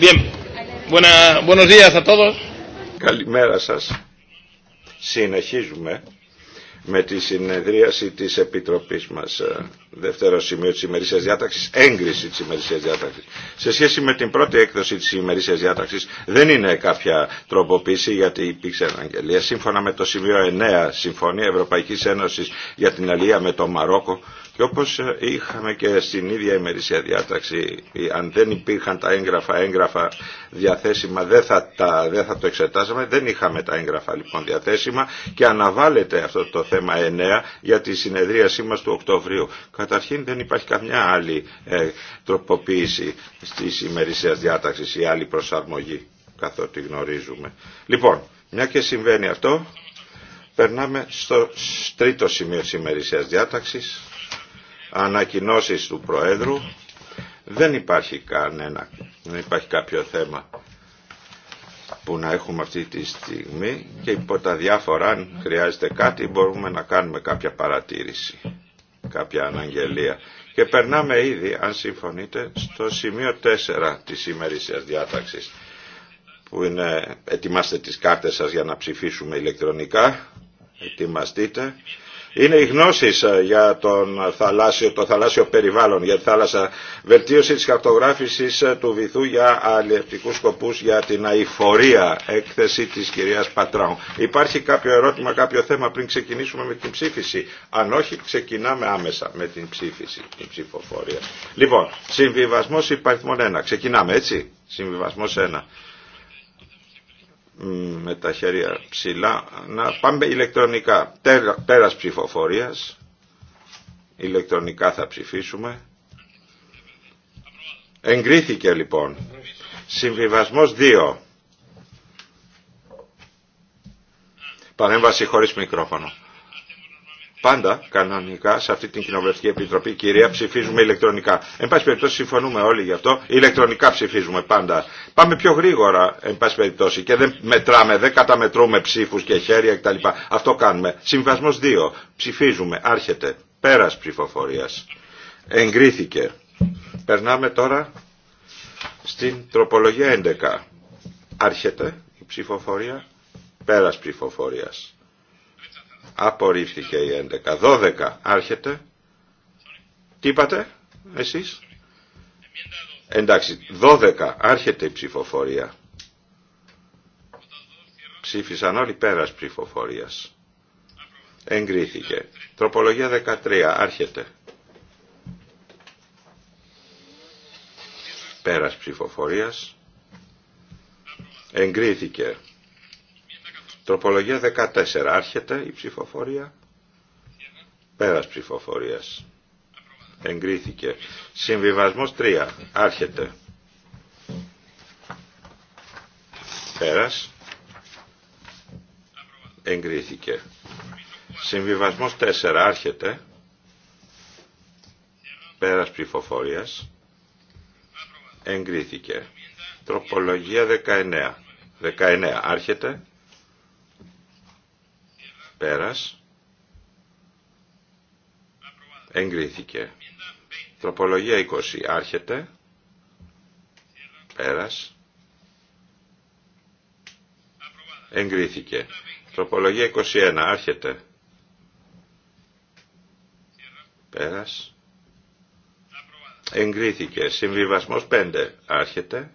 Bien. Buena, buenos días a todos. Καλημέρα σας. Συνεχίζουμε με τη συνεδρίαση της Επιτροπής μας. Ε, δεύτερο σημείο της ημερήσιας διάταξης, έγκριση της ημερήσιας διάταξης. Σε σχέση με την πρώτη έκδοση της ημερήσιας διάταξης δεν είναι κάποια τροποποίηση γιατί υπήρξε αναγγελία. Σύμφωνα με το σημείο 9, Συμφωνία Ευρωπαϊκής Ένωσης για την Αλία με το Μαρόκο, και όπως ε, είχαμε και στην ίδια ημερήσια διάταξη, αν δεν υπήρχαν τα έγγραφα, έγγραφα διαθέσιμα δεν θα, τα, δεν θα το εξετάζαμε, δεν είχαμε τα έγγραφα λοιπόν διαθέσιμα και αναβάλλεται αυτό το θέμα 9 για τη συνεδρίασή μας του Οκτωβρίου. Καταρχήν δεν υπάρχει καμιά άλλη ε, τροποποίηση της ημερησία διάταξης ή άλλη προσαρμογή καθότι γνωρίζουμε. Λοιπόν, μια και συμβαίνει αυτό, περνάμε στο τρίτο σημείο της ημερήσιας διάταξης Ανακοινώσεις του Προέδρου. Δεν υπάρχει κανένα, δεν υπάρχει κάποιο θέμα που να έχουμε αυτή τη στιγμή και υπό τα διάφορα αν χρειάζεται κάτι μπορούμε να κάνουμε κάποια παρατήρηση, κάποια αναγγελία. Και περνάμε ήδη, αν συμφωνείτε, στο σημείο 4 της ημερήσιας διάταξης που είναι ετοιμάστε τις κάρτες σας για να ψηφίσουμε ηλεκτρονικά, ετοιμαστείτε είναι οι γνώσει ε, για τον θαλάσσιο, το θαλάσσιο περιβάλλον, για τη θάλασσα, βελτίωση της χαρτογράφησης ε, του βυθού για αλληλευτικού σκοπούς για την αηφορία, έκθεση της κυρίας Πατράου. Υπάρχει κάποιο ερώτημα, κάποιο θέμα πριν ξεκινήσουμε με την ψήφιση. Αν όχι, ξεκινάμε άμεσα με την ψήφιση, την ψηφοφορία. Λοιπόν, συμβιβασμό υπαριθμών 1. Ξεκινάμε έτσι. συμβιβασμό 1 με τα χέρια ψηλά να πάμε ηλεκτρονικά πέρας ψηφοφορίας ηλεκτρονικά θα ψηφίσουμε εγκρίθηκε λοιπόν συμβιβασμός 2 παρέμβαση χωρίς μικρόφωνο Πάντα κανονικά σε αυτή την κοινοβουλευτική επιτροπή, κυρία, ψηφίζουμε ηλεκτρονικά. Εν πάση περιπτώσει συμφωνούμε όλοι γι' αυτό. Ηλεκτρονικά ψηφίζουμε πάντα. Πάμε πιο γρήγορα, εν πάση περιπτώσει, και δεν μετράμε, δεν καταμετρούμε ψήφου και χέρια κτλ. Αυτό κάνουμε. Συμβασμό 2. Ψηφίζουμε. Άρχεται. Πέρα ψηφοφορία. Εγκρίθηκε. Περνάμε τώρα στην τροπολογία 11. Άρχεται η ψηφοφορία. Πέρα ψηφοφορία. Απορρίφθηκε η 11. 12 άρχεται. Τι είπατε εσείς. Εντάξει, 12 άρχεται η ψηφοφορία. Ψήφισαν όλοι πέρας ψηφοφορίας. Εγκρίθηκε. Τροπολογία 13 άρχεται. Πέρας ψηφοφορίας. Εγκρίθηκε. Τροπολογία 14. Άρχεται η ψηφοφορία. Πέρας ψηφοφορίας. Εγκρίθηκε. Συμβιβασμός 3. Άρχεται. Πέρας. Εγκρίθηκε. Συμβιβασμός 4. Άρχεται. Πέρας ψηφοφορίας. Εγκρίθηκε. Τροπολογία 19. 19. Άρχεται. Πέρας. Εγκρίθηκε. Τροπολογία 20. Άρχεται. Πέρας. Εγκρίθηκε. Τροπολογία 21. Άρχεται. Πέρας. Εγκρίθηκε. Συμβιβασμός 5. Άρχεται.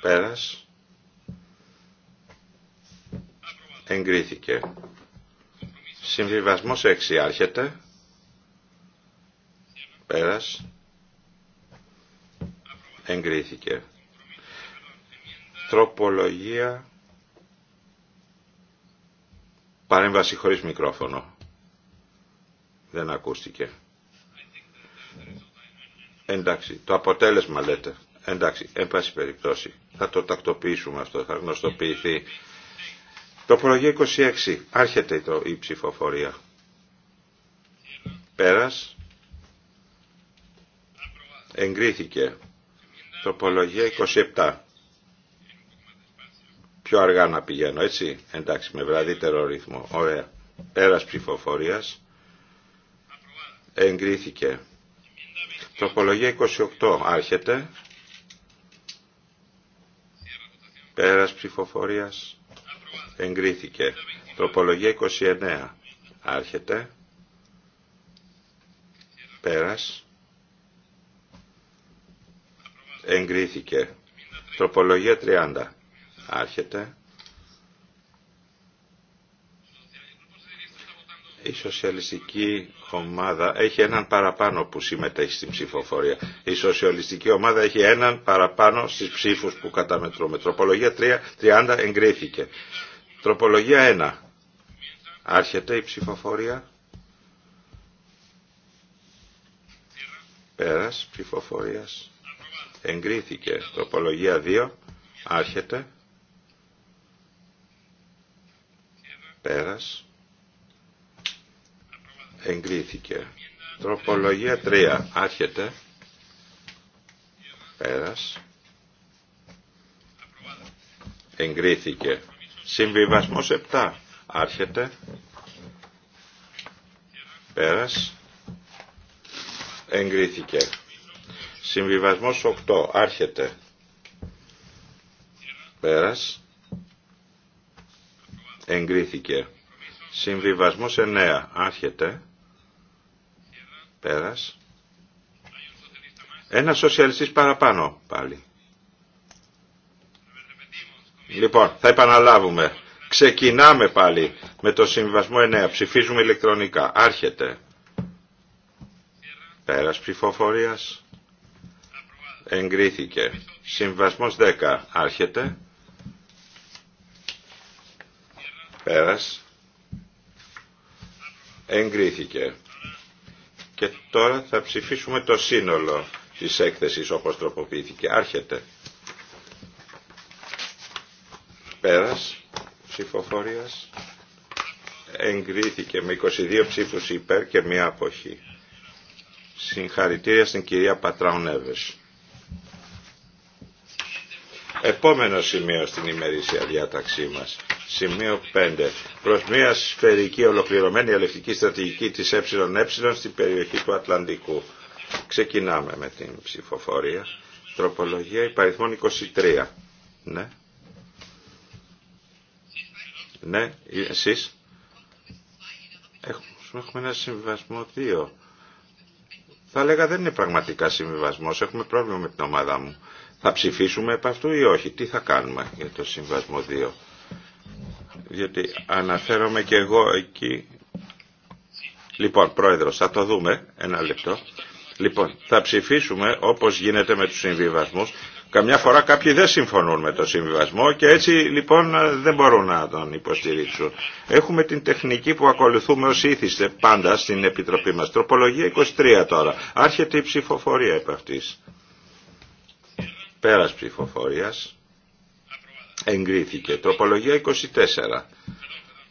Πέρας. εγκρίθηκε. Συμβιβασμός 6 άρχεται. Πέρας. Εγκρίθηκε. Τροπολογία. Παρέμβαση χωρίς μικρόφωνο. Δεν ακούστηκε. Εντάξει, το αποτέλεσμα λέτε. Εντάξει, εν πάση περιπτώσει. Θα το τακτοποιήσουμε αυτό, θα γνωστοποιηθεί Τροπολογία 26. Άρχεται η ψηφοφορία. Πέρας. Εγκρίθηκε. Τροπολογία 27. Πιο αργά να πηγαίνω, έτσι. Εντάξει, με βραδύτερο ρυθμό. Ωραία. Πέρας ψηφοφορίας. Εγκρίθηκε. Τροπολογία 28. Άρχεται. Πέρας ψηφοφορίας εγκρίθηκε. Τροπολογία 29 άρχεται. Πέρας. Εγκρίθηκε. Τροπολογία 30 άρχεται. η σοσιαλιστική ομάδα έχει έναν παραπάνω που συμμετέχει στην ψηφοφορία. Η σοσιαλιστική ομάδα έχει έναν παραπάνω στις ψήφους που καταμετρούμε. Τροπολογία 3, 30 εγκρίθηκε. Τροπολογία 1. Άρχεται η ψηφοφορία. Πέρας ψηφοφορίας. Εγκρίθηκε. Τροπολογία 2. Άρχεται. Πέρας. Εγκρίθηκε. Τροπολογία 3. Άρχεται. Πέρας. Εγκρίθηκε. Συμβιβασμός 7. Άρχεται. Πέρας. Εγκρίθηκε. Συμβιβασμός 8. Άρχεται. Πέρας. Εγκρίθηκε. Συμβιβασμός 9. Άρχεται. Πέρας. Ένα σοσιαλιστής παραπάνω πάλι. Λοιπόν, θα επαναλάβουμε. Ξεκινάμε πάλι με το συμβασμό 9. Ψηφίζουμε ηλεκτρονικά. Άρχεται. Πέρας ψηφοφορίας. Εγκρίθηκε. Συμβασμός 10. Άρχεται. Πέρας. Εγκρίθηκε. Και τώρα θα ψηφίσουμε το σύνολο της έκθεσης όπως τροποποιήθηκε. Άρχεται. Πέρας ψηφοφορίας εγκρίθηκε με 22 ψήφους υπέρ και μία αποχή. Συγχαρητήρια στην κυρία Πατράουν Επόμενο σημείο στην ημερήσια διάταξή μας. Σημείο 5. Προς μια σφαιρική ολοκληρωμένη αλευτική στρατηγική της ΕΕ στην περιοχή του Ατλαντικού. Ξεκινάμε με την ψηφοφορία. Τροπολογία υπαριθμών 23. Ναι. Ναι, εσείς. Έχουμε ένα συμβιβασμό 2. Θα λέγα δεν είναι πραγματικά συμβιβασμός. Έχουμε πρόβλημα με την ομάδα μου. Θα ψηφίσουμε επ' αυτού ή όχι. Τι θα κάνουμε για το συμβιβασμό 2. Διότι αναφέρομαι και εγώ εκεί. Λοιπόν, πρόεδρος, θα το δούμε. Ένα λεπτό. Λοιπόν, θα ψηφίσουμε όπως γίνεται με τους συμβιβασμούς Καμιά φορά κάποιοι δεν συμφωνούν με το συμβιβασμό και έτσι λοιπόν δεν μπορούν να τον υποστηρίξουν. Έχουμε την τεχνική που ακολουθούμε ως ήθιστε πάντα στην Επιτροπή μας. Τροπολογία 23 τώρα. Άρχεται η ψηφοφορία επ' αυτής. Πέρας ψηφοφορίας. Εγκρίθηκε. Τροπολογία 24.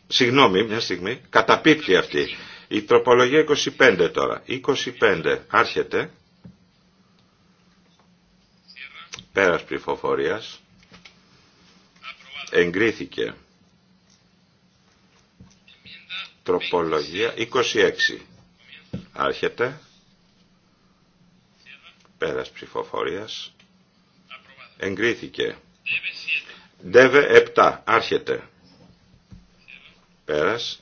Συγγνώμη, μια στιγμή. Καταπίπτει αυτή. Η τροπολογία 25 τώρα. 25. Άρχεται. Πέρας ψηφοφορίας. Εγκρίθηκε. Τροπολογία 26. Άρχεται. Πέρας ψηφοφορίας. Εγκρίθηκε. ΔΕΒΕ 7. Άρχεται. Πέρας.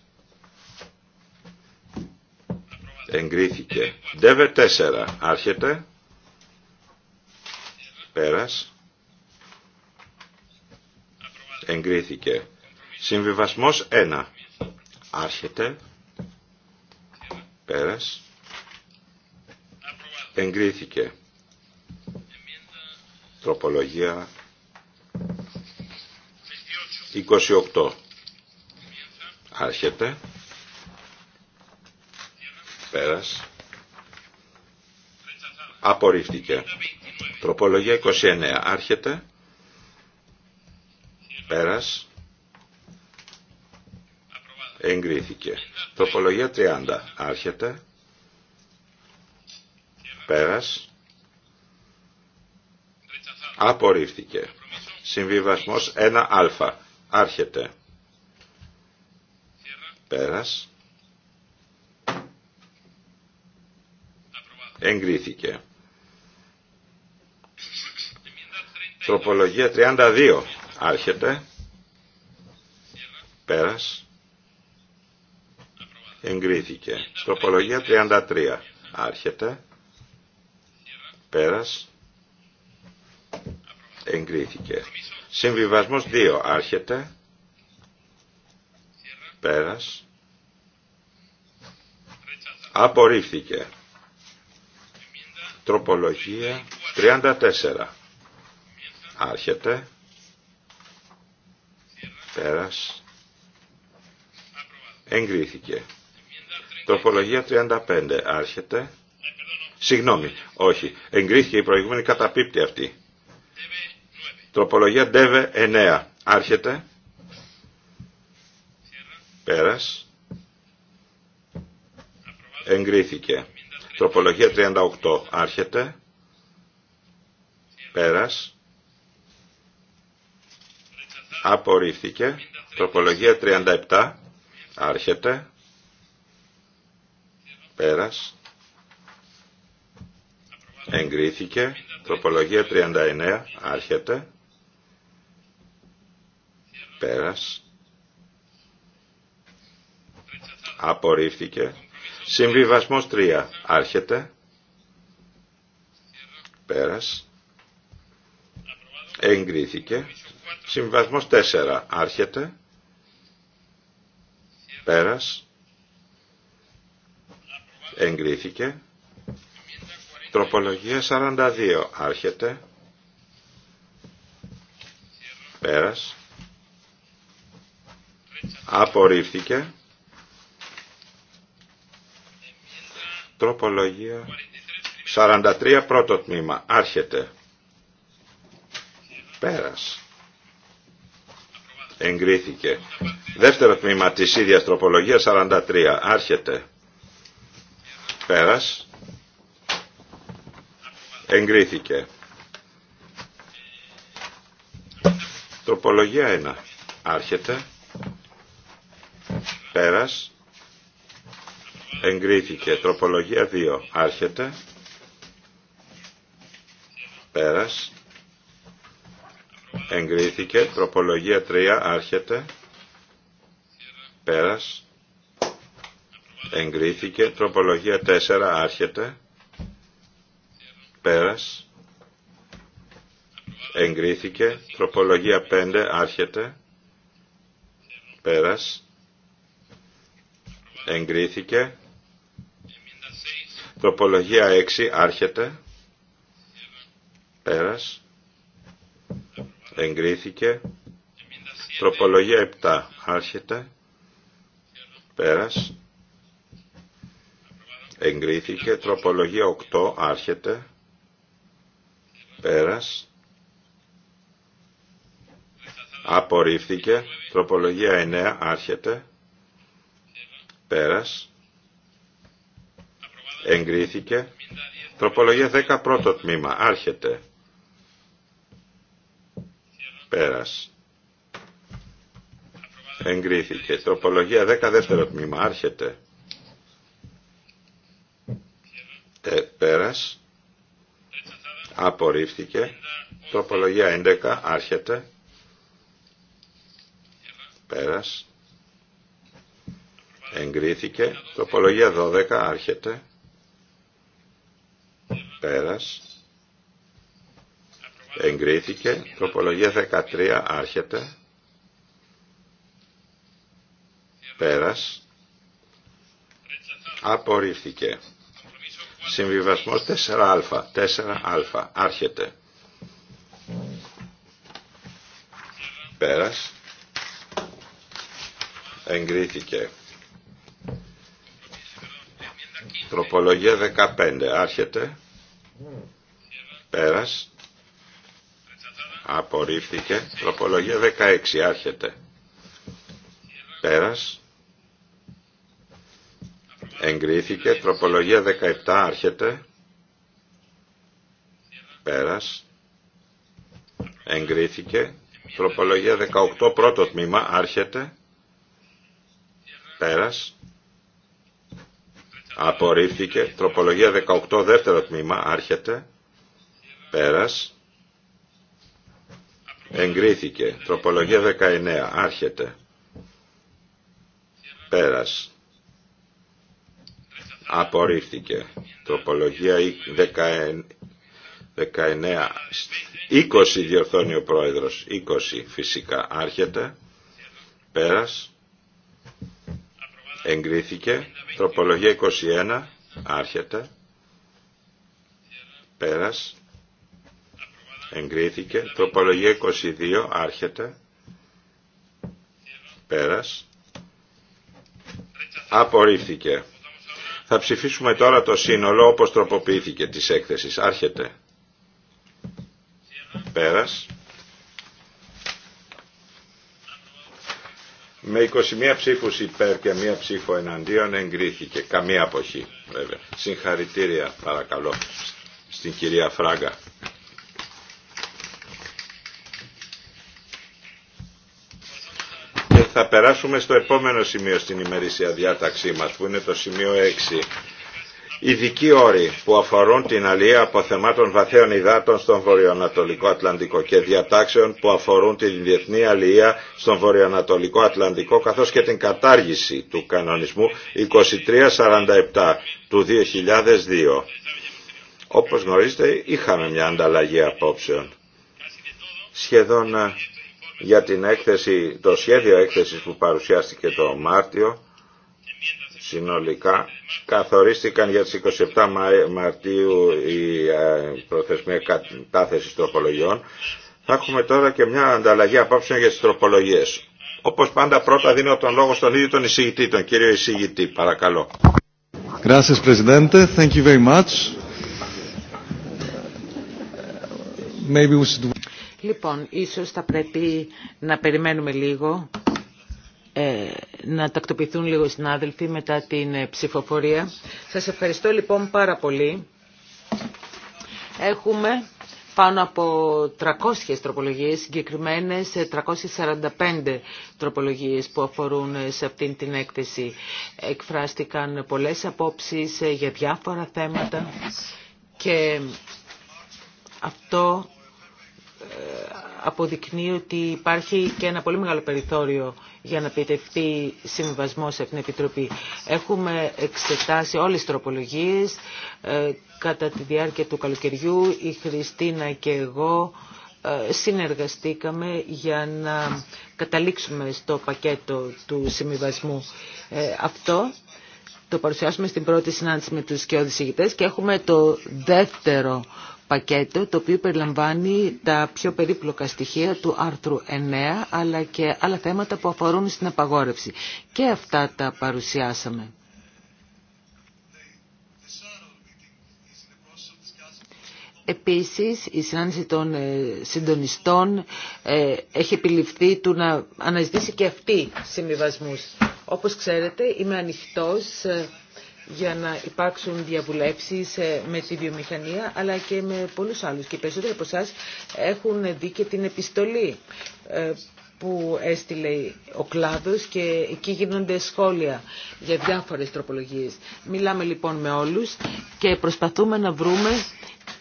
Εγκρίθηκε. ΔΕΒΕ 4. Άρχεται. Πέρας. Εγκρίθηκε. Συμβιβασμός 1. Άρχεται. Πέρας. Εγκρίθηκε. Τροπολογία 28. Άρχεται. Πέρας. Απορρίφθηκε. Τροπολογία 29. Άρχεται. Πέρας. Εγκρίθηκε. Τροπολογία 30. Άρχεται. Πέρας. Απορρίφθηκε. Συμβιβασμός 1α. Άρχεται. Πέρας. Εγκρίθηκε. Τροπολογία 32. Άρχεται. Πέρας. Εγκρίθηκε. Τροπολογία 33. Άρχεται. Πέρας. Εγκρίθηκε. Συμβιβασμός 2. Άρχεται. Πέρας. Απορρίφθηκε. Τροπολογία 34. Άρχεται. Πέρας. Εγκρίθηκε. Τροπολογία 35. Άρχεται. Συγγνώμη, όχι. Εγκρίθηκε η προηγούμενη καταπίπτει αυτή. Τροπολογία ΔΕΒΕ 9. Άρχεται. Πέρας. Εγκρίθηκε. Τροπολογία 38. Άρχεται. Πέρας απορρίφθηκε. Τροπολογία 37 άρχεται. Πέρας. Εγκρίθηκε. Τροπολογία 39 άρχεται. Πέρας. Απορρίφθηκε. Συμβιβασμός 3 άρχεται. Πέρας. Εγκρίθηκε. Συμβασμός 4 άρχεται. Πέρας. Εγκρίθηκε. Τροπολογία 42 άρχεται. Πέρας. Απορρίφθηκε. Τροπολογία 43 πρώτο τμήμα άρχεται. Πέρας εγκρίθηκε. Δεύτερο τμήμα της ίδιας τροπολογίας 43. Άρχεται. Πέρας. Εγκρίθηκε. Τροπολογία 1. Άρχεται. Πέρας. Εγκρίθηκε. Τροπολογία 2. Άρχεται. Πέρας εγκρίθηκε, τροπολογία 3 άρχεται, πέρας, εγκρίθηκε, τροπολογία 4 άρχεται, πέρας, εγκρίθηκε, τροπολογία 5 άρχεται, πέρας, εγκρίθηκε, τροπολογία 6 άρχεται, πέρας, εγκρίθηκε. Τροπολογία 7 άρχεται. Πέρας. Εγκρίθηκε. Τροπολογία 8 άρχεται. Πέρας. Απορρίφθηκε. Τροπολογία 9 άρχεται. Πέρας. Εγκρίθηκε. Τροπολογία 10 πρώτο τμήμα άρχεται. Πέρας. Εγκρίθηκε. Τροπολογία 10 δεύτερο τμήμα. Άρχεται. Ε, πέρας. Απορρίφθηκε. Τροπολογία 11. Άρχεται. Πέρας. Εγκρίθηκε. Τροπολογία 12. Άρχεται. Πέρας εγκρίθηκε. Τροπολογία 13 άρχεται. Πέρας. Απορρίφθηκε. Συμβιβασμός 4α. 4α. Άρχεται. Πέρας. Εγκρίθηκε. Τροπολογία 15. Άρχεται. Πέρας απορρίφθηκε. Τροπολογία 16 άρχεται. Πέρας. Εγκρίθηκε. Τροπολογία 17 άρχεται. Πέρας. Εγκρίθηκε. Τροπολογία 18 πρώτο τμήμα άρχεται. Πέρας. Απορρίφθηκε. Τροπολογία 18 δεύτερο τμήμα άρχεται. Πέρας Εγκρίθηκε. Τροπολογία 19. Άρχεται. Πέρας. Απορρίφθηκε. Τροπολογία 19. 20 διορθώνει ο πρόεδρος. 20 φυσικά. Άρχεται. Πέρας. Εγκρίθηκε. Τροπολογία 21. Άρχεται. Πέρας εγκρίθηκε. Τροπολογία 22 άρχεται. Πέρας. Απορρίφθηκε. Θα ψηφίσουμε τώρα το σύνολο όπως τροποποιήθηκε της έκθεσης. Άρχεται. Πέρας. Με 21 ψήφους υπέρ και μία ψήφο εναντίον εγκρίθηκε. Καμία αποχή βέβαια. Συγχαρητήρια παρακαλώ στην κυρία Φράγκα. θα περάσουμε στο επόμενο σημείο στην ημερήσια διάταξή μας που είναι το σημείο 6. Ειδικοί όροι που αφορούν την από αποθεμάτων βαθαίων υδάτων στον Βορειοανατολικό Ατλαντικό και διατάξεων που αφορούν την διεθνή αλληλεία στον Βορειοανατολικό Ατλαντικό καθώς και την κατάργηση του κανονισμού 2347 του 2002. Όπως γνωρίζετε είχαμε μια ανταλλαγή απόψεων. Σχεδόν ε, για την έκθεση, το σχέδιο έκθεσης που παρουσιάστηκε το Μάρτιο συνολικά καθορίστηκαν για τις 27 Μαρτίου οι ε, προθεσμία κατάθεσης τροπολογιών. Θα έχουμε τώρα και μια ανταλλαγή απόψεων για τις τροπολογίες. Όπως πάντα πρώτα δίνω τον λόγο στον ίδιο τον εισηγητή, τον κύριο εισηγητή. Παρακαλώ. Gracias, Presidente. Thank you very much. Maybe we should... Λοιπόν, ίσως θα πρέπει να περιμένουμε λίγο, ε, να τακτοποιηθούν λίγο οι συνάδελφοι μετά την ε, ψηφοφορία. Σας ευχαριστώ λοιπόν πάρα πολύ. Έχουμε πάνω από 300 τροπολογίες, συγκεκριμένε 345 ε, τροπολογίες που αφορούν σε αυτήν την έκθεση. Εκφράστηκαν πολλές απόψεις για διάφορα θέματα και αυτό αποδεικνύει ότι υπάρχει και ένα πολύ μεγάλο περιθώριο για να επιτευχθεί συμβασμό σε αυτήν την Επιτροπή. Έχουμε εξετάσει όλες τις τροπολογίες ε, κατά τη διάρκεια του καλοκαιριού. Η Χριστίνα και εγώ ε, συνεργαστήκαμε για να καταλήξουμε στο πακέτο του συμβιβασμού ε, αυτό. Το παρουσιάσουμε στην πρώτη συνάντηση με τους και ηγητές και έχουμε το δεύτερο πακέτο το οποίο περιλαμβάνει τα πιο περίπλοκα στοιχεία του άρθρου 9 αλλά και άλλα θέματα που αφορούν στην απαγόρευση. Και αυτά τα παρουσιάσαμε. Επίσης, η συνάντηση των ε, συντονιστών ε, έχει επιληφθεί του να αναζητήσει και αυτοί συμβιβασμούς. Όπως ξέρετε, είμαι ανοιχτός ε, για να υπάρξουν διαβουλεύσεις ε, με τη βιομηχανία αλλά και με πολλούς άλλους. Και οι περισσότεροι από εσά έχουν δει και την επιστολή ε, που έστειλε ο κλάδος και εκεί γίνονται σχόλια για διάφορες τροπολογίες. Μιλάμε λοιπόν με όλους και προσπαθούμε να βρούμε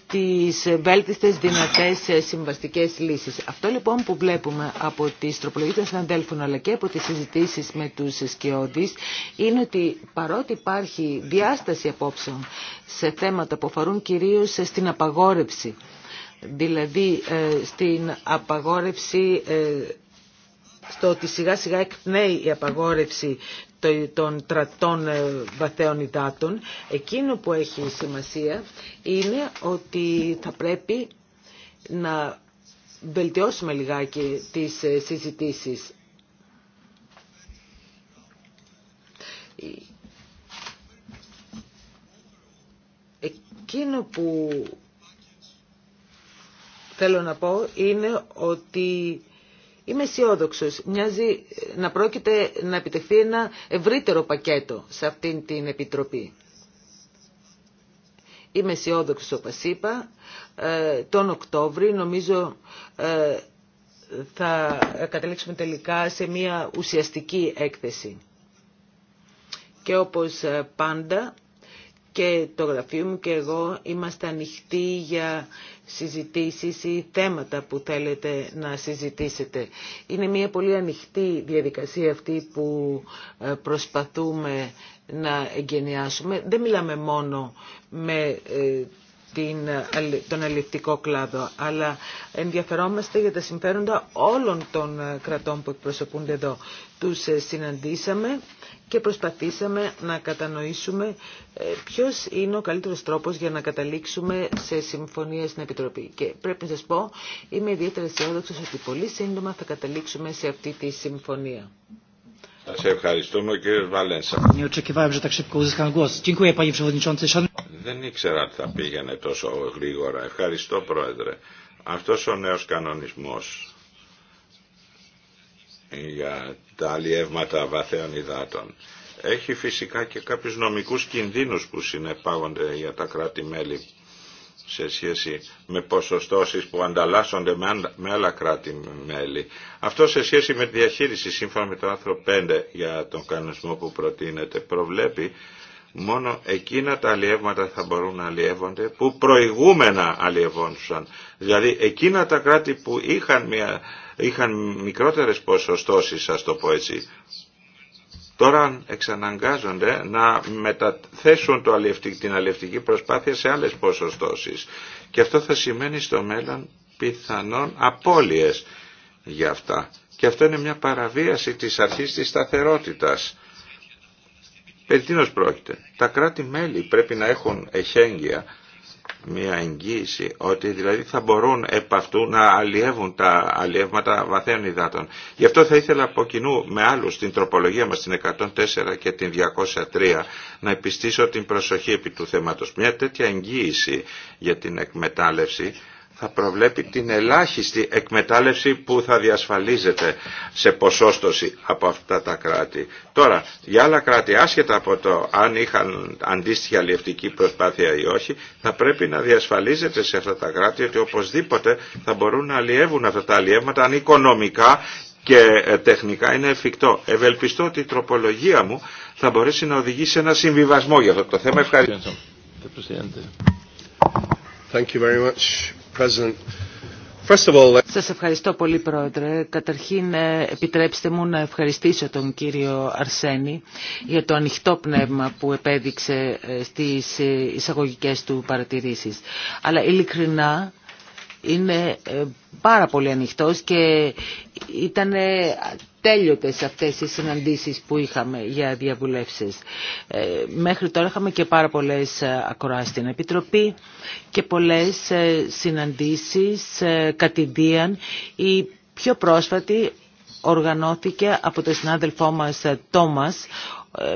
τις βέλτιστες δυνατές συμβαστικές λύσεις. Αυτό λοιπόν που βλέπουμε από τις τροπολογίες των συναντέλφων αλλά και από τις συζητήσεις με τους σκιώδεις είναι ότι παρότι υπάρχει διάσταση απόψεων σε θέματα που αφορούν κυρίως στην απαγόρευση δηλαδή ε, στην απαγόρευση ε, στο ότι σιγά σιγά εκπνέει η απαγόρευση των τρατών ε, βαθέων υδάτων. Εκείνο που έχει σημασία είναι ότι θα πρέπει να βελτιώσουμε λιγάκι τις ε, συζητήσεις. Εκείνο που θέλω να πω είναι ότι Είμαι αισιόδοξο. Μοιάζει ε, να πρόκειται να επιτεθεί ένα ευρύτερο πακέτο σε αυτήν την Επιτροπή. Είμαι αισιόδοξο, όπω είπα. Ε, τον Οκτώβρη νομίζω ε, θα καταλήξουμε τελικά σε μια ουσιαστική έκθεση. Και όπως πάντα και το γραφείο μου και εγώ είμαστε ανοιχτοί για συζητήσεις ή θέματα που θέλετε να συζητήσετε. Είναι μια πολύ ανοιχτή διαδικασία αυτή που ε, προσπαθούμε να εγκαινιάσουμε. Δεν μιλάμε μόνο με ε, ε, τον αλληλευτικό κλάδο, αλλά ενδιαφερόμαστε για τα συμφέροντα όλων των κρατών που εκπροσωπούνται εδώ. Τους συναντήσαμε και προσπαθήσαμε να κατανοήσουμε ε, ποιος είναι ο καλύτερος τρόπος για να καταλήξουμε σε συμφωνία στην Επιτροπή. Και πρέπει να σας πω, είμαι ιδιαίτερα αισιόδοξο ότι πολύ σύντομα θα καταλήξουμε σε αυτή τη συμφωνία. Σα ευχαριστούμε, κύριε Βαλένσα. Δεν ήξερα ότι θα πήγαινε τόσο γρήγορα. Ευχαριστώ, Πρόεδρε. Αυτός ο νέος κανονισμός για τα αλλιεύματα βαθέων υδάτων. Έχει φυσικά και κάποιους νομικούς κινδύνους που συνεπάγονται για τα κράτη-μέλη σε σχέση με ποσοστώσεις που ανταλλάσσονται με άλλα κράτη-μέλη. Αυτό σε σχέση με τη διαχείριση σύμφωνα με το άρθρο 5 για τον κανονισμό που προτείνεται προβλέπει μόνο εκείνα τα αλλιεύματα θα μπορούν να αλλιεύονται που προηγούμενα αλλιευόντουσαν. Δηλαδή εκείνα τα κράτη που είχαν, μια, είχαν μικρότερες ποσοστώσεις, ας το πω έτσι, τώρα εξαναγκάζονται να μεταθέσουν το την αλλιευτική προσπάθεια σε άλλες ποσοστώσεις. Και αυτό θα σημαίνει στο μέλλον πιθανόν απώλειες για αυτά. Και αυτό είναι μια παραβίαση της αρχής της σταθερότητας Περί πρόκειται. Τα κράτη-μέλη πρέπει να έχουν εχέγγυα μια εγγύηση ότι δηλαδή θα μπορούν επ' αυτού να αλλιεύουν τα αλλιεύματα βαθαίων υδάτων. Γι' αυτό θα ήθελα από κοινού με άλλους την τροπολογία μας την 104 και την 203 να επιστήσω την προσοχή επί του θέματος. Μια τέτοια εγγύηση για την εκμετάλλευση θα προβλέπει την ελάχιστη εκμετάλλευση που θα διασφαλίζεται σε ποσόστοση από αυτά τα κράτη. Τώρα, για άλλα κράτη, άσχετα από το αν είχαν αντίστοιχη αλλιευτική προσπάθεια ή όχι, θα πρέπει να διασφαλίζεται σε αυτά τα κράτη ότι οπωσδήποτε θα μπορούν να αλλιεύουν αυτά τα αλλιεύματα αν οικονομικά και ε, τεχνικά είναι εφικτό. Ευελπιστώ ότι η τροπολογία μου θα μπορέσει να οδηγήσει σε ένα συμβιβασμό για αυτό το θέμα. Ευχαριστώ. Thank you very much. Σα Σας ευχαριστώ πολύ Πρόεδρε. Καταρχήν ε, επιτρέψτε μου να ευχαριστήσω τον κύριο Αρσένη για το ανοιχτό πνεύμα που επέδειξε ε, στις ε, εισαγωγικές του παρατηρήσεις. Αλλά ειλικρινά είναι πάρα πολύ ανοιχτός και ήταν ατέλειωτες αυτές οι συναντήσεις που είχαμε για διαβουλεύσεις. Ε, μέχρι τώρα είχαμε και πάρα πολλές ε, ακροα στην Επιτροπή και πολλές ε, συναντήσεις κατηδίαν. Η πιο πρόσφατη οργανώθηκε από τον συνάδελφό μας Τόμας,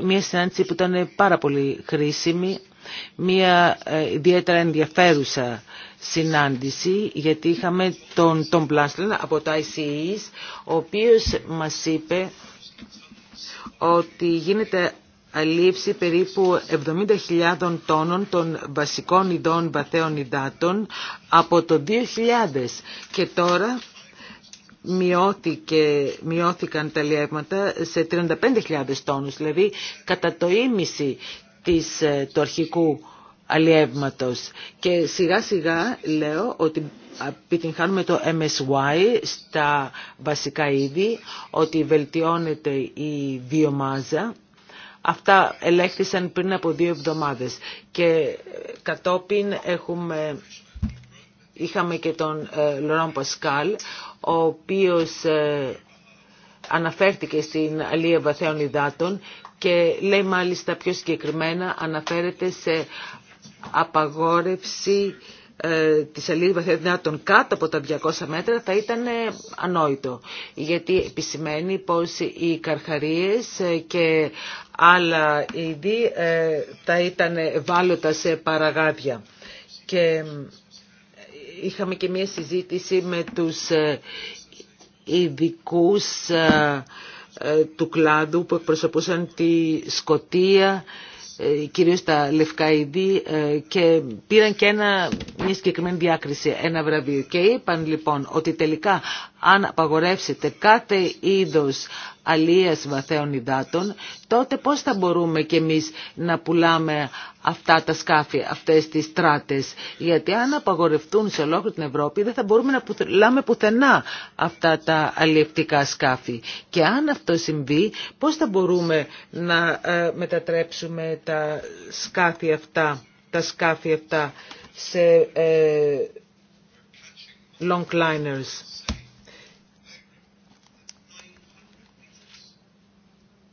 μια συνάντηση που ήταν πάρα πολύ χρήσιμη, μια ιδιαίτερα ενδιαφέρουσα συνάντηση γιατί είχαμε τον, τον Πλάσλεν από το ICEs ο οποίος μας είπε ότι γίνεται αλήψη περίπου 70.000 τόνων των βασικών ειδών βαθέων υδάτων από το 2000 και τώρα μειώθηκε, μειώθηκαν τα λιεύματα σε 35.000 τόνους, δηλαδή κατά το ίμιση της, ε, του αρχικού και σιγά σιγά λέω ότι επιτυγχάνουμε το MSY στα βασικά είδη, ότι βελτιώνεται η βιομάζα. Αυτά ελέγχθησαν πριν από δύο εβδομάδες και κατόπιν έχουμε, είχαμε και τον Λοράν ε, Πασκάλ, ο οποίος ε, αναφέρθηκε στην αλία βαθέων υδάτων και λέει μάλιστα πιο συγκεκριμένα αναφέρεται σε απαγόρευση ε, της βαθιά των κάτω από τα 200 μέτρα θα ήταν ε, ανόητο γιατί επισημαίνει πως οι καρχαρίες ε, και άλλα είδη θα ήταν βάλωτα σε παραγάδια και είχαμε και μια συζήτηση με τους ειδικού του κλάδου που εκπροσωπούσαν τη Σκοτία ε, κυρίως τα λευκά είδη και πήραν και ένα, μια συγκεκριμένη διάκριση, ένα βραβείο. Και είπαν λοιπόν ότι τελικά αν απαγορεύσετε κάθε είδος αλίας βαθέων υδάτων, τότε πώς θα μπορούμε κι εμείς να πουλάμε αυτά τα σκάφη, αυτές τις τράτες. Γιατί αν απαγορευτούν σε ολόκληρη την Ευρώπη δεν θα μπορούμε να πουλάμε πουθενά αυτά τα αλλιευτικά σκάφη. Και αν αυτό συμβεί πώς θα μπορούμε να ε, μετατρέψουμε τα σκάφη αυτά, τα σκάφη αυτά σε ε,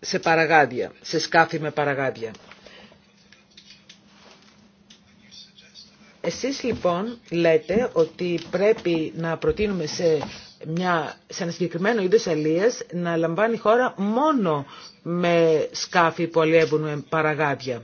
σε παραγάδια, σε σκάφη με παραγάδια. Εσείς λοιπόν λέτε ότι πρέπει να προτείνουμε σε, μια, σε ένα συγκεκριμένο είδος αλίας να λαμβάνει χώρα μόνο με σκάφη που αλλιεύουν παραγάδια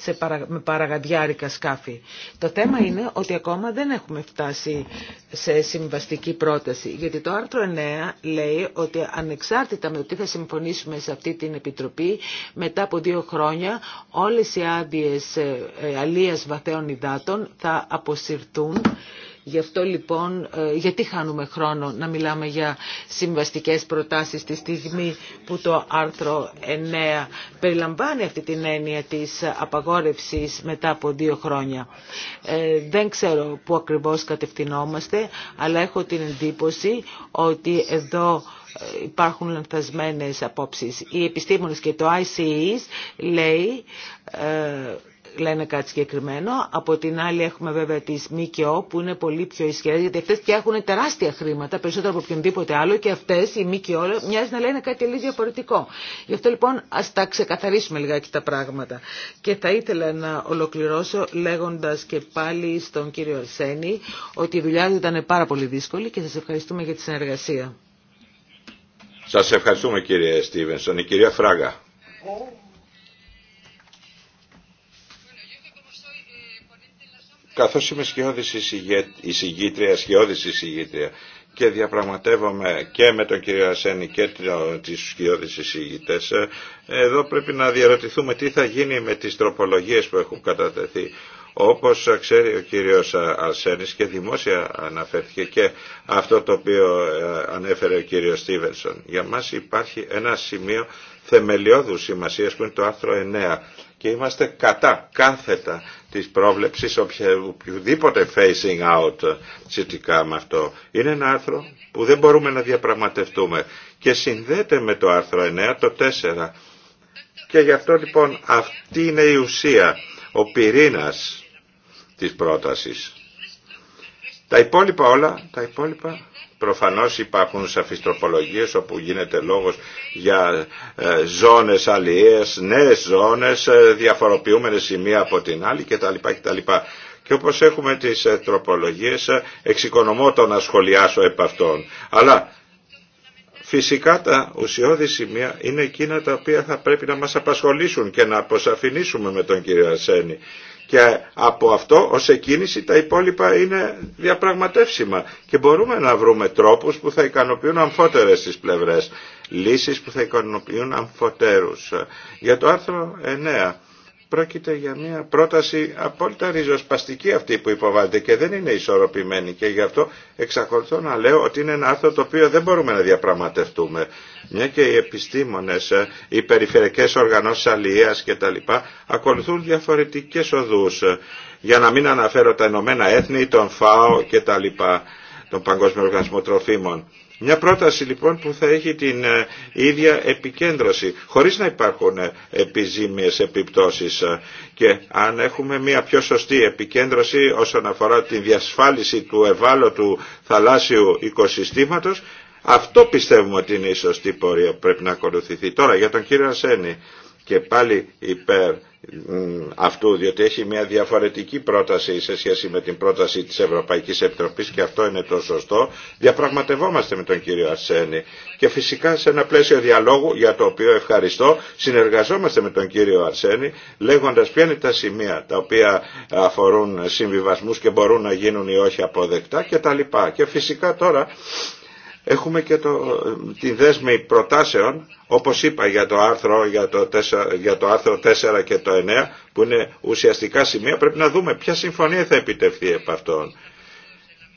σε παρα, με παραγαδιάρικα σκάφη. Το θέμα είναι ότι ακόμα δεν έχουμε φτάσει σε συμβαστική πρόταση, γιατί το άρθρο 9 λέει ότι ανεξάρτητα με το τι θα συμφωνήσουμε σε αυτή την Επιτροπή, μετά από δύο χρόνια όλες οι άδειες ε, ε, αλίας βαθέων υδάτων θα αποσυρθούν Γι' αυτό λοιπόν, ε, γιατί χάνουμε χρόνο να μιλάμε για συμβαστικές προτάσεις τη στιγμή που το άρθρο 9 περιλαμβάνει αυτή την έννοια της απαγόρευσης μετά από δύο χρόνια. Ε, δεν ξέρω πού ακριβώς κατευθυνόμαστε, αλλά έχω την εντύπωση ότι εδώ ε, υπάρχουν λανθασμένες απόψεις. Οι επιστήμονες και το ICE λέει λένε κάτι συγκεκριμένο. Από την άλλη έχουμε βέβαια τις ΜΚΟ που είναι πολύ πιο ισχυρές γιατί αυτές και έχουν τεράστια χρήματα περισσότερο από οποιονδήποτε άλλο και αυτές οι ΜΚΟ μοιάζει να λένε κάτι λίγο διαφορετικό. Γι' αυτό λοιπόν ας τα ξεκαθαρίσουμε λιγάκι τα πράγματα. Και θα ήθελα να ολοκληρώσω λέγοντας και πάλι στον κύριο Αρσένη ότι η δουλειά του ήταν πάρα πολύ δύσκολη και σας ευχαριστούμε για τη συνεργασία. Σας ευχαριστούμε κύριε Στίβενσον. Η κυρία Φράγκα. καθώς είμαι σκιώδης εισηγήτρια, εισηγήτρια και διαπραγματεύομαι και με τον κύριο Ασένη και τις σκιώδη εισηγητές, ε, εδώ πρέπει να διαρωτηθούμε τι θα γίνει με τις τροπολογίες που έχουν κατατεθεί. Όπως ξέρει ο κύριος Αρσένης και δημόσια αναφέρθηκε και αυτό το οποίο ε, ανέφερε ο κύριος Στίβενσον. Για μας υπάρχει ένα σημείο θεμελιώδου σημασίας που είναι το άρθρο 9 και είμαστε κατά κάθετα της πρόβλεψης οποιοδήποτε facing out σχετικά με αυτό. Είναι ένα άρθρο που δεν μπορούμε να διαπραγματευτούμε και συνδέεται με το άρθρο 9, το 4. Και γι' αυτό λοιπόν αυτή είναι η ουσία, ο πυρήνας της πρότασης. Τα υπόλοιπα όλα, τα υπόλοιπα Προφανώς υπάρχουν σαφείς τροπολογίες όπου γίνεται λόγος για ε, ζώνες αλλιές, νέες ζώνες, ε, διαφοροποιούμενες σημεία από την άλλη κτλ. κτλ. Και όπως έχουμε τις ε, τροπολογίες, εξοικονομώ το να σχολιάσω επ' αυτών. Αλλά φυσικά τα ουσιώδη σημεία είναι εκείνα τα οποία θα πρέπει να μας απασχολήσουν και να αποσαφηνίσουμε με τον κύριο Ασένη και από αυτό ως εκκίνηση τα υπόλοιπα είναι διαπραγματεύσιμα και μπορούμε να βρούμε τρόπους που θα ικανοποιούν αμφότερες τις πλευρές, λύσεις που θα ικανοποιούν αμφότερους. Για το άρθρο 9 Πρόκειται για μια πρόταση απόλυτα ριζοσπαστική αυτή που υποβάλλεται και δεν είναι ισορροπημένη και γι' αυτό εξακολουθώ να λέω ότι είναι ένα άρθρο το οποίο δεν μπορούμε να διαπραγματευτούμε. Μια και οι επιστήμονες, ε, οι περιφερειακές οργανώσεις αλληλείας κτλ. ακολουθούν διαφορετικές οδούς για να μην αναφέρω τα Ηνωμένα Έθνη, τον ΦΑΟ λοιπά, τον Παγκόσμιο Οργανισμό Τροφίμων. Μια πρόταση λοιπόν που θα έχει την ε, ίδια επικέντρωση, χωρίς να υπάρχουν ε, επιζήμιες επιπτώσεις ε, και αν έχουμε μια πιο σωστή επικέντρωση όσον αφορά τη διασφάλιση του ευάλωτου θαλάσσιου οικοσυστήματος, αυτό πιστεύουμε ότι είναι η σωστή πορεία που πρέπει να ακολουθηθεί. Τώρα για τον κύριο Ασένη και πάλι υπέρ αυτού, διότι έχει μια διαφορετική πρόταση σε σχέση με την πρόταση της Ευρωπαϊκής Επιτροπής και αυτό είναι το σωστό. Διαπραγματευόμαστε με τον κύριο Αρσένη και φυσικά σε ένα πλαίσιο διαλόγου για το οποίο ευχαριστώ συνεργαζόμαστε με τον κύριο Αρσένη λέγοντας ποια είναι τα σημεία τα οποία αφορούν συμβιβασμούς και μπορούν να γίνουν ή όχι αποδεκτά και Και φυσικά τώρα Έχουμε και το, τη δέσμη προτάσεων, όπως είπα για το, άρθρο, για, το 4, για το άρθρο 4 και το 9, που είναι ουσιαστικά σημεία, πρέπει να δούμε ποια συμφωνία θα επιτευχθεί από αυτόν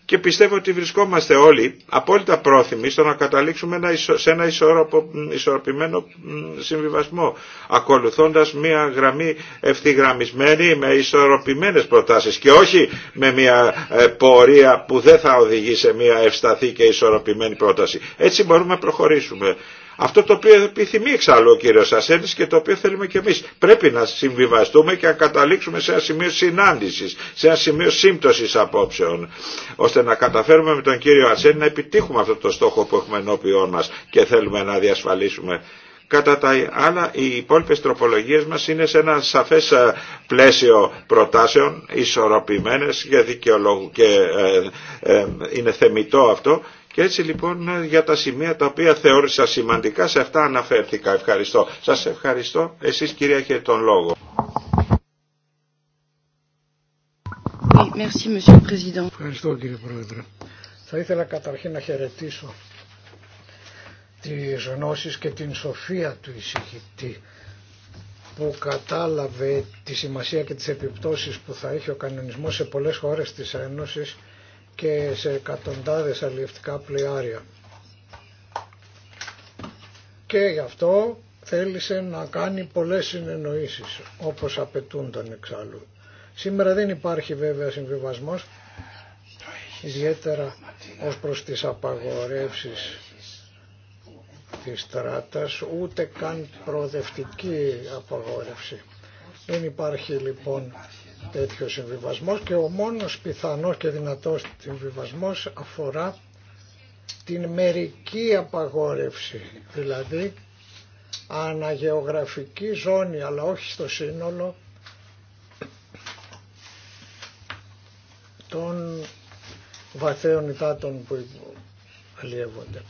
και πιστεύω ότι βρισκόμαστε όλοι απόλυτα πρόθυμοι στο να καταλήξουμε σε ένα ισορροπημένο συμβιβασμό, ακολουθώντας μια γραμμή ευθυγραμμισμένη με ισορροπημένες προτάσεις και όχι με μια ε, πορεία που δεν θα οδηγεί σε μια ευσταθή και ισορροπημένη πρόταση. Έτσι μπορούμε να προχωρήσουμε. Αυτό το οποίο επιθυμεί εξάλλου ο κύριο Ασέντη και το οποίο θέλουμε και εμείς. Πρέπει να συμβιβαστούμε και να καταλήξουμε σε ένα σημείο συνάντηση, σε ένα σημείο σύμπτωση απόψεων, ώστε να καταφέρουμε με τον κύριο Ασένη να επιτύχουμε αυτό το στόχο που έχουμε ενώπιόν μα και θέλουμε να διασφαλίσουμε. Κατά τα άλλα, οι υπόλοιπε τροπολογίε μα είναι σε ένα σαφέ ε, πλαίσιο προτάσεων, ισορροπημένε και, και ε, ε, είναι θεμητό αυτό και έτσι λοιπόν ναι, για τα σημεία τα οποία θεώρησα σημαντικά σε αυτά αναφέρθηκα. Ευχαριστώ. Σας ευχαριστώ. Εσείς κυρία έχετε τον λόγο. Ευχαριστώ κύριε Πρόεδρε. Θα ήθελα καταρχήν να χαιρετήσω τις γνώσεις και την σοφία του εισηγητή που κατάλαβε τη σημασία και τις επιπτώσεις που θα έχει ο κανονισμός σε πολλές χώρες της Ένωσης και σε εκατοντάδες αλλιευτικά πλοιάρια. Και γι' αυτό θέλησε να κάνει πολλές συνεννοήσεις, όπως απαιτούνταν εξάλλου. Σήμερα δεν υπάρχει βέβαια συμβιβασμός, ιδιαίτερα ως προς τις απαγορεύσεις της στράτας, ούτε καν προοδευτική απαγόρευση. Δεν υπάρχει λοιπόν τέτοιο συμβιβασμό και ο μόνος πιθανός και δυνατός συμβιβασμό αφορά την μερική απαγόρευση, δηλαδή αναγεωγραφική ζώνη αλλά όχι στο σύνολο των βαθέων υδάτων που αλλιεύονται.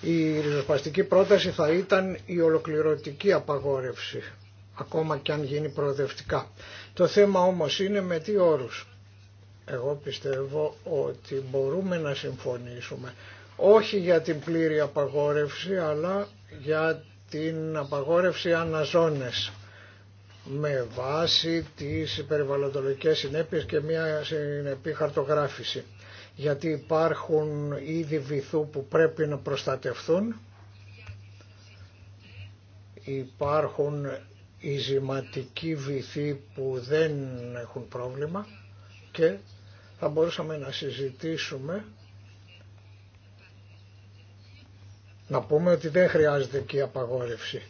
Η ριζοσπαστική πρόταση θα ήταν η ολοκληρωτική απαγόρευση ακόμα και αν γίνει προοδευτικά. Το θέμα όμως είναι με τι όρους. Εγώ πιστεύω ότι μπορούμε να συμφωνήσουμε όχι για την πλήρη απαγόρευση αλλά για την απαγόρευση αναζώνες με βάση τις περιβαλλοντολογικές συνέπειες και μια συνεπή χαρτογράφηση. Γιατί υπάρχουν είδη βυθού που πρέπει να προστατευθούν, υπάρχουν οι ζηματικοί βυθοί που δεν έχουν πρόβλημα και θα μπορούσαμε να συζητήσουμε να πούμε ότι δεν χρειάζεται και η απαγόρευση.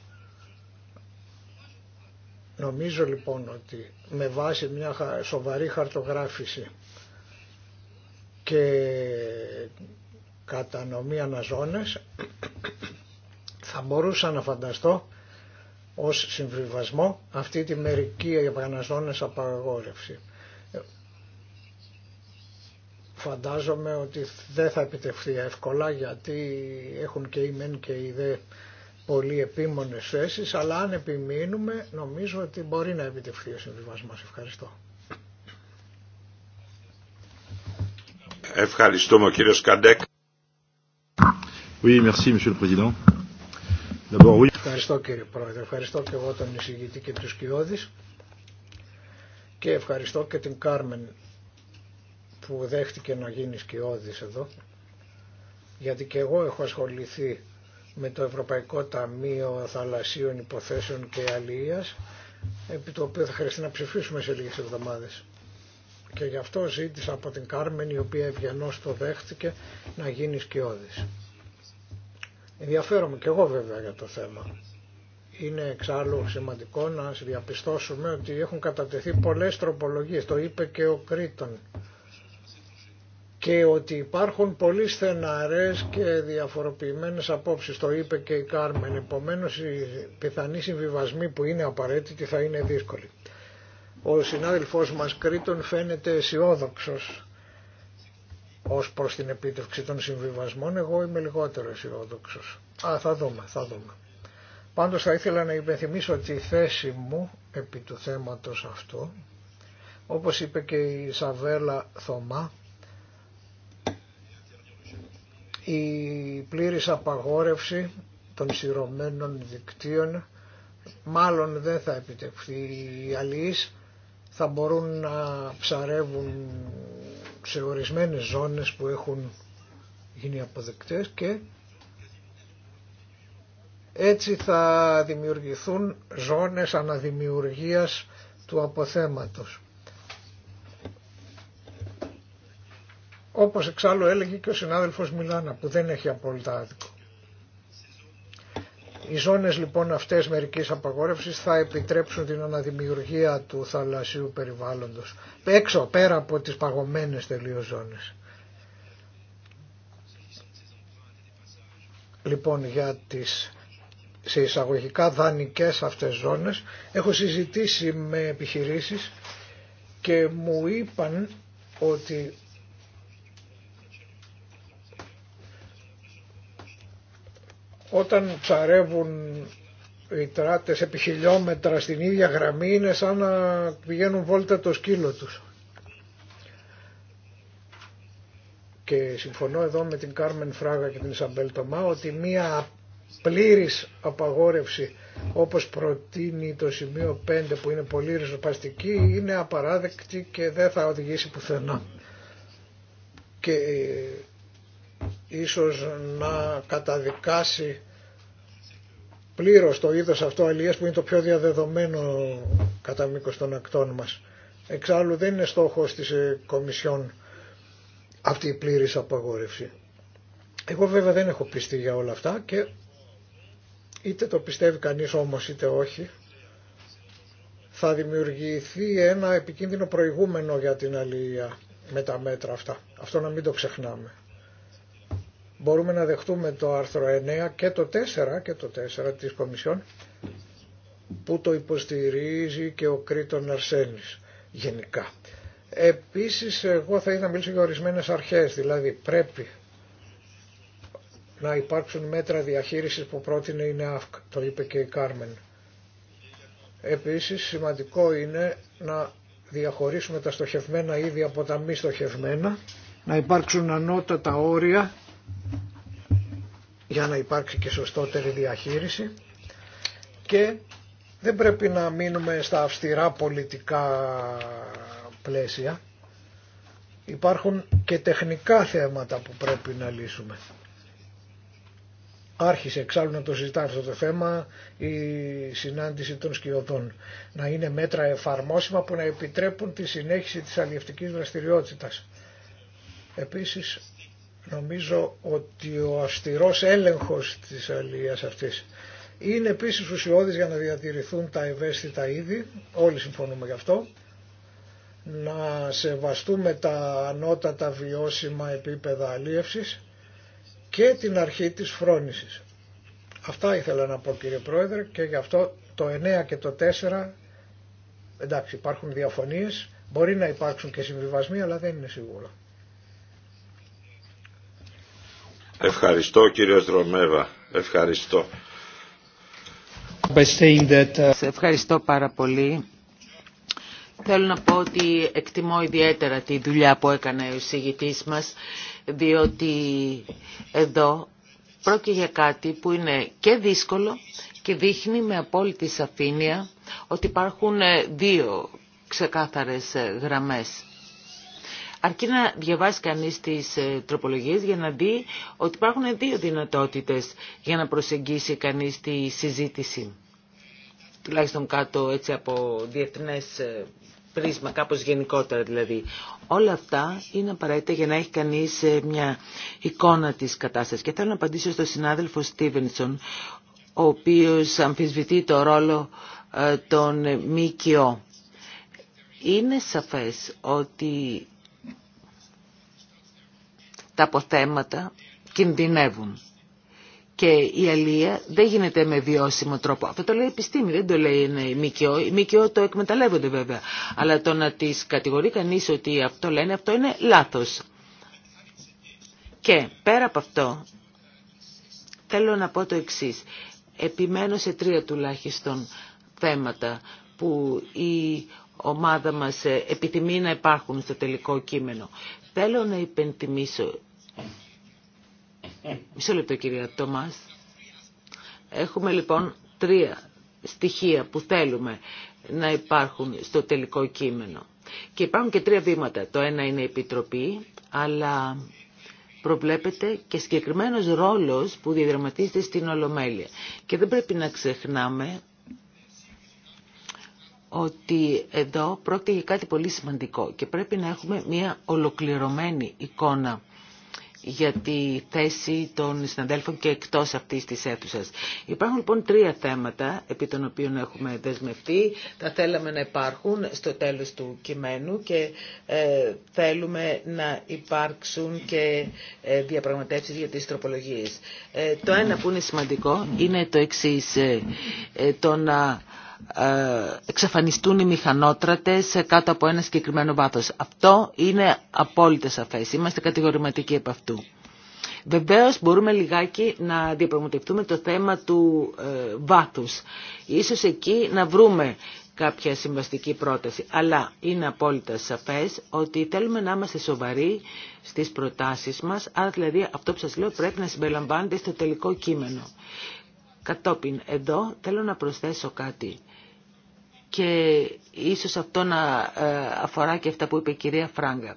Νομίζω λοιπόν ότι με βάση μια σοβαρή χαρτογράφηση και κατανομή αναζώνες θα μπορούσα να φανταστώ ως συμβιβασμό αυτή τη μερική επαναζώνες απαγόρευση. Φαντάζομαι ότι δεν θα επιτευχθεί εύκολα γιατί έχουν και οι μεν και οι δε πολύ επίμονες θέσεις, αλλά αν επιμείνουμε νομίζω ότι μπορεί να επιτευχθεί ο συμβιβασμός. Ευχαριστώ. Ευχαριστούμε ο κύριος Καντέκ. Oui, merci, monsieur le président. D'abord, Ευχαριστώ κύριε Πρόεδρε, ευχαριστώ και εγώ τον εισηγητή και τους σκιώδης και ευχαριστώ και την Κάρμεν που δέχτηκε να γίνει σκιώδης εδώ γιατί και εγώ έχω ασχοληθεί με το Ευρωπαϊκό Ταμείο Θαλασσίων Υποθέσεων και Αλίας επί το οποίο θα χρειαστεί να ψηφίσουμε σε λίγες εβδομάδες και γι' αυτό ζήτησα από την Κάρμεν η οποία ευγενώς το δέχτηκε να γίνει σκιώδης. Ενδιαφέρομαι και εγώ βέβαια για το θέμα. Είναι εξάλλου σημαντικό να διαπιστώσουμε ότι έχουν κατατεθεί πολλές τροπολογίες, το είπε και ο Κρήτον. Και ότι υπάρχουν πολλοί στεναρές και διαφοροποιημένες απόψεις, το είπε και η Κάρμεν. Επομένως οι πιθανοί συμβιβασμοί που είναι απαραίτητοι θα είναι δύσκολοι. Ο συνάδελφός μας Κρήτον φαίνεται αισιόδοξο ως προς την επίτευξη των συμβιβασμών, εγώ είμαι λιγότερο αισιόδοξο. Α, θα δούμε, θα δούμε. Πάντως θα ήθελα να υπενθυμίσω ότι η θέση μου επί του θέματος αυτού. όπως είπε και η Σαβέλα Θωμά, η πλήρης απαγόρευση των σειρωμένων δικτύων μάλλον δεν θα επιτευχθεί. Οι αλληλείς θα μπορούν να ψαρεύουν σε ορισμένες ζώνες που έχουν γίνει αποδεκτές και έτσι θα δημιουργηθούν ζώνες αναδημιουργίας του αποθέματος. Όπως εξάλλου έλεγε και ο συνάδελφος Μιλάνα που δεν έχει απόλυτα άδικο. Οι ζώνες λοιπόν αυτές μερικής απαγόρευσης θα επιτρέψουν την αναδημιουργία του θαλασσίου περιβάλλοντος. Έξω, πέρα από τις παγωμένες τελείως ζώνες. Λοιπόν, για τις σε εισαγωγικά δανεικές αυτές ζώνες έχω συζητήσει με επιχειρήσεις και μου είπαν ότι Όταν ψαρεύουν οι τράτες επί χιλιόμετρα στην ίδια γραμμή είναι σαν να πηγαίνουν βόλτα το σκύλο τους. Και συμφωνώ εδώ με την Κάρμεν Φράγα και την Σαμπέλ Τωμά ότι μία πλήρης απαγόρευση όπως προτείνει το σημείο 5 που είναι πολύ ριζοπαστική είναι απαράδεκτη και δεν θα οδηγήσει πουθενά. Και ε, ίσως να καταδικάσει πλήρως το είδος αυτό αλλιές που είναι το πιο διαδεδομένο κατά μήκο των ακτών μας. Εξάλλου δεν είναι στόχος της ε, Κομισιόν αυτή η πλήρης απαγόρευση. Εγώ βέβαια δεν έχω πιστεί για όλα αυτά και είτε το πιστεύει κανείς όμως είτε όχι θα δημιουργηθεί ένα επικίνδυνο προηγούμενο για την αλληλεία με τα μέτρα αυτά. Αυτό να μην το ξεχνάμε μπορούμε να δεχτούμε το άρθρο 9 και το 4 και το 4 της Κομισιόν που το υποστηρίζει και ο Κρήτον Αρσένης γενικά. Επίσης εγώ θα ήθελα να μιλήσω για ορισμένες αρχές, δηλαδή πρέπει να υπάρξουν μέτρα διαχείρισης που πρότεινε η ΝΑΦΚ, το είπε και η Κάρμεν. Επίσης σημαντικό είναι να διαχωρίσουμε τα στοχευμένα ήδη από τα μη στοχευμένα, να υπάρξουν ανώτατα όρια για να υπάρξει και σωστότερη διαχείριση και δεν πρέπει να μείνουμε στα αυστηρά πολιτικά πλαίσια. Υπάρχουν και τεχνικά θέματα που πρέπει να λύσουμε. Άρχισε εξάλλου να το συζητάμε αυτό το θέμα η συνάντηση των σκιωδών. Να είναι μέτρα εφαρμόσιμα που να επιτρέπουν τη συνέχιση της αλλιευτικής δραστηριότητας. Επίσης Νομίζω ότι ο αυστηρός έλεγχος της αλληλείας αυτής είναι επίσης ουσιώδης για να διατηρηθούν τα ευαίσθητα είδη, όλοι συμφωνούμε γι' αυτό, να σεβαστούμε τα ανώτατα βιώσιμα επίπεδα αλίευσης και την αρχή της φρόνησης. Αυτά ήθελα να πω κύριε Πρόεδρε και γι' αυτό το 9 και το 4 εντάξει υπάρχουν διαφωνίες, μπορεί να υπάρξουν και συμβιβασμοί αλλά δεν είναι σίγουρο. Ευχαριστώ κύριε Δρομέβα. Ευχαριστώ. Uh, Σε ευχαριστώ πάρα πολύ. Θέλω να πω ότι εκτιμώ ιδιαίτερα τη δουλειά που έκανε ο συγητής μας, διότι εδώ πρόκειται για κάτι που είναι και δύσκολο και δείχνει με απόλυτη σαφήνεια ότι υπάρχουν δύο ξεκάθαρες γραμμές. Αρκεί να διαβάσει κανείς τις ε, τροπολογίες για να δει ότι υπάρχουν δύο δυνατότητες για να προσεγγίσει κανείς τη συζήτηση. Τουλάχιστον κάτω έτσι από διεθνές ε, πρίσμα, κάπως γενικότερα δηλαδή. Όλα αυτά είναι απαραίτητα για να έχει κανείς ε, μια εικόνα της κατάστασης. Και θέλω να απαντήσω στον συνάδελφο Στίβενσον, ο οποίος αμφισβητεί το ρόλο των ΜΚΟ. Είναι σαφές ότι τα αποθέματα κινδυνεύουν. Και η αλία δεν γίνεται με βιώσιμο τρόπο. Αυτό το λέει η επιστήμη, δεν το λέει ναι, η ΜΚΟ. Η ΜΚΟ το εκμεταλλεύονται βέβαια. Αλλά το να τις κατηγορεί κανείς ότι αυτό λένε, αυτό είναι λάθος. Και πέρα από αυτό, θέλω να πω το εξής. Επιμένω σε τρία τουλάχιστον θέματα που η ομάδα μας επιθυμεί να υπάρχουν στο τελικό κείμενο. Θέλω να υπενθυμίσω... Μισό λεπτό κυρία Τόμας. Έχουμε λοιπόν τρία στοιχεία που θέλουμε να υπάρχουν στο τελικό κείμενο. Και υπάρχουν και τρία βήματα. Το ένα είναι η Επιτροπή, αλλά προβλέπεται και συγκεκριμένος ρόλος που διαδραματίζεται στην Ολομέλεια. Και δεν πρέπει να ξεχνάμε ότι εδώ πρόκειται για κάτι πολύ σημαντικό και πρέπει να έχουμε μια ολοκληρωμένη εικόνα για τη θέση των συναδέλφων και εκτός αυτής της αίθουσας. Υπάρχουν λοιπόν τρία θέματα επί των οποίων έχουμε δεσμευτεί. Θα θέλαμε να υπάρχουν στο τέλος του κειμένου και ε, θέλουμε να υπάρξουν και ε, διαπραγματεύσεις για τις τροπολογίες. Ε, το ένα που είναι σημαντικό είναι το εξής. Ε, το ε, εξαφανιστούν οι μηχανότρατες κάτω από ένα συγκεκριμένο βάθος. Αυτό είναι απόλυτα σαφές. Είμαστε κατηγορηματικοί από αυτού. Βεβαίως μπορούμε λιγάκι να διαπραγματευτούμε το θέμα του ε, βάθους. Ίσως εκεί να βρούμε κάποια συμβαστική πρόταση. Αλλά είναι απόλυτα σαφές ότι θέλουμε να είμαστε σοβαροί στις προτάσεις μας. Άρα δηλαδή αυτό που σας λέω πρέπει να συμπεριλαμβάνεται στο τελικό κείμενο. Κατόπιν εδώ θέλω να προσθέσω κάτι και ίσως αυτό να ε, αφορά και αυτά που είπε η κυρία Φράγκα.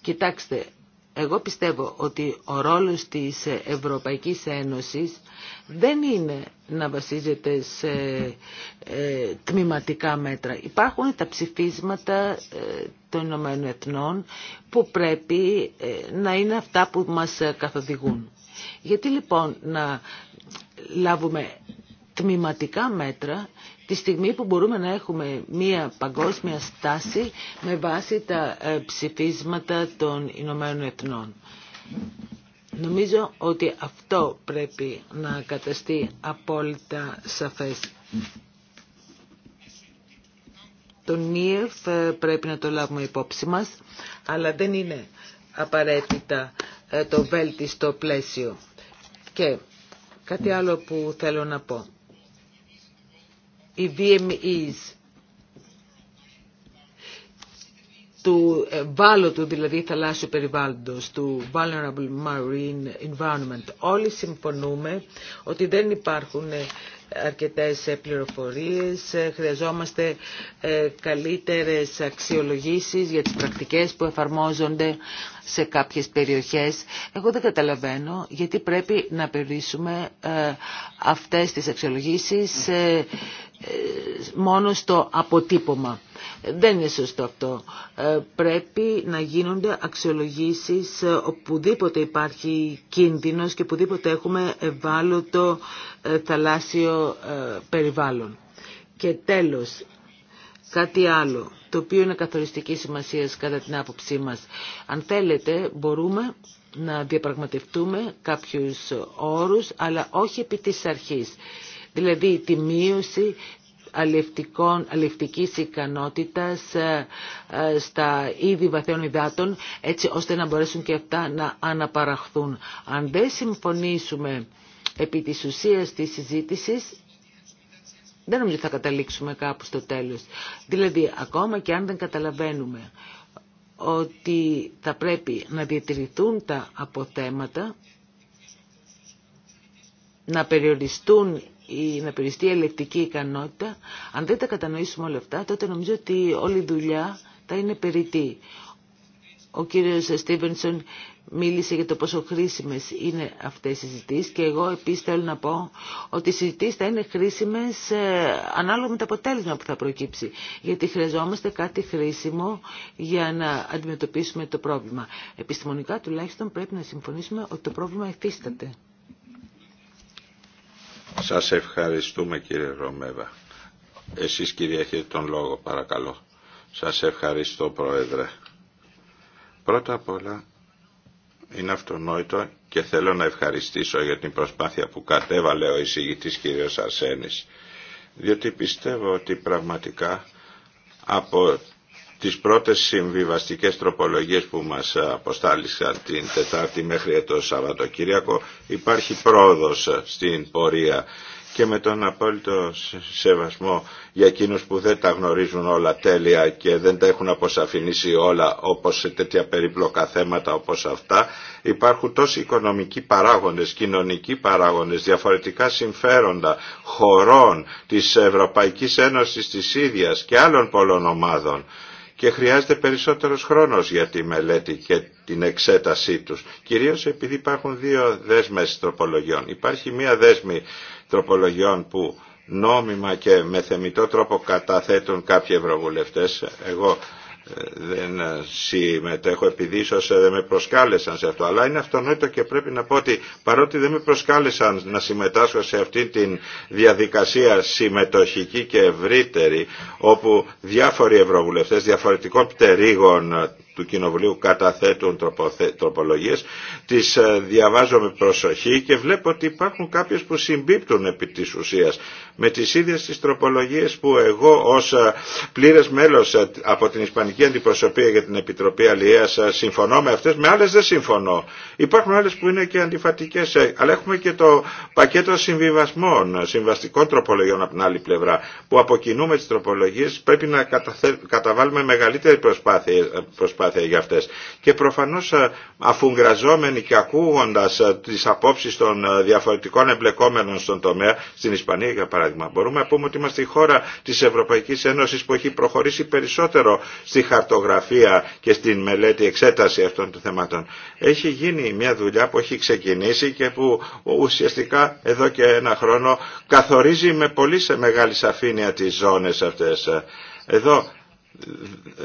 Κοιτάξτε, εγώ πιστεύω ότι ο ρόλος της Ευρωπαϊκής Ένωσης δεν είναι να βασίζεται σε ε, τμηματικά μέτρα. Υπάρχουν τα ψηφίσματα ε, των Ηνωμένων Εθνών που πρέπει να είναι αυτά που μας καθοδηγούν. Γιατί λοιπόν να λάβουμε τμηματικά μέτρα τη στιγμή που μπορούμε να έχουμε μία παγκόσμια στάση με βάση τα ε, ψηφίσματα των Ηνωμένων Εθνών. Νομίζω ότι αυτό πρέπει να καταστεί απόλυτα σαφές. Το ΝΙΕΦ ε, πρέπει να το λάβουμε υπόψη μας, αλλά δεν είναι απαραίτητα ε, το βέλτιστο πλαίσιο. Και κάτι άλλο που θέλω να πω οι του ευάλωτου δηλαδή θαλάσσιου περιβάλλοντος, του vulnerable marine environment. Όλοι συμφωνούμε ότι δεν υπάρχουν ε, αρκετές ε, πληροφορίες, ε, χρειαζόμαστε καλύτερες αξιολογήσεις για τις πρακτικές που εφαρμόζονται σε κάποιες περιοχές. Εγώ δεν καταλαβαίνω γιατί πρέπει να περιορίσουμε αυτές τις αξιολογήσεις μόνο στο αποτύπωμα. Δεν είναι σωστό αυτό. Ε, πρέπει να γίνονται αξιολογήσεις οπουδήποτε υπάρχει κίνδυνος και οπουδήποτε έχουμε ευάλωτο ε, θαλάσσιο ε, περιβάλλον. Και τέλος, κάτι άλλο, το οποίο είναι καθοριστική σημασία κατά την άποψή μας. Αν θέλετε, μπορούμε να διαπραγματευτούμε κάποιους όρους, αλλά όχι επί της αρχής δηλαδή τη μείωση αλληλευτικής ικανότητας ε, ε, στα είδη βαθέων υδάτων έτσι ώστε να μπορέσουν και αυτά να αναπαραχθούν. Αν δεν συμφωνήσουμε επί της ουσίας της συζήτησης δεν νομίζω θα καταλήξουμε κάπου στο τέλος. Δηλαδή ακόμα και αν δεν καταλαβαίνουμε ότι θα πρέπει να διατηρηθούν τα αποθέματα να περιοριστούν ή να περιστεί η ελεκτική ικανότητα, αν δεν τα κατανοήσουμε όλα αυτά, τότε νομίζω ότι όλη η δουλειά θα είναι περιττή. Ο κύριος Στίβενσον μίλησε για το πόσο χρήσιμες είναι αυτές οι συζητήσεις και εγώ επίσης θέλω να πω ότι οι συζητήσεις θα είναι χρήσιμες ε, ανάλογα με το αποτέλεσμα που θα προκύψει γιατί χρειαζόμαστε κάτι χρήσιμο για να αντιμετωπίσουμε το πρόβλημα. Επιστημονικά τουλάχιστον πρέπει να συμφωνήσουμε ότι το πρόβλημα εφίσταται. Σας ευχαριστούμε κύριε Ρωμέβα. Εσείς κύριε έχετε τον λόγο παρακαλώ. Σας ευχαριστώ Πρόεδρε. Πρώτα απ' όλα είναι αυτονόητο και θέλω να ευχαριστήσω για την προσπάθεια που κατέβαλε ο εισηγητής κύριος Αρσένης. Διότι πιστεύω ότι πραγματικά από τις πρώτες συμβιβαστικές τροπολογίες που μας αποστάλησαν την Τετάρτη μέχρι το Σαββατοκύριακο υπάρχει πρόοδος στην πορεία και με τον απόλυτο σεβασμό για εκείνους που δεν τα γνωρίζουν όλα τέλεια και δεν τα έχουν αποσαφηνίσει όλα όπως σε τέτοια περίπλοκα θέματα όπως αυτά υπάρχουν τόσοι οικονομικοί παράγοντες, κοινωνικοί παράγοντες, διαφορετικά συμφέροντα χωρών της Ευρωπαϊκής Ένωσης της ίδιας και άλλων πολλών ομάδων και χρειάζεται περισσότερος χρόνος για τη μελέτη και την εξέτασή τους. Κυρίως επειδή υπάρχουν δύο δέσμες τροπολογιών. Υπάρχει μία δέσμη τροπολογιών που νόμιμα και με θεμητό τρόπο καταθέτουν κάποιοι ευρωβουλευτές. Εγώ δεν συμμετέχω επειδή ίσως ε, δεν με προσκάλεσαν σε αυτό αλλά είναι αυτονόητο και πρέπει να πω ότι παρότι δεν με προσκάλεσαν να συμμετάσχω σε αυτή την διαδικασία συμμετοχική και ευρύτερη όπου διάφοροι ευρωβουλευτές διαφορετικών πτερίγων του Κοινοβουλίου καταθέτουν τροπολογίες, τις ε, διαβάζω με προσοχή και βλέπω ότι υπάρχουν κάποιες που συμπίπτουν επί της ουσίας με τις ίδιες τις τροπολογίες που εγώ ως ε, πλήρες μέλος ε, από την Ισπανική Αντιπροσωπεία για την Επιτροπή Αλλιέας συμφωνώ με αυτές, με άλλες δεν συμφωνώ. Υπάρχουν άλλες που είναι και αντιφατικές, αλλά έχουμε και το πακέτο συμβιβασμών, συμβαστικών τροπολογιών από την άλλη πλευρά, που αποκινούμε τις τροπολογίες πρέπει να καταβάλουμε μεγαλύτερη προσπάθεια προσπάθεια για αυτές. Και προφανώς ε, αφουγκραζόμενοι και ακούγοντας ε, τις απόψεις των ε, διαφορετικών εμπλεκόμενων στον τομέα, στην Ισπανία για παράδειγμα, μπορούμε να πούμε ότι είμαστε η χώρα της Ευρωπαϊκής Ένωσης που έχει προχωρήσει περισσότερο στη χαρτογραφία και στην μελέτη εξέταση αυτών των θεμάτων. Έχει γίνει μια δουλειά που έχει ξεκινήσει και που ουσιαστικά εδώ και ένα χρόνο καθορίζει με πολύ σε μεγάλη σαφήνεια τις ζώνες αυτές. Εδώ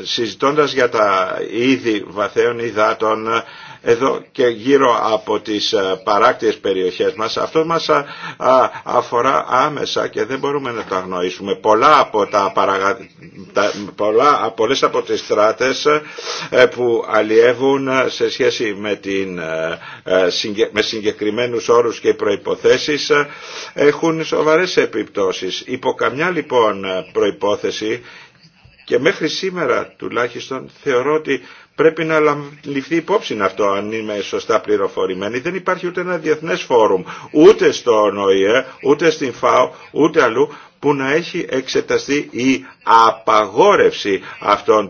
συζητώντας για τα είδη βαθαίων υδάτων ε, εδώ και γύρω από τις ε, παράκτιες περιοχές μας αυτό μας ε, αφορά άμεσα και δεν μπορούμε να το αγνοήσουμε πολλά από τα, πολλές από τις στράτες που αλλιεύουν σε σχέση με, την... με συγκεκριμένους όρους και προϋποθέσεις έχουν σοβαρές επιπτώσεις υπό καμιά λοιπόν προϋπόθεση και μέχρι σήμερα τουλάχιστον θεωρώ ότι πρέπει να ληφθεί υπόψη αυτό αν είμαι σωστά πληροφορημένη. Δεν υπάρχει ούτε ένα διεθνές φόρουμ ούτε στο ΟΗΕ, ούτε στην ΦΑΟ, ούτε αλλού που να έχει εξεταστεί η απαγόρευση αυτών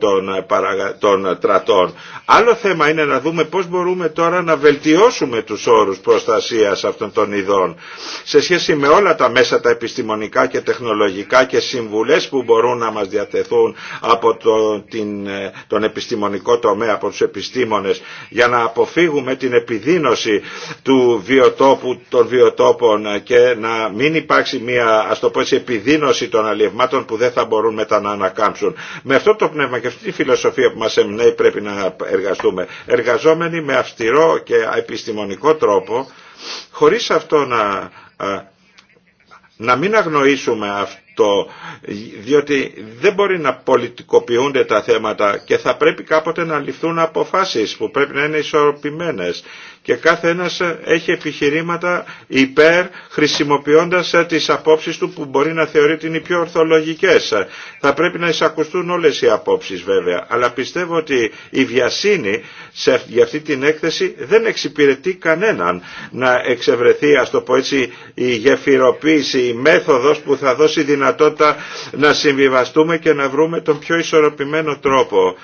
των, τρατών. Άλλο θέμα είναι να δούμε πώς μπορούμε τώρα να βελτιώσουμε τους όρους προστασίας αυτών των ειδών σε σχέση με όλα τα μέσα τα επιστημονικά και τεχνολογικά και συμβουλές που μπορούν να μας διατεθούν από ε, τον επιστημονικό τομέα, από τους επιστήμονες για να αποφύγουμε την επιδίνωση του βιοτόπου, των βιοτόπων και να μην υπάρξει μια ας το πω έτσι, επιδείνωση των αλλιευμάτων που δεν θα μπορούν με να ανακάμψουν. Με αυτό το πνεύμα και αυτή τη φιλοσοφία που μας εμπνέει πρέπει να εργαστούμε. Εργαζόμενοι με αυστηρό και επιστημονικό τρόπο, χωρίς αυτό να, να μην αγνοήσουμε αυτό διότι δεν μπορεί να πολιτικοποιούνται τα θέματα και θα πρέπει κάποτε να ληφθούν αποφάσεις που πρέπει να είναι ισορροπημένες και κάθε ένας ε, έχει επιχειρήματα υπέρ χρησιμοποιώντας ε, τις απόψεις του που μπορεί να θεωρεί την οι πιο ορθολογικές. Ε, θα πρέπει να εισακουστούν όλες οι απόψεις βέβαια, αλλά πιστεύω ότι η βιασύνη σε, για αυτή την έκθεση δεν εξυπηρετεί κανέναν να εξευρεθεί, ας το πω έτσι, η γεφυροποίηση, η μέθοδος που θα δώσει δυνατότητα να συμβιβαστούμε και να βρούμε τον πιο ισορροπημένο τρόπο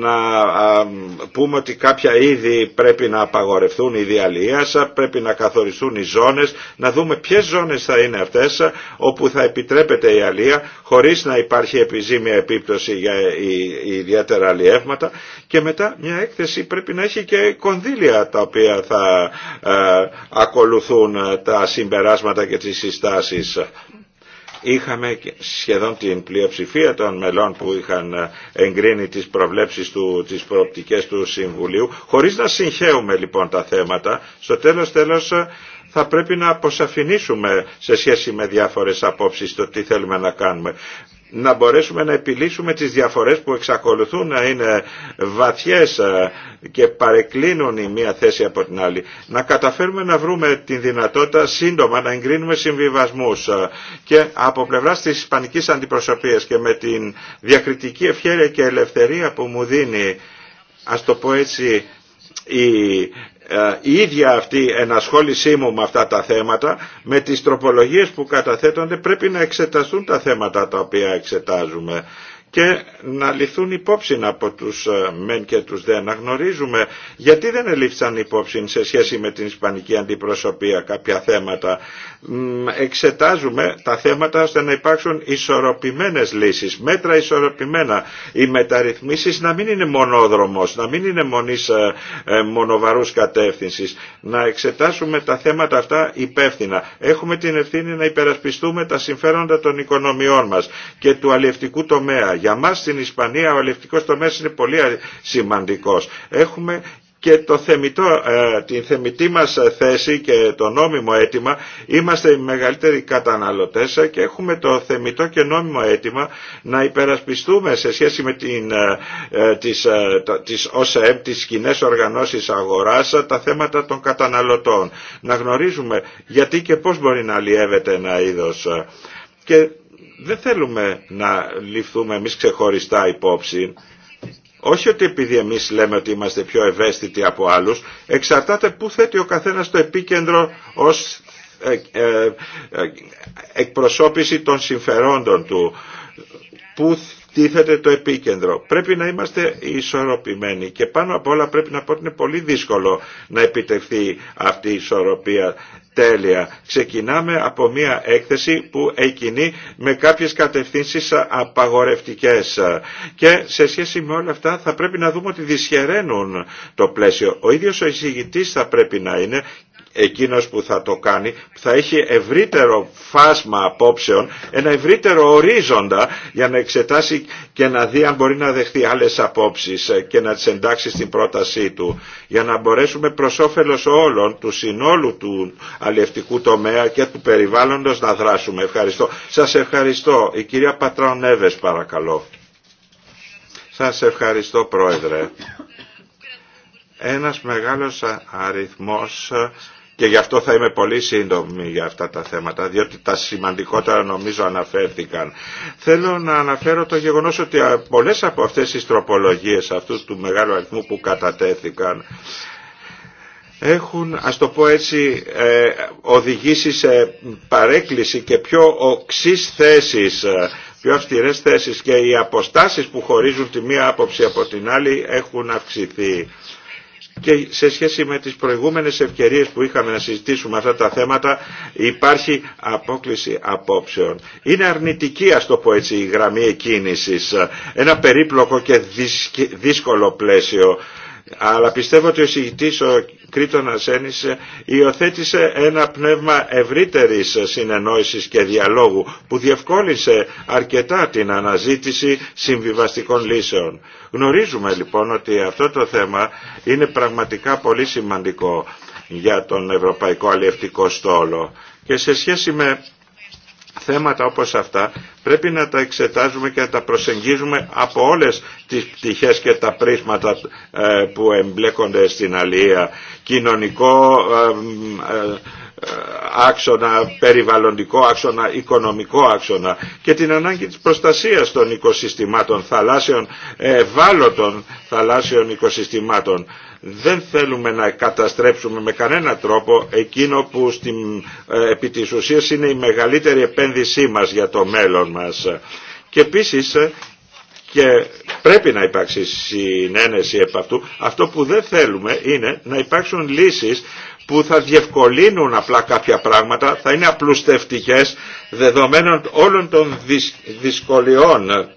να πούμε ότι κάποια είδη πρέπει να απαγορεύονται απαγορευτούν οι διαλύες, πρέπει να καθοριστούν οι ζώνες, να δούμε ποιες ζώνες θα είναι αυτές όπου θα επιτρέπεται η αλία χωρίς να υπάρχει επιζήμια επίπτωση για ιδιαίτερα αλλιεύματα και μετά μια έκθεση πρέπει να έχει και κονδύλια τα οποία θα ε, ακολουθούν ε, τα συμπεράσματα και τις συστάσεις είχαμε σχεδόν την πλειοψηφία των μελών που είχαν ε, εγκρίνει τις προβλέψεις του, τις προοπτικές του Συμβουλίου, χωρίς να συγχέουμε λοιπόν τα θέματα, στο τέλος τέλος ε, θα πρέπει να αποσαφηνίσουμε σε σχέση με διάφορες απόψεις το τι θέλουμε να κάνουμε να μπορέσουμε να επιλύσουμε τις διαφορές που εξακολουθούν να είναι βαθιές ε, και παρεκκλίνουν η μία θέση από την άλλη. Να καταφέρουμε να βρούμε την δυνατότητα σύντομα να εγκρίνουμε συμβιβασμούς ε, και από πλευρά της ισπανικής αντιπροσωπείας και με την διακριτική ευχέρεια και ελευθερία που μου δίνει ας το πω έτσι ε, η, ίδια αυτή ενασχόλησή μου με αυτά τα θέματα, με τις τροπολογίες που καταθέτονται πρέπει να εξεταστούν τα θέματα τα οποία εξετάζουμε και να ληφθούν υπόψη από τους ε, μεν και τους δε. Να γνωρίζουμε γιατί δεν ελήφθησαν υπόψη σε σχέση με την Ισπανική αντιπροσωπεία κάποια θέματα. Εξετάζουμε τα θέματα ώστε να υπάρξουν ισορροπημένες λύσεις, μέτρα ισορροπημένα. Οι μεταρρυθμίσεις να μην είναι μονόδρομος, να μην είναι μονής ε, ε, μονοβαρούς κατεύθυνσης. Να εξετάσουμε τα θέματα αυτά υπεύθυνα. Έχουμε την ευθύνη να υπερασπιστούμε τα συμφέροντα των οικονομιών μας και του αλλιευτικού τομέα για μας στην Ισπανία ο ελευτικός τομέας είναι πολύ σημαντικός. Έχουμε και το θεμητό, ε, την θεμητή μας θέση και το νόμιμο αίτημα είμαστε οι μεγαλύτεροι καταναλωτές και έχουμε το θεμητό και νόμιμο αίτημα να υπερασπιστούμε σε σχέση με την, ε, ε, τις, τις ΟΣΕΜ, κοινέ οργανώσεις αγοράς, τα θέματα των καταναλωτών. Να γνωρίζουμε γιατί και πώς μπορεί να αλλιεύεται ένα είδος δεν θέλουμε να ληφθούμε εμείς ξεχωριστά υπόψη. Όχι ότι επειδή εμεί λέμε ότι είμαστε πιο ευαίσθητοι από άλλους, εξαρτάται πού θέτει ο καθένας το επίκεντρο ως ε, ε, ε, εκπροσώπηση των συμφερόντων του. Πού τίθεται το επίκεντρο. Πρέπει να είμαστε ισορροπημένοι και πάνω απ' όλα πρέπει να πω ότι είναι πολύ δύσκολο να επιτευχθεί αυτή η ισορροπία τέλεια. Ξεκινάμε από μια έκθεση που εκινεί με κάποιες κατευθύνσεις απαγορευτικές και σε σχέση με όλα αυτά θα πρέπει να δούμε ότι δυσχεραίνουν το πλαίσιο. Ο ίδιος ο εισηγητής θα πρέπει να είναι εκείνος που θα το κάνει θα έχει ευρύτερο φάσμα απόψεων, ένα ευρύτερο ορίζοντα για να εξετάσει και να δει αν μπορεί να δεχθεί άλλες απόψεις και να τις εντάξει στην πρότασή του για να μπορέσουμε προς όφελος όλων του συνόλου του αλλιευτικού τομέα και του περιβάλλοντος να δράσουμε. Ευχαριστώ. Σας ευχαριστώ. Η κυρία Πατραονέβες παρακαλώ. Σας ευχαριστώ Πρόεδρε. Ένας μεγάλος αριθμός και γι' αυτό θα είμαι πολύ σύντομη για αυτά τα θέματα, διότι τα σημαντικότερα νομίζω αναφέρθηκαν. Θέλω να αναφέρω το γεγονός ότι πολλές από αυτές τις τροπολογίες αυτού του μεγάλου αριθμού που κατατέθηκαν έχουν, ας το πω έτσι, ε, οδηγήσει σε παρέκκληση και πιο οξύς θέσεις ε, πιο αυστηρές θέσεις και οι αποστάσεις που χωρίζουν τη μία άποψη από την άλλη έχουν αυξηθεί και σε σχέση με τις προηγούμενες ευκαιρίες που είχαμε να συζητήσουμε αυτά τα θέματα υπάρχει απόκληση απόψεων. Είναι αρνητική ας το πω έτσι η γραμμή εκκίνησης, ένα περίπλοκο και δύσκολο πλαίσιο αλλά πιστεύω ότι ο συγητής ο Κρήτον Ασένης υιοθέτησε ένα πνεύμα ευρύτερης συνεννόησης και διαλόγου που διευκόλυνσε αρκετά την αναζήτηση συμβιβαστικών λύσεων. Γνωρίζουμε λοιπόν ότι αυτό το θέμα είναι πραγματικά πολύ σημαντικό για τον Ευρωπαϊκό Αλλιευτικό Στόλο και σε σχέση με θέματα όπως αυτά πρέπει να τα εξετάζουμε και να τα προσεγγίζουμε από όλες τις πτυχές και τα πρίσματα ε, που εμπλέκονται στην αλληλεία. Κοινωνικό, ε, ε, άξονα περιβαλλοντικό, άξονα οικονομικό άξονα και την ανάγκη της προστασίας των οικοσυστημάτων θαλάσσιων, ε, ευάλωτων θαλάσσιων οικοσυστημάτων. Δεν θέλουμε να καταστρέψουμε με κανένα τρόπο εκείνο που στην, ε, επί της ουσίας είναι η μεγαλύτερη επένδυσή μας για το μέλλον μας. Και επίσης ε, και πρέπει να υπάρξει συνένεση επ' αυτού. Αυτό που δεν θέλουμε είναι να υπάρξουν λύσεις που θα διευκολύνουν απλά κάποια πράγματα, θα είναι απλουστευτικές δεδομένων όλων των δυσκολιών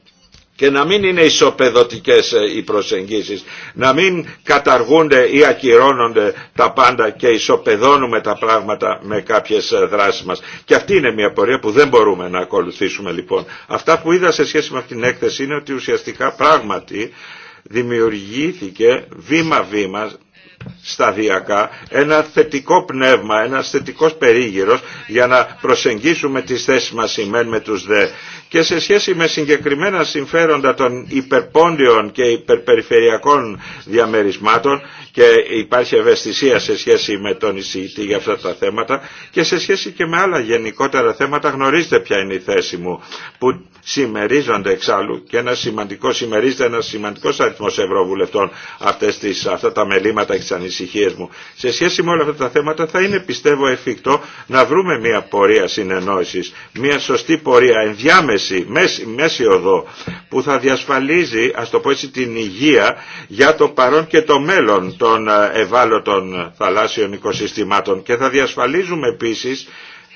και να μην είναι ισοπεδωτικές ε, οι προσεγγίσεις, να μην καταργούνται ή ακυρώνονται τα πάντα και ισοπεδώνουμε τα πράγματα με κάποιες ε, δράσεις μας. Και αυτή είναι μια πορεία που δεν μπορούμε να ακολουθήσουμε λοιπόν. Αυτά που είδα σε σχέση με αυτήν την έκθεση είναι ότι ουσιαστικά πράγματι δημιουργήθηκε βήμα-βήμα σταδιακά ένα θετικό πνεύμα, ένα θετικός περίγυρος για να προσεγγίσουμε τις θέσεις μας ημέν με τους δε. Και σε σχέση με συγκεκριμένα συμφέροντα των υπερπόντιων και υπερπεριφερειακών διαμερισμάτων και υπάρχει ευαισθησία σε σχέση με τον εισηγητή για αυτά τα θέματα και σε σχέση και με άλλα γενικότερα θέματα γνωρίζετε ποια είναι η θέση μου που συμμερίζονται εξάλλου και ένα σημαντικό, συμμερίζεται ένα σημαντικό αριθμό ευρωβουλευτών αυτές τις, αυτά τα μελήματα τις ανησυχίες μου. Σε σχέση με όλα αυτά τα θέματα θα είναι πιστεύω εφικτό να βρούμε μια πορεία συνεννόησης, μια σωστή πορεία, ενδιάμεση, μέση, μέση οδό που θα διασφαλίζει, ας το πω έτσι, την υγεία για το παρόν και το μέλλον των ε, ευάλωτων θαλάσσιων οικοσυστημάτων και θα διασφαλίζουμε επίσης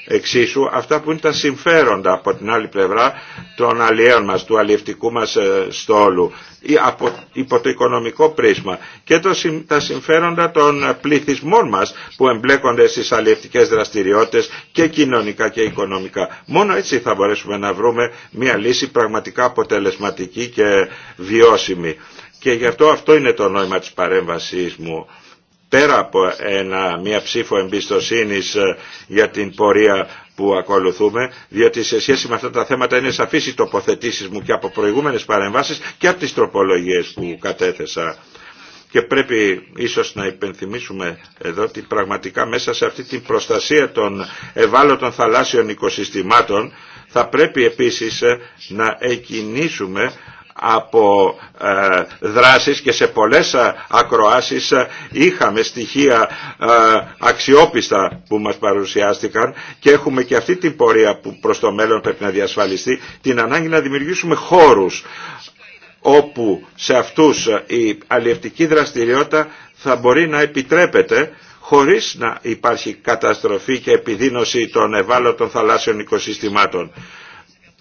Εξίσου αυτά που είναι τα συμφέροντα από την άλλη πλευρά των αλλιέων μας, του αλλιευτικού μας ε, στόλου ή από, υπό το οικονομικό πρίσμα και το, τα συμφέροντα των ε, πληθυσμών μας που εμπλέκονται στις αλλιευτικές δραστηριότητες και κοινωνικά και οικονομικά. Μόνο έτσι θα μπορέσουμε να βρούμε μια λύση πραγματικά αποτελεσματική και βιώσιμη. Και γι' αυτό αυτό είναι το νόημα της παρέμβασής μου πέρα από ένα, μια ψήφο εμπιστοσύνης ε, για την πορεία που ακολουθούμε, διότι σε σχέση με αυτά τα θέματα είναι σαφής οι τοποθετήσεις μου και από προηγούμενες παρεμβάσεις και από τις τροπολογίες που κατέθεσα. Και πρέπει ίσως να υπενθυμίσουμε εδώ ότι πραγματικά μέσα σε αυτή την προστασία των ευάλωτων θαλάσσιων οικοσυστημάτων θα πρέπει επίσης ε, να εκινήσουμε από ε, δράσεις και σε πολλές ε, ακροάσεις ε, είχαμε στοιχεία αξιόπιστα που μας παρουσιάστηκαν και έχουμε και αυτή την πορεία που προς το μέλλον πρέπει να διασφαλιστεί την ανάγκη να δημιουργήσουμε χώρους όπου σε αυτούς η αλλιευτική δραστηριότητα θα μπορεί να επιτρέπεται χωρίς να υπάρχει καταστροφή και επιδείνωση των ευάλωτων θαλάσσιων οικοσυστημάτων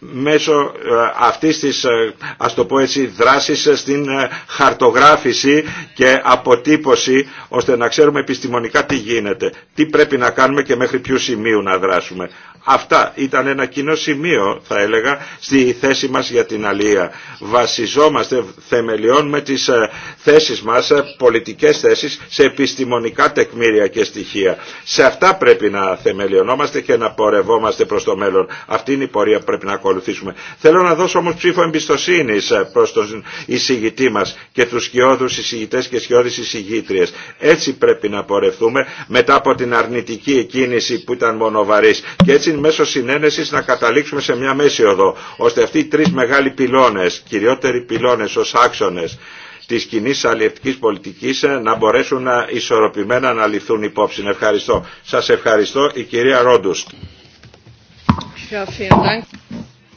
μέσω ε, αυτής της ε, ας το πω έτσι δράσης ε, στην χαρτογράφηση και αποτύπωση ώστε να ξέρουμε επιστημονικά τι γίνεται, τι πρέπει να κάνουμε και μέχρι ποιου σημείου να δράσουμε. Αυτά ήταν ένα κοινό σημείο θα έλεγα στη θέση μας για την αλία. Βασιζόμαστε θεμελιών με τις ε, θέσεις μας, ε, πολιτικές θέσεις, σε επιστημονικά τεκμήρια και στοιχεία. Σε αυτά πρέπει να θεμελιωνόμαστε και να πορευόμαστε προς το μέλλον. Αυτή είναι η πορεία που πρέπει να ακολουθήσουμε. Θέλω να δώσω όμως ψήφο εμπιστοσύνης ε, προς τον εισηγητή μας και τους σκιώδους εισηγητές και σκιώδεις εισηγήτριες. Έτσι πρέπει να πορευτούμε μετά από την αρνητική κίνηση που ήταν μονοβαρής. Και μέσω συνένεσης να καταλήξουμε σε μια μέση οδό, ώστε αυτοί οι τρεις μεγάλοι πυλώνες, κυριότεροι πυλώνες ως άξονες, της κοινή αλλιευτικής πολιτικής ε, να μπορέσουν να ε, ισορροπημένα να ληφθούν υπόψη. Ευχαριστώ. Σας ευχαριστώ η κυρία Ρόντουστ.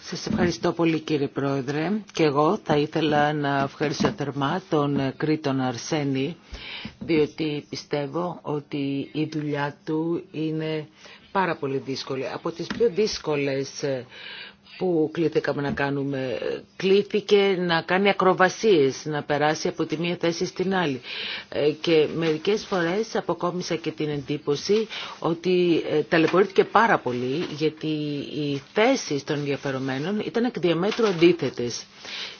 Σας ευχαριστώ πολύ κύριε Πρόεδρε και εγώ θα ήθελα να ευχαριστώ θερμά τον ε, Κρήτον Αρσένη διότι πιστεύω ότι η δουλειά του είναι πάρα πολύ δύσκολη, από τις πιο δύσκολες ε, που κλήθηκαμε να κάνουμε. Κλήθηκε να κάνει ακροβασίες, να περάσει από τη μία θέση στην άλλη. Ε, και μερικές φορές αποκόμισα και την εντύπωση ότι ε, ταλαιπωρήθηκε πάρα πολύ γιατί οι θέσει των ενδιαφερομένων ήταν εκ διαμέτρου αντίθετες.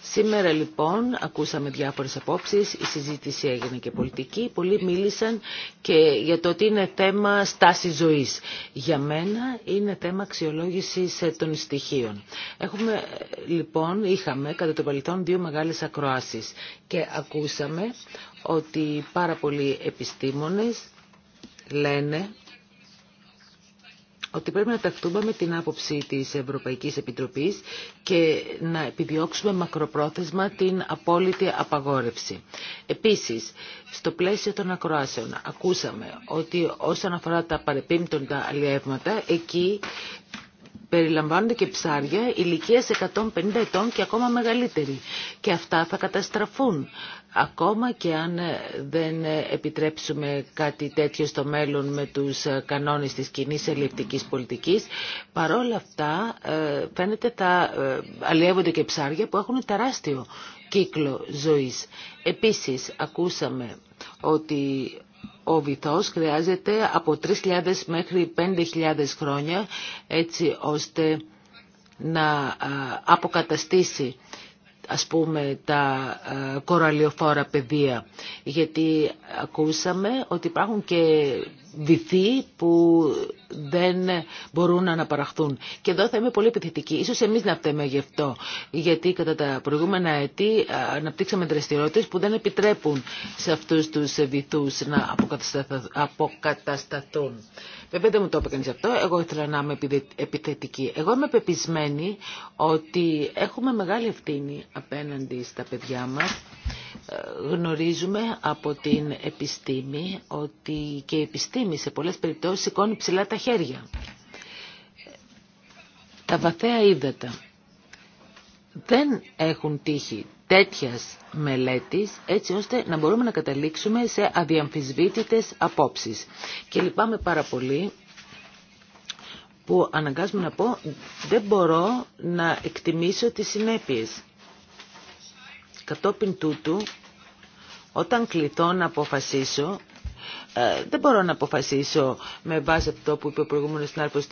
Σήμερα λοιπόν ακούσαμε διάφορες απόψεις, η συζήτηση έγινε και πολιτική, πολλοί μίλησαν και για το ότι είναι θέμα στάση ζωής. Για μένα είναι θέμα αξιολόγησης ε, των στοιχείων. Έχουμε, λοιπόν, είχαμε κατά το παρελθόν δύο μεγάλες ακροάσεις και ακούσαμε ότι πάρα πολλοί επιστήμονες λένε ότι πρέπει να ταχθούμε με την άποψη της Ευρωπαϊκής Επιτροπής και να επιδιώξουμε μακροπρόθεσμα την απόλυτη απαγόρευση. Επίσης, στο πλαίσιο των ακροάσεων ακούσαμε ότι όσον αφορά τα παρεπίμπτοντα αλλιεύματα, εκεί περιλαμβάνονται και ψάρια ηλικία 150 ετών και ακόμα μεγαλύτερη. Και αυτά θα καταστραφούν. Ακόμα και αν ε, δεν ε, επιτρέψουμε κάτι τέτοιο στο μέλλον με τους ε, κανόνες της κοινή ελληνικής πολιτικής, παρόλα αυτά φαίνεται θα αλλιεύονται και ψάρια που έχουν τεράστιο κύκλο ζωής. Επίσης ακούσαμε ότι ο βυθός χρειάζεται από 3.000 μέχρι 5.000 χρόνια έτσι ώστε να αποκαταστήσει ας πούμε τα κοραλιοφόρα πεδία γιατί ακούσαμε ότι υπάρχουν και βυθοί που δεν μπορούν να αναπαραχθούν. Και εδώ θα είμαι πολύ επιθετική. Ίσως εμείς να φταίμε γι' αυτό. Γιατί κατά τα προηγούμενα ετή αναπτύξαμε δραστηριότητες που δεν επιτρέπουν σε αυτούς τους βυθούς να αποκατασταθούν. Βέβαια δεν μου το είπε κανείς αυτό, εγώ ήθελα να είμαι επιθετική. Εγώ είμαι πεπισμένη ότι έχουμε μεγάλη ευθύνη απέναντι στα παιδιά μας γνωρίζουμε από την επιστήμη ότι και η επιστήμη σε πολλές περιπτώσεις σηκώνει ψηλά τα χέρια. Τα βαθαία ύδατα δεν έχουν τύχει τέτοιας μελέτης έτσι ώστε να μπορούμε να καταλήξουμε σε αδιαμφισβήτητες απόψεις. Και λυπάμαι πάρα πολύ που αναγκάζομαι να πω δεν μπορώ να εκτιμήσω τις συνέπειες. Κατόπιν τούτου, όταν κληθώ να αποφασίσω ε, δεν μπορώ να αποφασίσω με βάση αυτό που είπε ο προηγούμενος συνάρφος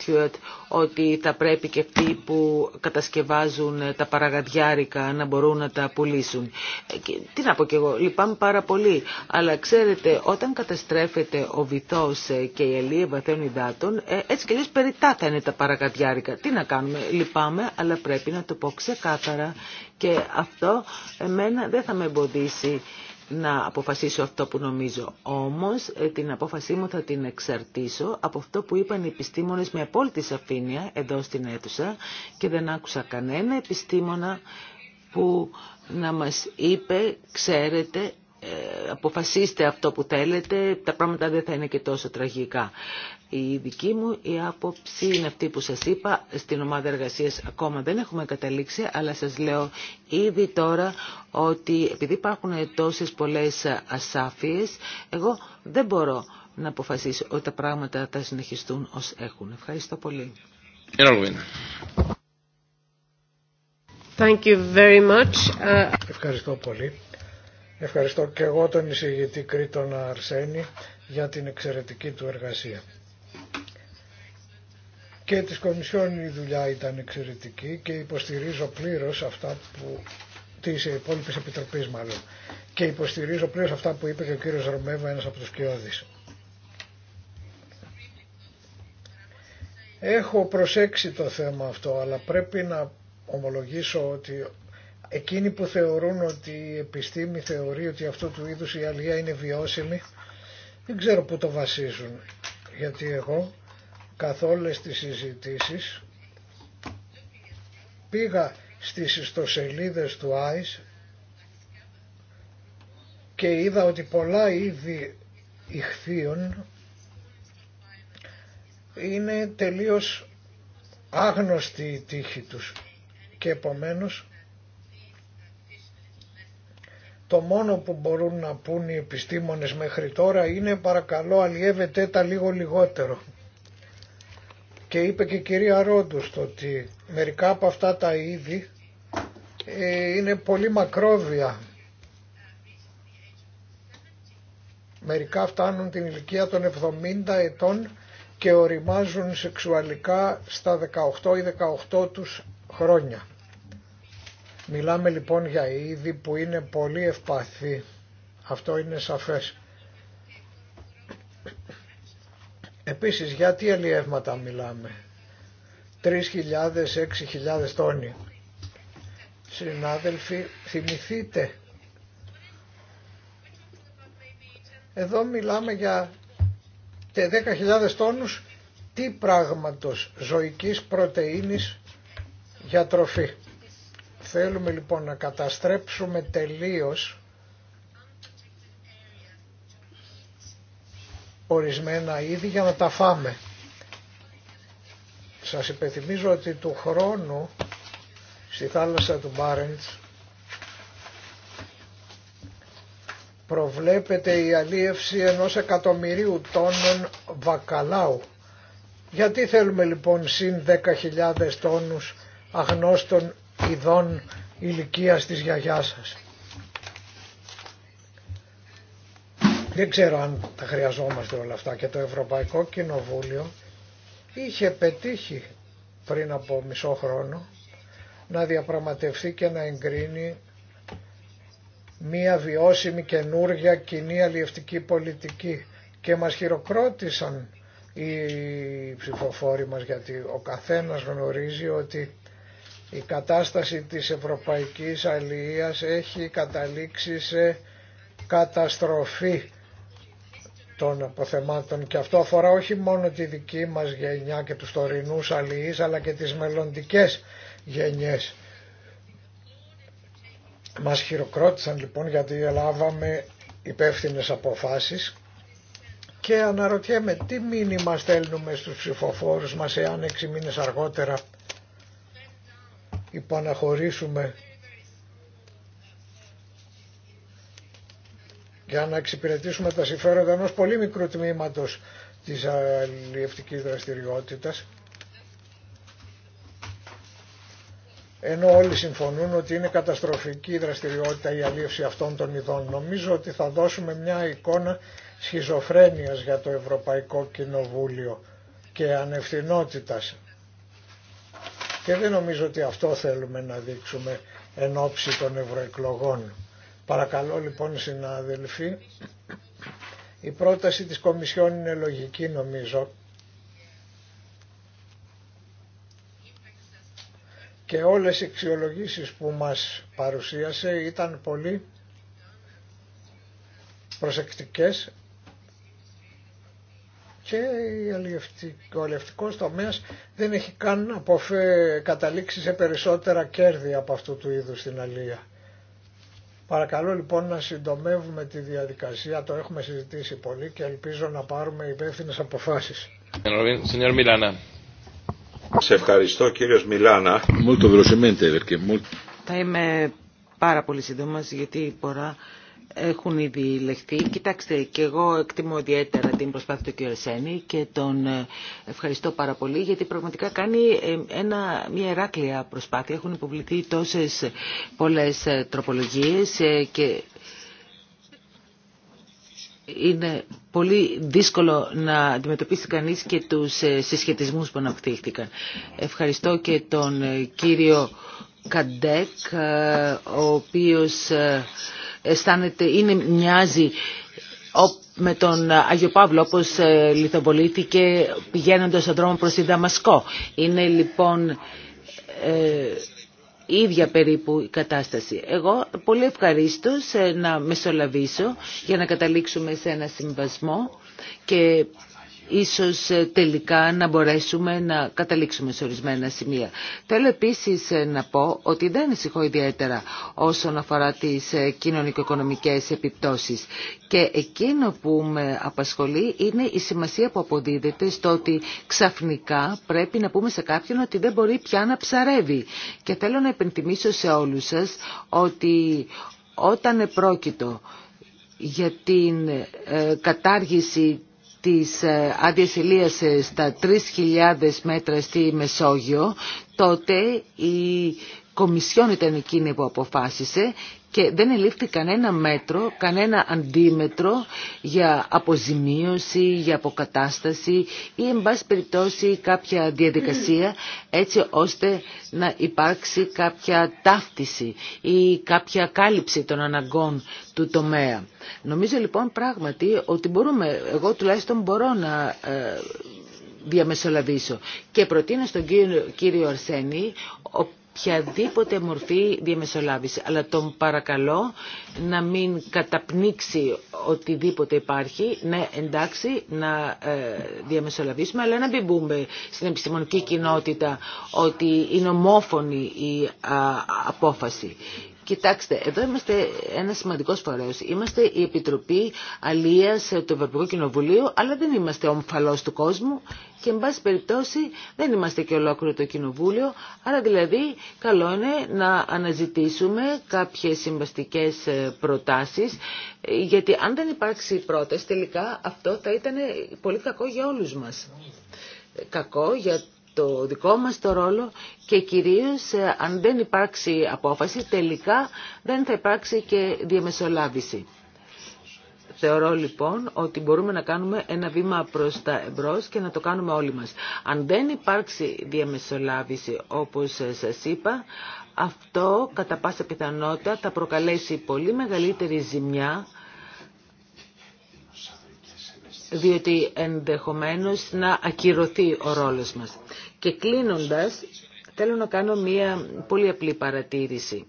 ότι θα πρέπει και αυτοί που κατασκευάζουν τα παραγαδιάρικα να μπορούν να τα πουλήσουν. Ε, τι να πω κι εγώ, λυπάμαι πάρα πολύ. Αλλά ξέρετε, όταν καταστρέφεται ο βυθός ε, και η ελία βαθέων υδάτων, έτσι κι αλλιώς περιτά είναι τα παραγαδιάρικα. Τι να κάνουμε, λυπάμαι, αλλά πρέπει να το πω ξεκάθαρα και αυτό εμένα δεν θα με εμποδίσει να αποφασίσω αυτό που νομίζω. Όμως ε, την απόφασή μου θα την εξαρτήσω από αυτό που είπαν οι επιστήμονες με απόλυτη σαφήνεια εδώ στην αίθουσα και δεν άκουσα κανένα επιστήμονα που να μας είπε, ξέρετε, ε, αποφασίστε αυτό που θέλετε, τα πράγματα δεν θα είναι και τόσο τραγικά. Η δική μου η άποψη είναι αυτή που σας είπα, στην ομάδα εργασίας ακόμα δεν έχουμε καταλήξει, αλλά σας λέω ήδη τώρα ότι επειδή υπάρχουν τόσες πολλές ασάφειες, εγώ δεν μπορώ να αποφασίσω ότι τα πράγματα θα συνεχιστούν ως έχουν. Ευχαριστώ πολύ. Thank you Ευχαριστώ πολύ. Ευχαριστώ και εγώ τον εισηγητή Κρήτονα Αρσένη για την εξαιρετική του εργασία. Και της Κομισιόν η δουλειά ήταν εξαιρετική και υποστηρίζω πλήρως αυτά που της υπόλοιπης επιτροπής μάλλον. Και υποστηρίζω πλήρως αυτά που είπε και ο κύριος Ρωμέβα ένας από τους κοιόδης. Έχω προσέξει το θέμα αυτό αλλά πρέπει να ομολογήσω ότι εκείνοι που θεωρούν ότι η επιστήμη θεωρεί ότι αυτού του είδους η αλληλεία είναι βιώσιμη, δεν ξέρω πού το βασίζουν. Γιατί εγώ καθ' όλες τις συζητήσεις πήγα στις ιστοσελίδες του ΆΙΣ και είδα ότι πολλά είδη ηχθείων είναι τελείως άγνωστοι οι τύχη τους και επομένως το μόνο που μπορούν να πούν οι επιστήμονες μέχρι τώρα είναι παρακαλώ αλλιεύετε τα λίγο λιγότερο. Και είπε και η κυρία Ρόντουστ ότι μερικά από αυτά τα είδη ε, είναι πολύ μακρόβια. Μερικά φτάνουν την ηλικία των 70 ετών και οριμάζουν σεξουαλικά στα 18 ή 18 τους χρόνια. Μιλάμε λοιπόν για είδη που είναι πολύ ευπαθή. Αυτό είναι σαφές. Επίσης, για τι αλλιεύματα μιλάμε. 3.000-6.000 τόνοι. Συνάδελφοι, θυμηθείτε. Εδώ μιλάμε για 10.000 τόνους τι πράγματος ζωικής πρωτεΐνης για τροφή. Θέλουμε λοιπόν να καταστρέψουμε τελείως ορισμένα είδη για να τα φάμε. Σας υπενθυμίζω ότι του χρόνου στη θάλασσα του Μπάρεντς προβλέπεται η αλίευση ενός εκατομμυρίου τόνων βακαλάου. Γιατί θέλουμε λοιπόν συν 10.000 τόνους αγνώστων ειδών ηλικία της γιαγιάς σας. Δεν ξέρω αν τα χρειαζόμαστε όλα αυτά και το Ευρωπαϊκό Κοινοβούλιο είχε πετύχει πριν από μισό χρόνο να διαπραγματευτεί και να εγκρίνει μία βιώσιμη καινούργια κοινή αλλιευτική πολιτική και μας χειροκρότησαν οι ψηφοφόροι μας γιατί ο καθένας γνωρίζει ότι η κατάσταση της ευρωπαϊκής αλληλείας έχει καταλήξει σε καταστροφή των αποθεμάτων και αυτό αφορά όχι μόνο τη δική μας γενιά και τους τωρινούς αλληλείς αλλά και τις μελλοντικές γενιές. Μας χειροκρότησαν λοιπόν γιατί λάβαμε υπεύθυνες αποφάσεις και αναρωτιέμαι τι μήνυμα στέλνουμε στους ψηφοφόρους μας εάν έξι μήνες αργότερα υπαναχωρήσουμε για να εξυπηρετήσουμε τα συμφέροντα ενός πολύ μικρού τμήματος της αλληλευτικής δραστηριότητας ενώ όλοι συμφωνούν ότι είναι καταστροφική η δραστηριότητα η αλλίευση αυτών των ειδών. Νομίζω ότι θα δώσουμε μια εικόνα σχιζοφρένειας για το Ευρωπαϊκό Κοινοβούλιο και ανευθυνότητας και δεν νομίζω ότι αυτό θέλουμε να δείξουμε εν ώψη των ευρωεκλογών. Παρακαλώ λοιπόν συνάδελφοι, η πρόταση της Κομισιόν είναι λογική νομίζω και όλες οι αξιολογήσεις που μας παρουσίασε ήταν πολύ προσεκτικές και ο αλληλευτικό τομέας δεν έχει καν αποφε... καταλήξει σε περισσότερα κέρδη από αυτού του είδους στην αλία. Παρακαλώ λοιπόν να συντομεύουμε τη διαδικασία, το έχουμε συζητήσει πολύ και ελπίζω να πάρουμε υπεύθυνες αποφάσεις. Σε ευχαριστώ κύριος Μιλάνα. Θα είμαι πάρα πολύ σύντομα γιατί Πορά έχουν ήδη λεχθεί. Κοιτάξτε, και εγώ εκτιμώ ιδιαίτερα την προσπάθεια του κ. Σένη και τον ε, ευχαριστώ πάρα πολύ γιατί πραγματικά κάνει ε, ένα, μια εράκλεια προσπάθεια. Έχουν υποβληθεί τόσες ε, πολλές τροπολογίες και είναι πολύ δύσκολο να αντιμετωπίσει κανείς και τους συσχετισμούς που αναπτύχθηκαν. Ευχαριστώ και τον κύριο Καντέκ, ο οποίος αισθάνεται, είναι, μοιάζει με τον Άγιο Παύλο όπως ε, λιθοβολήθηκε πηγαίνοντας στον δρόμο προς τη Δαμασκό. Είναι λοιπόν ε, ίδια περίπου η κατάσταση. Εγώ πολύ ευχαρίστως ε, να μεσολαβήσω για να καταλήξουμε σε ένα συμβασμό και ίσως ε, τελικά να μπορέσουμε να καταλήξουμε σε ορισμένα σημεία. Θέλω επίσης ε, να πω ότι δεν ανησυχώ ιδιαίτερα όσον αφορά τις ε, κοινωνικο-οικονομικές επιπτώσεις. Και εκείνο που με απασχολεί είναι η σημασία που αποδίδεται στο ότι ξαφνικά πρέπει να πούμε σε κάποιον ότι δεν μπορεί πια να ψαρεύει. Και θέλω να επενθυμίσω σε όλους σας ότι όταν επρόκειτο για την κατάργηση της ε, άδειας ε, στα 3.000 μέτρα στη Μεσόγειο, τότε η Κομισιόν ήταν εκείνη που αποφάσισε και δεν ελήφθη κανένα μέτρο, κανένα αντίμετρο για αποζημίωση, για αποκατάσταση ή εν πάση περιπτώσει κάποια διαδικασία έτσι ώστε να υπάρξει κάποια ταύτιση ή κάποια κάλυψη των αναγκών του τομέα. Νομίζω λοιπόν πράγματι ότι μπορούμε, εγώ τουλάχιστον μπορώ να ε, διαμεσολαβήσω και προτείνω στον κύριο, Αρσένη, οποιαδήποτε μορφή διαμεσολάβηση. Αλλά τον παρακαλώ να μην καταπνίξει οτιδήποτε υπάρχει. Ναι, εντάξει, να ε, διαμεσολαβήσουμε, αλλά να μην μπούμε στην επιστημονική κοινότητα ότι είναι ομόφωνη η απόφαση. Κοιτάξτε, εδώ είμαστε ένα σημαντικό φορέας. Είμαστε η Επιτροπή Αλία του Ευρωπαϊκού Κοινοβουλίου, αλλά δεν είμαστε ομφαλός του κόσμου και, εν πάση περιπτώσει, δεν είμαστε και ολόκληρο το Κοινοβούλιο. Άρα, δηλαδή, καλό είναι να αναζητήσουμε κάποιες συμβαστικέ ε, προτάσεις, γιατί αν δεν υπάρξει πρόταση, τελικά αυτό θα ήταν πολύ κακό για όλου μα. Κακό για το δικό μας το ρόλο και κυρίως ε, αν δεν υπάρξει απόφαση τελικά δεν θα υπάρξει και διαμεσολάβηση. Θεωρώ λοιπόν ότι μπορούμε να κάνουμε ένα βήμα προς τα εμπρός και να το κάνουμε όλοι μας. Αν δεν υπάρξει διαμεσολάβηση όπως ε, σας είπα, αυτό κατά πάσα πιθανότητα θα προκαλέσει πολύ μεγαλύτερη ζημιά διότι ενδεχομένως να ακυρωθεί ο ρόλος μας. Και κλείνοντας, θέλω να κάνω μία πολύ απλή παρατήρηση.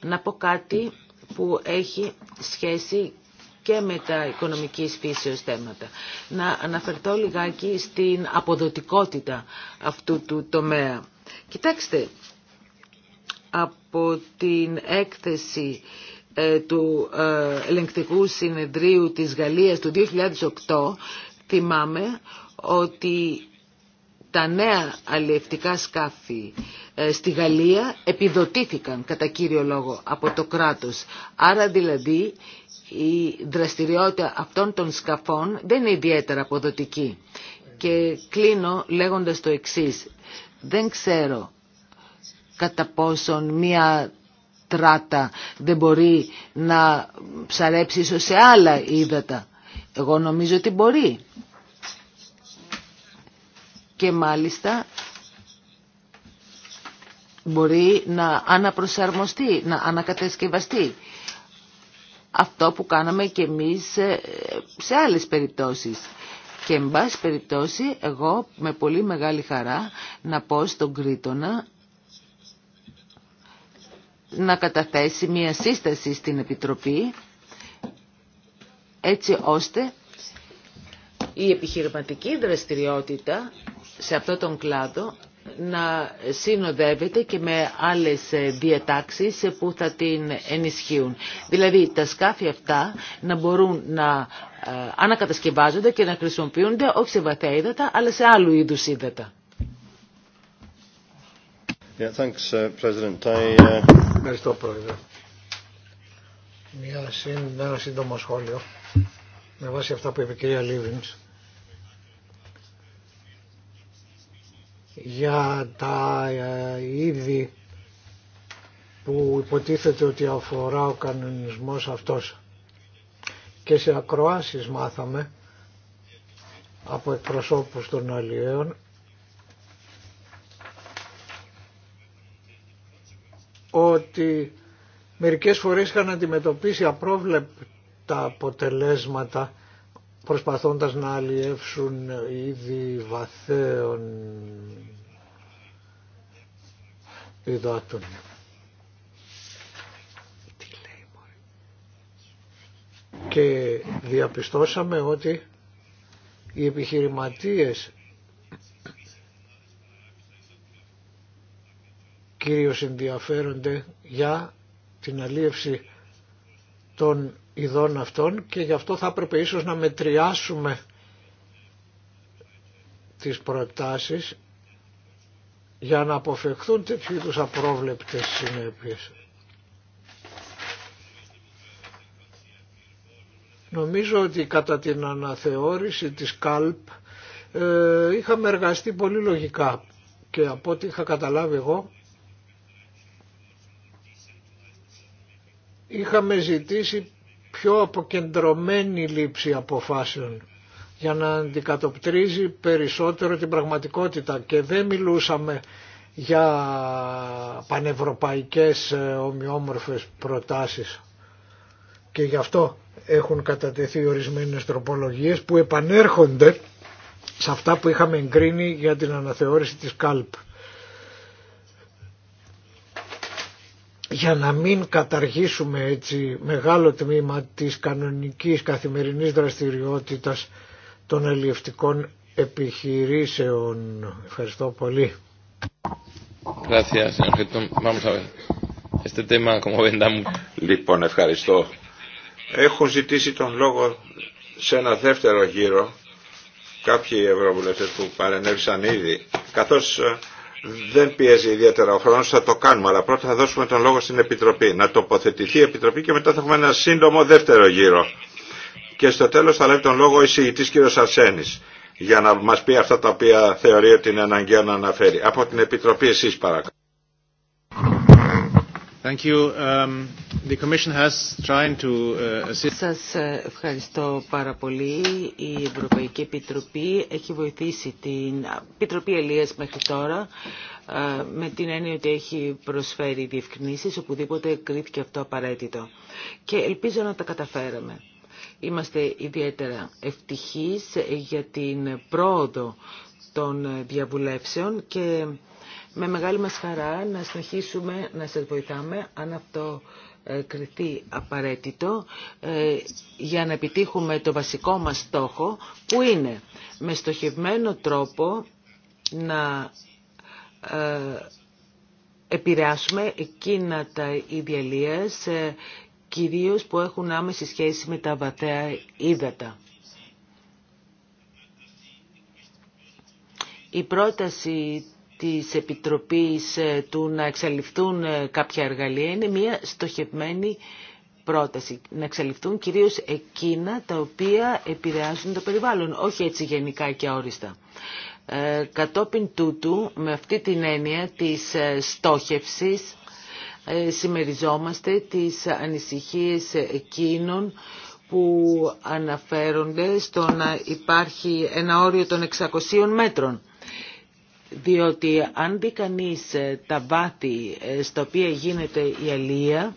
Να πω κάτι που έχει σχέση και με τα οικονομικής φύσεως θέματα. Να αναφερθώ λιγάκι στην αποδοτικότητα αυτού του τομέα. Κοιτάξτε, από την έκθεση ε, του ε, ελεγκτικού συνεδρίου της Γαλλίας του 2008 θυμάμαι ότι τα νέα αλλιευτικά σκάφη ε, στη Γαλλία επιδοτήθηκαν κατά κύριο λόγο από το κράτος. Άρα δηλαδή η δραστηριότητα αυτών των σκαφών δεν είναι ιδιαίτερα αποδοτική. Και κλείνω λέγοντας το εξής. Δεν ξέρω κατά πόσον μία τράτα δεν μπορεί να ψαρέψει ίσως σε άλλα ύδατα. Εγώ νομίζω ότι μπορεί και μάλιστα μπορεί να αναπροσαρμοστεί, να ανακατασκευαστεί. Αυτό που κάναμε και εμείς ε, σε άλλες περιπτώσεις. Και εν πάση περιπτώσει εγώ με πολύ μεγάλη χαρά να πω στον Κρήτονα να καταθέσει μια σύσταση στην Επιτροπή έτσι ώστε η επιχειρηματική δραστηριότητα σε αυτό τον κλάδο να συνοδεύεται και με άλλες ε, διατάξεις που θα την ενισχύουν. Δηλαδή τα σκάφη αυτά να μπορούν να ε, ανακατασκευάζονται και να χρησιμοποιούνται όχι σε βαθιά ύδατα αλλά σε άλλου είδους ύδατα. Yeah, thanks, uh, President. I... Uh, Ευχαριστώ Πρόεδρε. Μια, ένα σύντομο σχόλιο με βάση αυτά που είπε η κυρία Λίβινς. για τα ε, είδη που υποτίθεται ότι αφορά ο κανονισμός αυτός. Και σε ακροάσεις μάθαμε από εκπροσώπους των αλλιέων ότι μερικές φορές είχαν αντιμετωπίσει απρόβλεπτα αποτελέσματα προσπαθώντας να αλλιεύσουν ήδη βαθέων υδάτων. Και διαπιστώσαμε ότι οι επιχειρηματίες κυρίως ενδιαφέρονται για την αλίευση των ειδών αυτών και γι' αυτό θα έπρεπε ίσως να μετριάσουμε τις προτάσεις για να αποφευχθούν τέτοιου είδους απρόβλεπτες συνέπειες. Νομίζω ότι κατά την αναθεώρηση της ΚΑΛΠ ε, είχαμε εργαστεί πολύ λογικά και από ό,τι είχα καταλάβει εγώ είχαμε ζητήσει πιο αποκεντρωμένη λήψη αποφάσεων για να αντικατοπτρίζει περισσότερο την πραγματικότητα και δεν μιλούσαμε για πανευρωπαϊκές ε, ομοιόμορφες προτάσεις και γι' αυτό έχουν κατατεθεί ορισμένες τροπολογίες που επανέρχονται σε αυτά που είχαμε εγκρίνει για την αναθεώρηση της ΚΑΛΠ. για να μην καταργήσουμε έτσι μεγάλο τμήμα της κανονικής καθημερινής δραστηριότητας των ελιευτικών επιχειρήσεων. Ευχαριστώ πολύ. Λοιπόν, ευχαριστώ. Έχω ζητήσει τον λόγο σε ένα δεύτερο γύρο κάποιοι ευρωβουλευτές που παρενέβησαν ήδη, καθώς ε, δεν πιέζει ιδιαίτερα ο χρόνος, θα το κάνουμε, αλλά πρώτα θα δώσουμε τον λόγο στην Επιτροπή, να τοποθετηθεί η Επιτροπή και μετά θα έχουμε ένα σύντομο δεύτερο γύρο. Και στο τέλος θα λέει τον λόγο ο εισηγητής κ. Αρσένης για να μας πει αυτά τα οποία θεωρεί ότι είναι αναγκαία να αναφέρει. Από την Επιτροπή εσείς παρακαλώ. Thank Σας ευχαριστώ πάρα πολύ. Η Ευρωπαϊκή Επιτροπή έχει βοηθήσει την Επιτροπή Ελίας μέχρι τώρα ε, με την έννοια ότι έχει προσφέρει διευκρινήσεις οπουδήποτε κρίθηκε αυτό απαραίτητο. Και ελπίζω να τα καταφέραμε. Είμαστε ιδιαίτερα ευτυχείς για την πρόοδο των διαβουλεύσεων και με μεγάλη μας χαρά να συνεχίσουμε να σας βοηθάμε αν αυτό ε, κριθεί απαραίτητο ε, για να επιτύχουμε το βασικό μας στόχο που είναι με στοχευμένο τρόπο να ε, επηρεάσουμε εκείνα τα ε, κυρίως που έχουν άμεση σχέση με τα βαθέα ύδατα. Η πρόταση της Επιτροπής ε, του να εξαλειφθούν ε, κάποια εργαλεία είναι μια στοχευμένη πρόταση. Να εξαλειφθούν κυρίως εκείνα τα οποία επηρεάζουν το περιβάλλον, όχι έτσι γενικά και όριστα. Ε, κατόπιν τούτου, με αυτή την έννοια της ε, στόχευσης, ε, συμμεριζόμαστε τις ανησυχίες εκείνων που αναφέρονται στο να υπάρχει ένα όριο των 600 μέτρων διότι αν δει κανεί ε, τα βάθη ε, στα οποία γίνεται η αλεία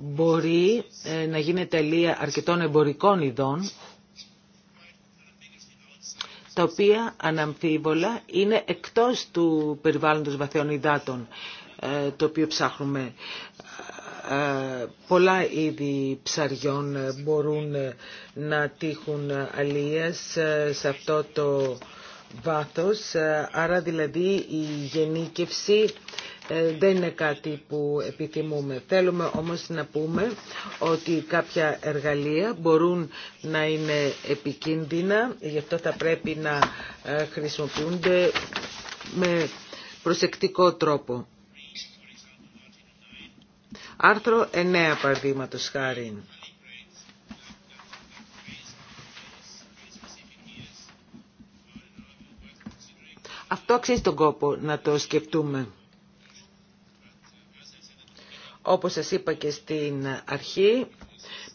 μπορεί ε, να γίνεται αλεία αρκετών εμπορικών ειδών, τα οποία αναμφίβολα είναι εκτός του περιβάλλοντος βαθιών υδάτων, το οποίο ψάχνουμε. Πολλά είδη ψαριών μπορούν να τύχουν αλίες σε αυτό το βάθος, ε, άρα δηλαδή η γενίκευση ε, δεν είναι κάτι που επιθυμούμε. Θέλουμε όμως να πούμε ότι κάποια εργαλεία μπορούν να είναι επικίνδυνα, γι' αυτό θα πρέπει να ε, χρησιμοποιούνται με προσεκτικό τρόπο. Άρθρο 9 παραδείγματος χάρη. Αυτό αξίζει τον κόπο να το σκεφτούμε. Όπως σας είπα και στην αρχή,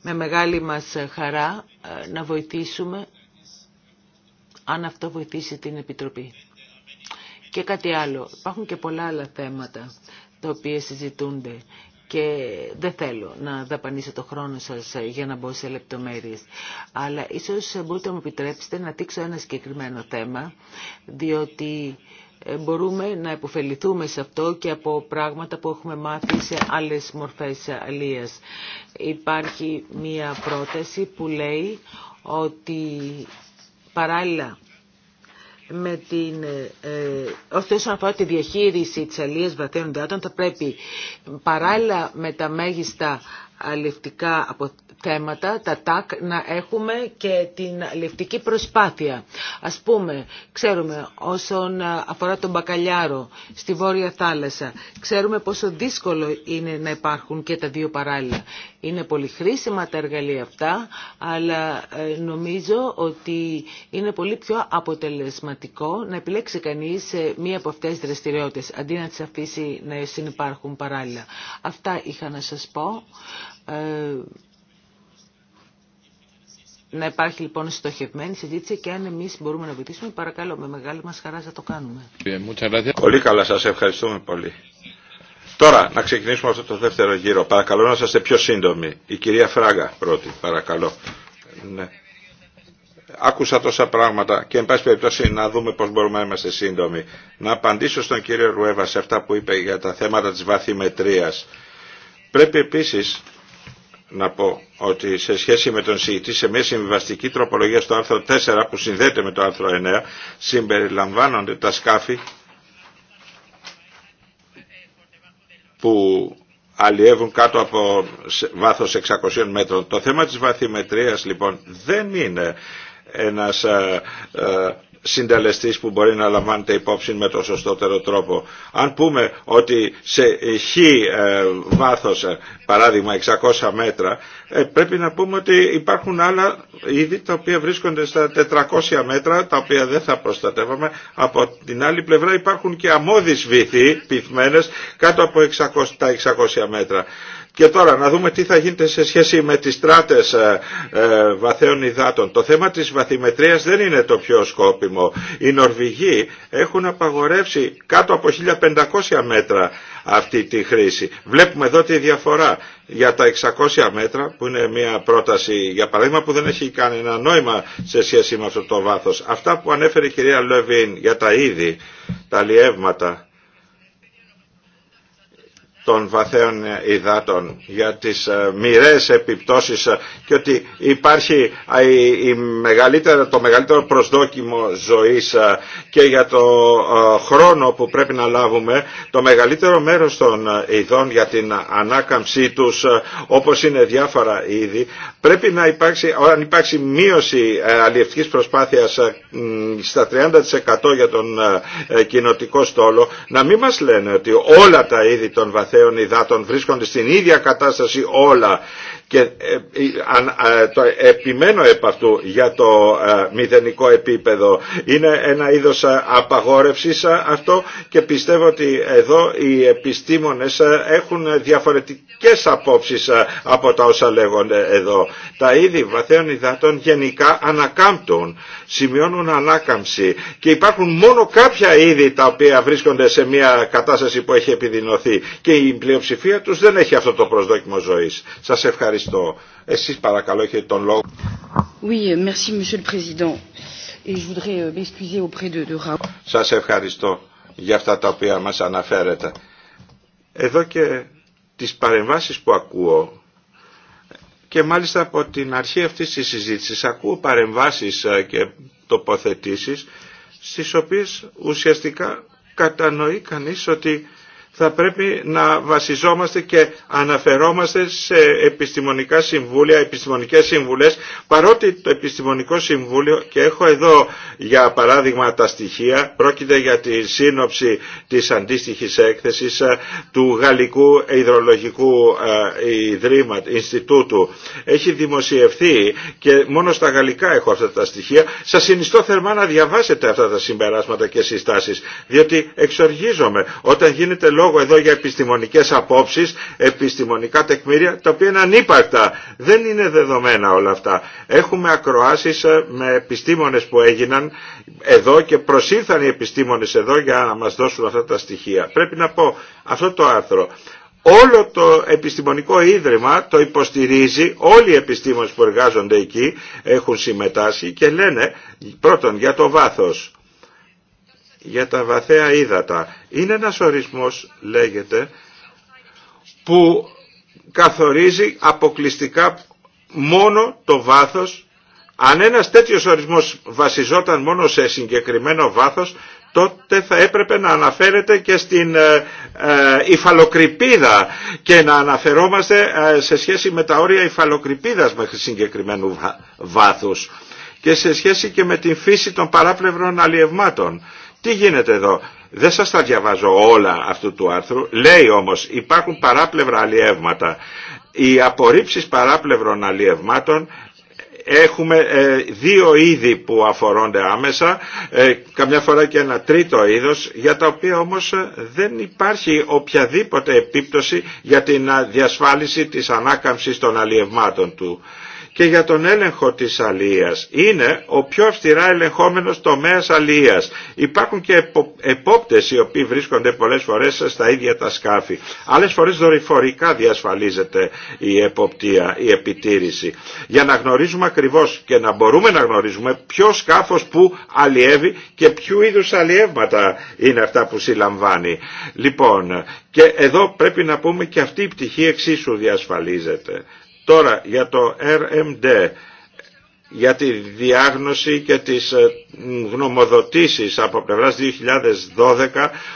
με μεγάλη μας χαρά ε, να βοηθήσουμε αν αυτό βοηθήσει την Επιτροπή. Και κάτι άλλο. Υπάρχουν και πολλά άλλα θέματα τα οποία συζητούνται και δεν θέλω να δαπανίσω το χρόνο σας για να μπω σε λεπτομέρειες. Αλλά ίσως μπορείτε να μου επιτρέψετε να τίξω ένα συγκεκριμένο θέμα, διότι ε, μπορούμε να υποφεληθούμε σε αυτό και από πράγματα που έχουμε μάθει σε άλλες μορφές αλίας. Υπάρχει μία πρόταση που λέει ότι παράλληλα με την, ε, όσον αφορά τη διαχείριση της αλίας βαθαίων θα πρέπει παράλληλα με τα μέγιστα αλευτικά θέματα, τα ΤΑΚ, να έχουμε και την αλευτική προσπάθεια. Ας πούμε, ξέρουμε όσον αφορά τον μπακαλιάρο στη Βόρεια Θάλασσα, ξέρουμε πόσο δύσκολο είναι να υπάρχουν και τα δύο παράλληλα. Είναι πολύ χρήσιμα τα εργαλεία αυτά, αλλά ε, νομίζω ότι είναι πολύ πιο αποτελεσματικό να επιλέξει κανείς ε, μία από αυτές τις δραστηριότητες, αντί να τις αφήσει να συνεπάρχουν παράλληλα. Αυτά είχα να σας πω. Ε, να υπάρχει λοιπόν στοχευμένη συζήτηση και αν εμεί μπορούμε να βοηθήσουμε, παρακαλώ με μεγάλη μα χαρά θα το κάνουμε. Πολύ καλά, σα ευχαριστούμε πολύ. Τώρα, να ξεκινήσουμε αυτό το δεύτερο γύρο. Παρακαλώ να είστε πιο σύντομοι. Η κυρία Φράγκα πρώτη, παρακαλώ. Ναι. Άκουσα τόσα πράγματα και εν πάση περιπτώσει να δούμε πώς μπορούμε να είμαστε σύντομοι. Να απαντήσω στον κύριο Ρουέβα σε αυτά που είπε για τα θέματα της βαθυμετρίας. Πρέπει επίσης να πω ότι σε σχέση με τον συγητή σε μια συμβιβαστική τροπολογία στο άρθρο 4 που συνδέεται με το άρθρο 9 συμπεριλαμβάνονται τα σκάφη που αλλιεύουν κάτω από βάθος 600 μέτρων. Το θέμα της βαθυμετρίας λοιπόν δεν είναι ένας ε, ε, συντελεστή που μπορεί να λαμβάνεται υπόψη με το σωστότερο τρόπο. Αν πούμε ότι σε χ ε, βάθος, ε, παράδειγμα 600 μέτρα, ε, πρέπει να πούμε ότι υπάρχουν άλλα είδη τα οποία βρίσκονται στα 400 μέτρα, τα οποία δεν θα προστατεύαμε. Από την άλλη πλευρά υπάρχουν και αμμώδει βυθοί πυθμένε κάτω από 600, τα 600 μέτρα. Και τώρα να δούμε τι θα γίνεται σε σχέση με τις τράτες ε, ε, βαθέων υδάτων. Το θέμα της βαθυμετρίας δεν είναι το πιο σκόπιμο. Οι Νορβηγοί έχουν απαγορεύσει κάτω από 1500 μέτρα αυτή τη χρήση. Βλέπουμε εδώ τη διαφορά για τα 600 μέτρα που είναι μια πρόταση για παράδειγμα που δεν έχει κανένα νόημα σε σχέση με αυτό το βάθος. Αυτά που ανέφερε η κυρία Λεβίν για τα είδη, τα λιεύματα των βαθέων υδάτων για τις ε, μοιραίες επιπτώσεις ε, και ότι υπάρχει ε, η μεγαλύτερα, το μεγαλύτερο προσδόκιμο ζωής και για το χρόνο που πρέπει να λάβουμε το μεγαλύτερο μέρος των ειδών για την ανάκαμψή τους όπως είναι διάφορα είδη πρέπει να υπάρξει, αν υπάρξει μείωση αλλιευτικής προσπάθειας στα 30% για τον κοινοτικό στόλο να μην μας λένε ότι όλα τα είδη των βαθέων υδάτων βρίσκονται στην ίδια κατάσταση όλα και ε, ε, επιμένω επ' αυτού για το ε, μηδενικό επίπεδο. Είναι ένα είδος απαγόρευσης αυτό και πιστεύω ότι εδώ οι επιστήμονες έχουν διαφορετικές απόψεις από τα όσα λέγονται εδώ. Τα είδη βαθέων υδατών γενικά ανακάμπτουν, σημειώνουν ανάκαμψη και υπάρχουν μόνο κάποια είδη τα οποία βρίσκονται σε μια κατάσταση που έχει επιδεινωθεί και η πλειοψηφία τους δεν έχει αυτό το προσδόκιμο ζωής. Σας ευχαριστώ. Ευχαριστώ. Εσείς παρακαλώ έχετε τον λόγο. Σας ευχαριστώ για αυτά τα οποία μας αναφέρετε. Εδώ και τις παρεμβάσεις που ακούω και μάλιστα από την αρχή αυτής της συζήτησης ακούω παρεμβάσεις ε, και τοποθετήσεις στις οποίες ουσιαστικά κατανοεί κανείς ότι θα πρέπει να βασιζόμαστε και αναφερόμαστε σε επιστημονικά συμβούλια, επιστημονικές συμβουλές, παρότι το επιστημονικό συμβούλιο, και έχω εδώ για παράδειγμα τα στοιχεία, πρόκειται για τη σύνοψη της αντίστοιχης έκθεσης ε, του Γαλλικού Ιδρολογικού ε, Ιδρύματος, Ινστιτούτου. Έχει δημοσιευθεί και μόνο στα γαλλικά έχω αυτά τα στοιχεία. Σας συνιστώ θερμά να διαβάσετε αυτά τα συμπεράσματα και συστάσεις, διότι εξοργίζομαι όταν γίνεται λόγο εδώ για επιστημονικές απόψεις, επιστημονικά τεκμήρια, τα οποία είναι ανύπαρκτα. Δεν είναι δεδομένα όλα αυτά. Έχουμε ακροάσεις ε, με επιστήμονες που έγιναν εδώ και προσήλθαν οι επιστήμονες εδώ για να μας δώσουν αυτά τα στοιχεία. Πρέπει να πω αυτό το άρθρο. Όλο το επιστημονικό ίδρυμα το υποστηρίζει, όλοι οι επιστήμονες που εργάζονται εκεί έχουν συμμετάσχει και λένε πρώτον για το βάθος για τα βαθαία ύδατα. Είναι ένας ορισμός, λέγεται, που καθορίζει αποκλειστικά μόνο το βάθος. Αν ένας τέτοιος ορισμός βασιζόταν μόνο σε συγκεκριμένο βάθος, τότε θα έπρεπε να αναφέρεται και στην ε, ε, υφαλοκρηπίδα και να αναφερόμαστε ε, σε σχέση με τα όρια υφαλοκρηπίδας μέχρι συγκεκριμένου βάθους και σε σχέση και με την φύση των παράπλευρων αλλιευμάτων. Τι γίνεται εδώ. Δεν σας τα διαβάζω όλα αυτού του άρθρου. Λέει όμως υπάρχουν παράπλευρα αλλιεύματα. Οι απορρίψεις παράπλευρων αλλιευμάτων έχουμε ε, δύο είδη που αφορώνται άμεσα, ε, καμιά φορά και ένα τρίτο είδος, για τα οποία όμως ε, δεν υπάρχει οποιαδήποτε επίπτωση για την διασφάλιση της ανάκαμψης των αλλιευμάτων του και για τον έλεγχο της αλίας. Είναι ο πιο αυστηρά ελεγχόμενος τομέας αλίας. Υπάρχουν και επόπτες οι οποίοι βρίσκονται πολλές φορές στα ίδια τα σκάφη. Άλλες φορές δορυφορικά διασφαλίζεται η εποπτεία, η επιτήρηση. Για να γνωρίζουμε ακριβώς και να μπορούμε να γνωρίζουμε ποιο σκάφος που αλίευει και ποιου είδους αλιεύματα είναι αυτά που συλλαμβάνει. Λοιπόν, και εδώ πρέπει να πούμε και αυτή η πτυχή εξίσου διασφαλίζεται. Τώρα για το RMD για τη διάγνωση και τις ε, γνωμοδοτήσεις από πλευράς 2012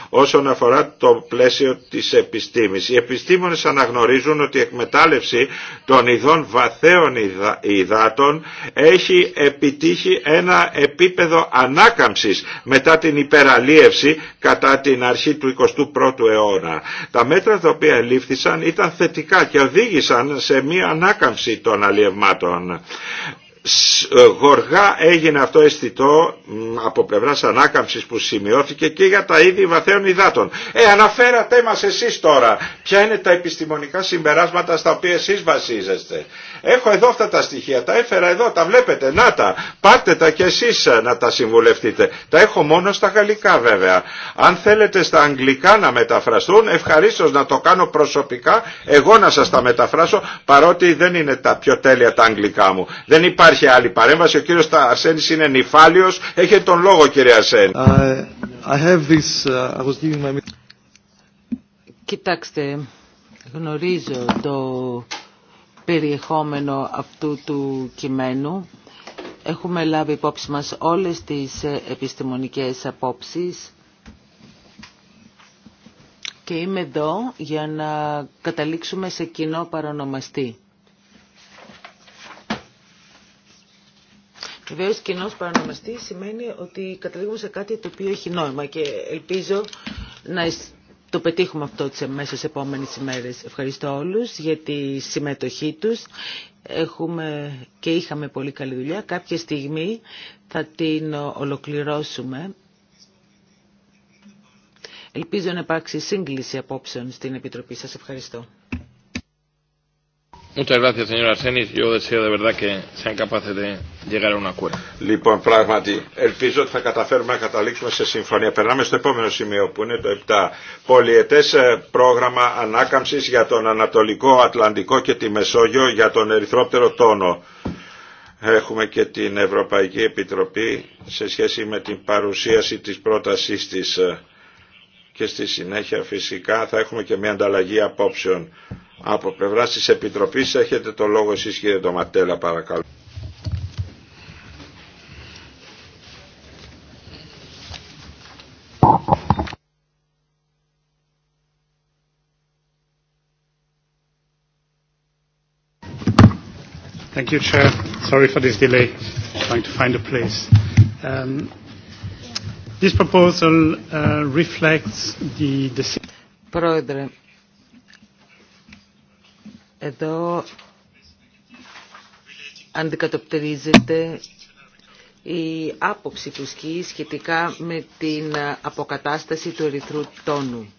όσον αφορά το πλαίσιο της επιστήμης. Οι επιστήμονες αναγνωρίζουν ότι η εκμετάλλευση των ειδών βαθέων υδάτων έχει επιτύχει ένα επίπεδο ανάκαμψης μετά την υπεραλίευση κατά την αρχή του 21ου αιώνα. Τα μέτρα τα οποία ελήφθησαν ήταν θετικά και οδήγησαν σε μία ανάκαμψη των αλλιευμάτων. Ε, γοργά έγινε αυτό αισθητό από πλευράς ανάκαμψης που σημειώθηκε και για τα είδη βαθαίων υδάτων. Ε, αναφέρατε μας εσείς τώρα ποια είναι τα επιστημονικά συμπεράσματα στα οποία εσείς βασίζεστε. Έχω εδώ αυτά τα στοιχεία, τα έφερα εδώ, τα βλέπετε, να τα, πάρτε τα κι εσείς ε, να τα συμβουλευτείτε. Τα έχω μόνο στα γαλλικά βέβαια. Αν θέλετε στα αγγλικά να μεταφραστούν, ευχαρίστω να το κάνω προσωπικά, εγώ να σα τα μεταφράσω, παρότι δεν είναι τα πιο τέλεια τα αγγλικά μου. Δεν υπάρχει υπάρχει άλλη παρέμβαση. Ο κύριος Αρσένης είναι νυφάλιος. Έχετε τον λόγο κύριε Αρσένη. Uh, Κοιτάξτε, γνωρίζω το περιεχόμενο αυτού του κειμένου. Έχουμε λάβει υπόψη μας όλες τις ε, επιστημονικές απόψεις και είμαι εδώ για να καταλήξουμε σε κοινό παρονομαστή. Βεβαίω κοινό παρανομαστή σημαίνει ότι καταλήγουμε σε κάτι το οποίο έχει νόημα και ελπίζω να το πετύχουμε αυτό μέσα στις επόμενες ημέρες. Ευχαριστώ όλους για τη συμμετοχή τους. Έχουμε και είχαμε πολύ καλή δουλειά. Κάποια στιγμή θα την ολοκληρώσουμε. Ελπίζω να υπάρξει σύγκληση απόψεων στην Επιτροπή. Σας ευχαριστώ. Λοιπόν, πράγματι, ελπίζω ότι θα καταφέρουμε να καταλήξουμε σε συμφωνία. Περνάμε στο επόμενο σημείο που είναι το 7. Πολιετέ ε, πρόγραμμα ανάκαμψη για τον Ανατολικό Ατλαντικό και τη Μεσόγειο για τον Ερυθρόπτερο Τόνο. Έχουμε και την Ευρωπαϊκή Επιτροπή σε σχέση με την παρουσίαση της πρότασής της ε, και στη συνέχεια φυσικά θα έχουμε και μια ανταλλαγή απόψεων. Από πλευρά τη Επιτροπής έχετε το λόγο εσείς κύριε Ντοματέλα παρακαλώ. Thank you, Chair. Sorry for this delay. Trying to find a place. Um, this proposal uh, reflects the decision. Εδώ αντικατοπτρίζεται η άποψη του ΣΚΙ σχετικά με την αποκατάσταση του ερυθρού τόνου.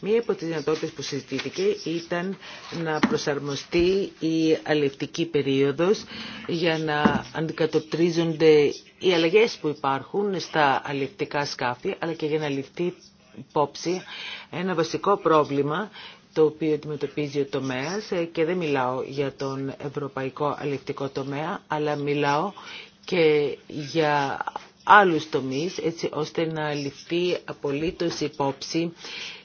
Μία από τις δυνατότητες που συζητήθηκε ήταν να προσαρμοστεί η αλευτική περίοδος για να αντικατοπτρίζονται οι αλλαγές που υπάρχουν στα αλευτικά σκάφη αλλά και για να ληφθεί υπόψη ένα βασικό πρόβλημα το οποίο αντιμετωπίζει ο τομέας ε, και δεν μιλάω για τον ευρωπαϊκό αλληλεκτικό τομέα, αλλά μιλάω και για άλλους τομείς έτσι ώστε να ληφθεί απολύτως υπόψη,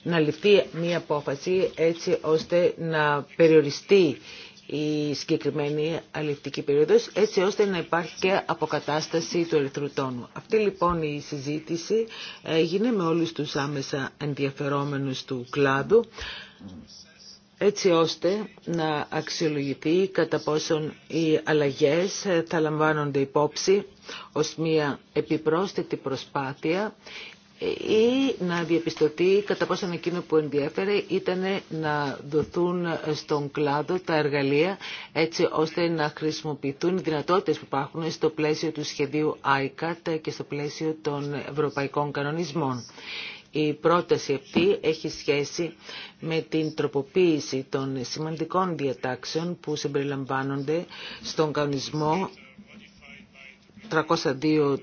να ληφθεί μία απόφαση έτσι ώστε να περιοριστεί η συγκεκριμένη αλληλευτική περίοδος έτσι ώστε να υπάρχει και αποκατάσταση του ερυθρού Αυτή λοιπόν η συζήτηση γίνεται με όλους τους άμεσα ενδιαφερόμενους του κλάδου έτσι ώστε να αξιολογηθεί κατά πόσον οι αλλαγές θα λαμβάνονται υπόψη ως μια επιπρόσθετη προσπάθεια ή να διαπιστωθεί κατά πόσο εκείνο που ενδιέφερε ήταν να δοθούν στον κλάδο τα εργαλεία έτσι ώστε να χρησιμοποιηθούν οι δυνατότητες που υπάρχουν στο πλαίσιο του σχεδίου ICAT και στο πλαίσιο των ευρωπαϊκών κανονισμών. Η πρόταση αυτή έχει σχέση με την τροποποίηση των σημαντικών διατάξεων που συμπεριλαμβάνονται στον κανονισμό 302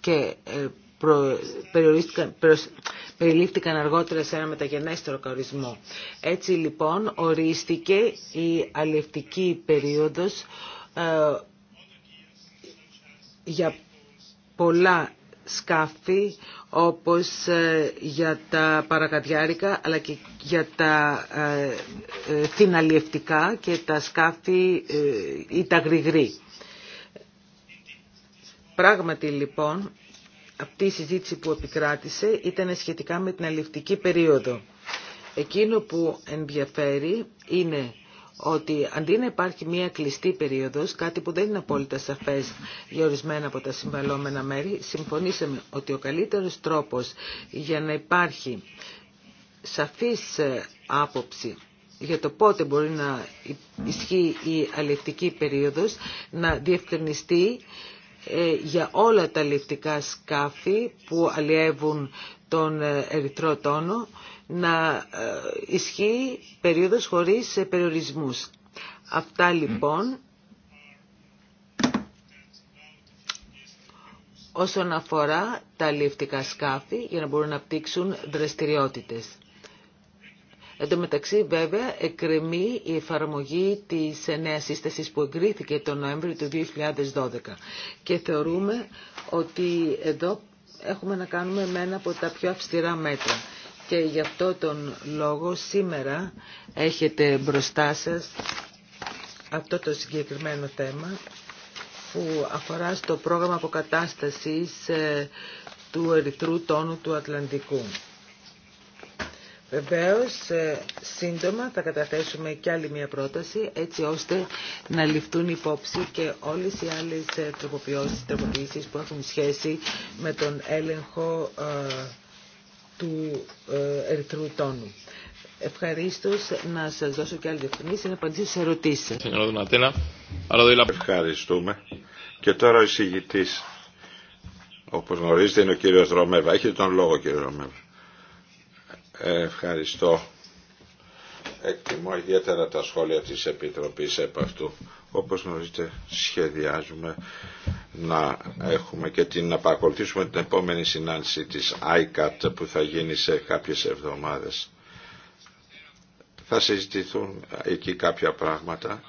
και ε, προ, περιλήφθηκαν αργότερα σε ένα μεταγενέστερο καορισμό. Έτσι λοιπόν ορίστηκε η αλληλευτική περίοδος ε, για πολλά σκάφη όπως ε, για τα παρακαδιάρικα αλλά και για τα ε, θυναλιευτικά και τα σκάφη ή τα γρηγρή. Πράγματι λοιπόν αυτή η συζήτηση που επικράτησε ήταν σχετικά με την αλληλευτική περίοδο. Εκείνο που ενδιαφέρει είναι ότι αντί να υπάρχει μια κλειστή περίοδος, κάτι που δεν είναι απόλυτα σαφές για ορισμένα από τα συμβαλόμενα μέρη, συμφωνήσαμε ότι ο καλύτερος τρόπος για να υπάρχει σαφής ε, άποψη για το πότε μπορεί να ισχύει η αλληλευτική περίοδος, να διευκρινιστεί ε, για όλα τα λιευτικά σκάφη που αλλιεύουν τον ε, ερυθρό τόνο να ε, ισχύει περίοδος χωρίς περιορισμούς. Αυτά λοιπόν όσον αφορά τα λιευτικά σκάφη για να μπορούν να πτύξουν δραστηριότητες. Εν τω μεταξύ βέβαια εκκρεμεί η εφαρμογή της νέα σύστασης που εγκρίθηκε τον Νοέμβριο του 2012 και θεωρούμε ότι εδώ έχουμε να κάνουμε με ένα από τα πιο αυστηρά μέτρα. Και γι' αυτό τον λόγο σήμερα έχετε μπροστά σας αυτό το συγκεκριμένο θέμα που αφορά στο πρόγραμμα αποκατάστασης ε, του ερυθρού τόνου του Ατλαντικού. Βεβαίως, ε, σύντομα θα καταθέσουμε και άλλη μια πρόταση, έτσι ώστε να ληφθούν υπόψη και όλες οι άλλες ε, τροποποιήσεις που έχουν σχέση με τον έλεγχο ε, του ερυθρού τόνου. Ευχαρίστω να σα δώσω και άλλη διευκρινήση να απαντήσω σε ερωτήσει. Ευχαριστούμε. Και τώρα ο εισηγητή, όπω γνωρίζετε, είναι ο κύριο Ρωμέβα. Έχετε τον λόγο, κύριε Ρωμέβα. Ευχαριστώ. Εκτιμώ ιδιαίτερα τα σχόλια της Επιτροπής επ' αυτού. Όπως γνωρίζετε σχεδιάζουμε να έχουμε και την, να παρακολουθήσουμε την επόμενη συνάντηση της ICAT που θα γίνει σε κάποιες εβδομάδες. Θα συζητηθούν εκεί κάποια πράγματα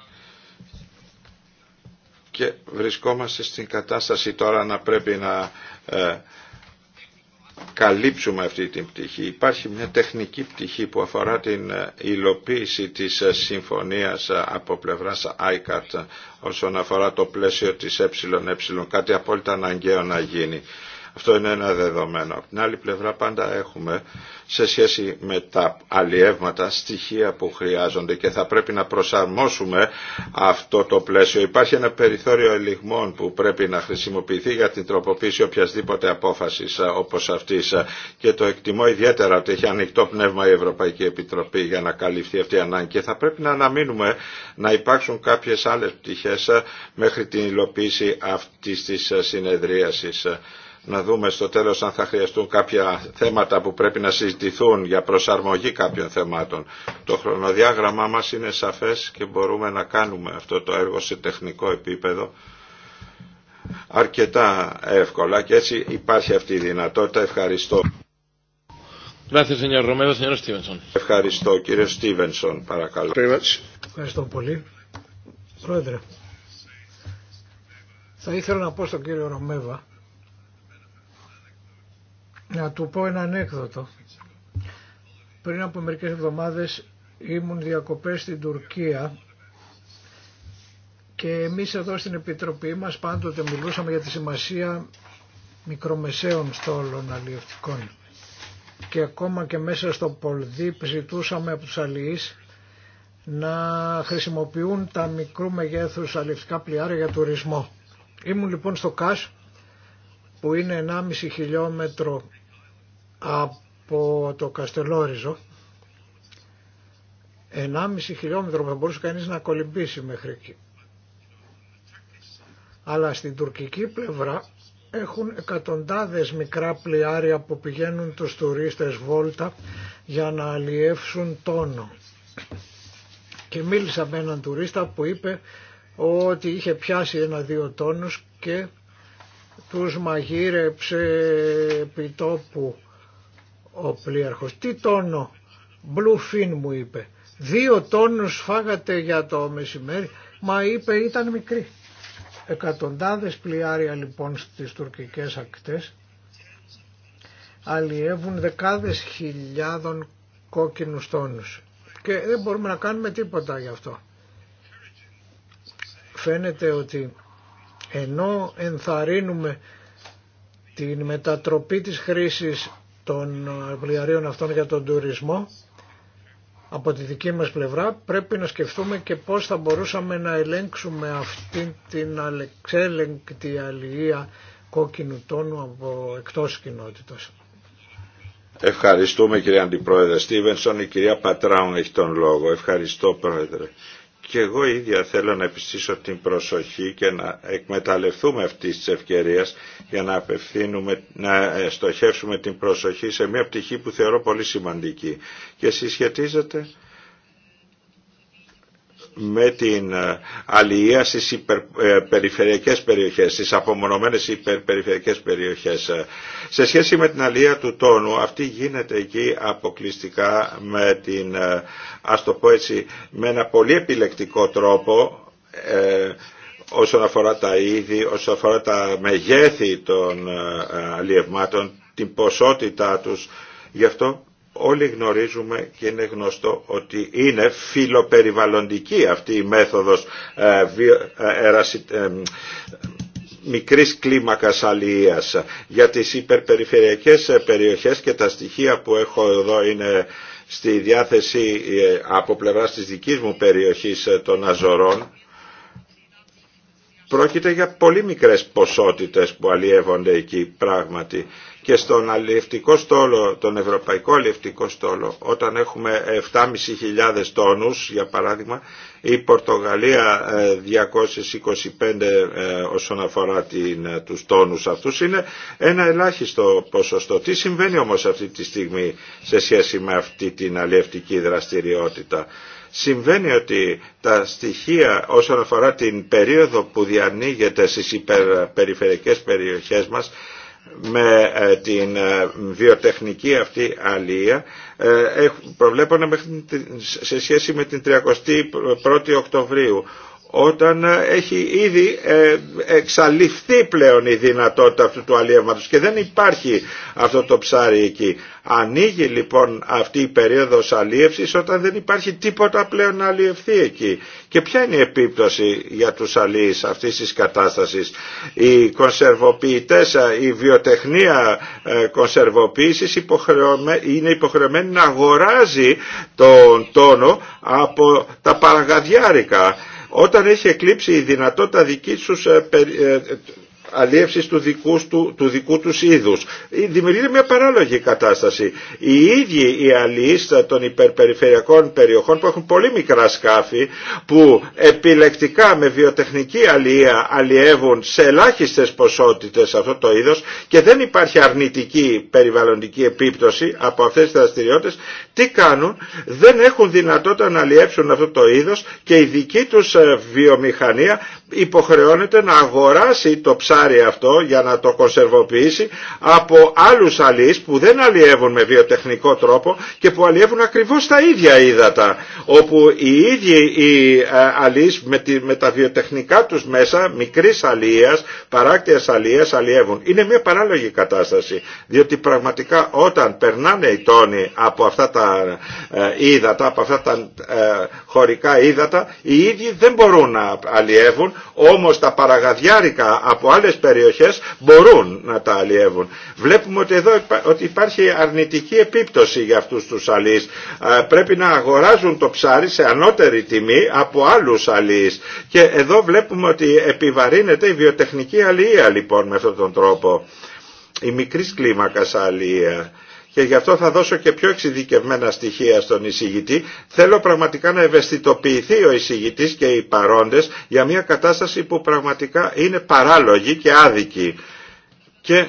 και βρισκόμαστε στην κατάσταση τώρα να πρέπει να ε, καλύψουμε αυτή την πτυχή. Υπάρχει μια τεχνική πτυχή που αφορά την ε, υλοποίηση της ε, συμφωνίας ε, από πλευράς ICAT όσον αφορά το πλαίσιο της ΕΕ, κάτι απόλυτα αναγκαίο να γίνει. Αυτό είναι ένα δεδομένο. Από την άλλη πλευρά πάντα έχουμε σε σχέση με τα αλλιεύματα στοιχεία που χρειάζονται και θα πρέπει να προσαρμόσουμε αυτό το πλαίσιο. Υπάρχει ένα περιθώριο ελιγμών που πρέπει να χρησιμοποιηθεί για την τροποποίηση οποιασδήποτε απόφαση όπω αυτή. και το εκτιμώ ιδιαίτερα ότι έχει ανοιχτό πνεύμα η Ευρωπαϊκή Επιτροπή για να καλυφθεί αυτή η ανάγκη και θα πρέπει να αναμείνουμε να υπάρξουν κάποιες άλλες πτυχές μέχρι την υλοποίηση αυτής της συνεδρίασης να δούμε στο τέλος αν θα χρειαστούν κάποια θέματα που πρέπει να συζητηθούν για προσαρμογή κάποιων θεμάτων. Το χρονοδιάγραμμά μας είναι σαφές και μπορούμε να κάνουμε αυτό το έργο σε τεχνικό επίπεδο αρκετά εύκολα και έτσι υπάρχει αυτή η δυνατότητα. Ευχαριστώ. Ευχαριστώ κύριε Στίβενσον παρακαλώ. Ευχαριστώ πολύ. Πρόεδρε, θα ήθελα να πω στον κύριο Ρωμέβα να του πω ένα ανέκδοτο. Πριν από μερικές εβδομάδες ήμουν διακοπές στην Τουρκία και εμείς εδώ στην Επιτροπή μας πάντοτε μιλούσαμε για τη σημασία μικρομεσαίων στόλων αλλιευτικών και ακόμα και μέσα στο Πολδίπ ζητούσαμε από τους αλληλείς να χρησιμοποιούν τα μικρού μεγέθους αλλιευτικά πλοιάρια για τουρισμό. Ήμουν λοιπόν στο ΚΑΣ που είναι 1,5 χιλιόμετρο από το Καστελόριζο 1,5 χιλιόμετρο που θα μπορούσε κανείς να κολυμπήσει μέχρι εκεί. Αλλά στην τουρκική πλευρά έχουν εκατοντάδες μικρά πλοιάρια που πηγαίνουν τους τουρίστες βόλτα για να αλλιεύσουν τόνο. Και μίλησα με έναν τουρίστα που είπε ότι είχε πιάσει ένα-δύο τόνους και τους μαγείρεψε επιτόπου ο πλοίαρχος. Τι τόνο, bluefin μου είπε. Δύο τόνους φάγατε για το μεσημέρι, μα είπε ήταν μικρή. Εκατοντάδες πλοιάρια λοιπόν στις τουρκικές ακτές αλλιεύουν δεκάδες χιλιάδων κόκκινους τόνους και δεν μπορούμε να κάνουμε τίποτα γι' αυτό. Φαίνεται ότι ενώ ενθαρρύνουμε την μετατροπή της χρήσης των πλοιαρίων ε, αυτών για τον τουρισμό, από τη δική μας πλευρά πρέπει να σκεφτούμε και πώς θα μπορούσαμε να ελέγξουμε αυτή την αλεξέλεγκτη αλληλεία κόκκινου τόνου από εκτός κοινότητας. Ευχαριστούμε κύριε Αντιπρόεδρε Στίβενσον. Η κυρία Πατράουν έχει τον λόγο. Ευχαριστώ πρόεδρε. Και εγώ ίδια θέλω να επιστήσω την προσοχή και να εκμεταλλευτούμε αυτή τη ευκαιρία για να απευθύνουμε, να ε, στοχεύσουμε την προσοχή σε μια πτυχή που θεωρώ πολύ σημαντική και συσχετίζεται με την ε, αλληλεία στις υπερ, ε, περιφερειακές περιοχές, στις απομονωμένες υπερπεριφερειακές περιοχές. Ε, σε σχέση με την αλληλεία του τόνου, αυτή γίνεται εκεί αποκλειστικά με την, ας με ένα πολύ επιλεκτικό τρόπο, ε, όσον αφορά τα είδη, όσον αφορά τα μεγέθη των αλλιευμάτων, την ποσότητά τους. Γι' αυτό όλοι γνωρίζουμε και είναι γνωστό ότι είναι φιλοπεριβαλλοντική αυτή η μέθοδος ε, βιο, ε, ε μικρής κλίμακας αλληλείας. Για τις υπερπεριφερειακές ε, περιοχές και τα στοιχεία που έχω εδώ είναι στη διάθεση ε, από πλευράς της δικής μου περιοχής των Αζωρών πρόκειται για πολύ μικρές ποσότητες που αλλιεύονται εκεί πράγματι και στον αλληλευτικό στόλο, τον ευρωπαϊκό αλληλευτικό στόλο, όταν έχουμε 7.500 τόνους, για παράδειγμα, η Πορτογαλία 225 ε, ε, όσον αφορά την, ε, τους τόνους αυτούς είναι ένα ελάχιστο ποσοστό. Τι συμβαίνει όμως αυτή τη στιγμή σε σχέση με αυτή την αλληλευτική δραστηριότητα. Συμβαίνει ότι τα στοιχεία όσον αφορά την περίοδο που διανοίγεται στις υπερπεριφερειακές περιοχές μας με ε, την ε, βιοτεχνική αυτή αλία ε, προβλέπονται σε σχέση με την 31η Οκτωβρίου όταν ε, έχει ήδη ε, εξαλειφθεί πλέον η δυνατότητα αυτού του αλλιεύματος και δεν υπάρχει αυτό το ψάρι εκεί. Ανοίγει λοιπόν αυτή η περίοδος αλλιεύσης όταν δεν υπάρχει τίποτα πλέον να αλλιευθεί εκεί. Και ποια είναι η επίπτωση για τους αλλιείς αυτής της κατάστασης. Οι κονσερβοποιητές, ε, η βιοτεχνία κονσερβοποίησης είναι υποχρεωμένη να αγοράζει τον τόνο από τα παραγαδιάρικα όταν έχει εκλείψει η δυνατότητα δική τους ε, ε, αλλιεύσει του δικού του, του, δικού τους είδους. Ε, δημιουργείται μια παράλογη κατάσταση. Οι ίδιοι οι αλείς των υπερπεριφερειακών περιοχών που έχουν πολύ μικρά σκάφη που επιλεκτικά με βιοτεχνική αλία αλλιεύουν σε ελάχιστες ποσότητες αυτό το είδος και δεν υπάρχει αρνητική περιβαλλοντική επίπτωση από αυτές τις δραστηριότητες, τι κάνουν, δεν έχουν δυνατότητα να αλλιεύσουν αυτό το είδος και η δική τους ε, βιομηχανία υποχρεώνεται να αγοράσει το ψάρι αυτό για να το κονσερβοποιήσει από άλλους αλείς που δεν αλλιεύουν με βιοτεχνικό τρόπο και που αλλιεύουν ακριβώς τα ίδια ύδατα όπου οι ίδιοι οι ε, αλείς με, τη, τα βιοτεχνικά τους μέσα μικρής αλίας, παράκτειας αλίας αλλιεύουν. Είναι μια παράλογη κατάσταση διότι πραγματικά όταν περνάνε οι τόνοι από αυτά τα ε, ύδατα, από αυτά τα ε, χωρικά ύδατα οι ίδιοι δεν μπορούν να αλλιεύουν όμως τα παραγαδιάρικα από άλλες περιοχές μπορούν να τα αλλιεύουν. Βλέπουμε ότι εδώ ότι υπάρχει αρνητική επίπτωση για αυτούς τους αλείς. Ε, πρέπει να αγοράζουν το ψάρι σε ανώτερη τιμή από άλλους αλείς. Και εδώ βλέπουμε ότι επιβαρύνεται η βιοτεχνική αλληλεία λοιπόν με αυτόν τον τρόπο. Η μικρή κλίμακα αλληλεία και γι' αυτό θα δώσω και πιο εξειδικευμένα στοιχεία στον εισηγητή. Θέλω πραγματικά να ευαισθητοποιηθεί ο εισηγητής και οι παρόντες για μια κατάσταση που πραγματικά είναι παράλογη και άδικη. Και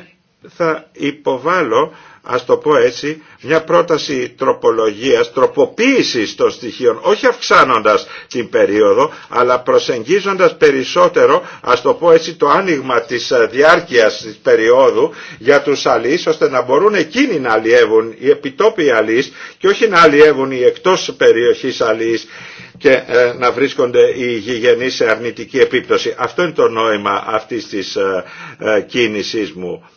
θα υποβάλω ας το πω έτσι, μια πρόταση τροπολογίας, τροποποίησης των στοιχείων, όχι αυξάνοντας την περίοδο, αλλά προσεγγίζοντας περισσότερο, ας το πω έτσι, το άνοιγμα της ε, διάρκειας της περίοδου για τους αλείς, ώστε να μπορούν εκείνοι να αλλιεύουν, οι επιτόπιοι αλείς, και όχι να αλλιεύουν οι εκτός περιοχής αλείς, και ε, να βρίσκονται οι γηγενείς σε αρνητική επίπτωση. Αυτό είναι το νόημα αυτής της ε, κίνησής μου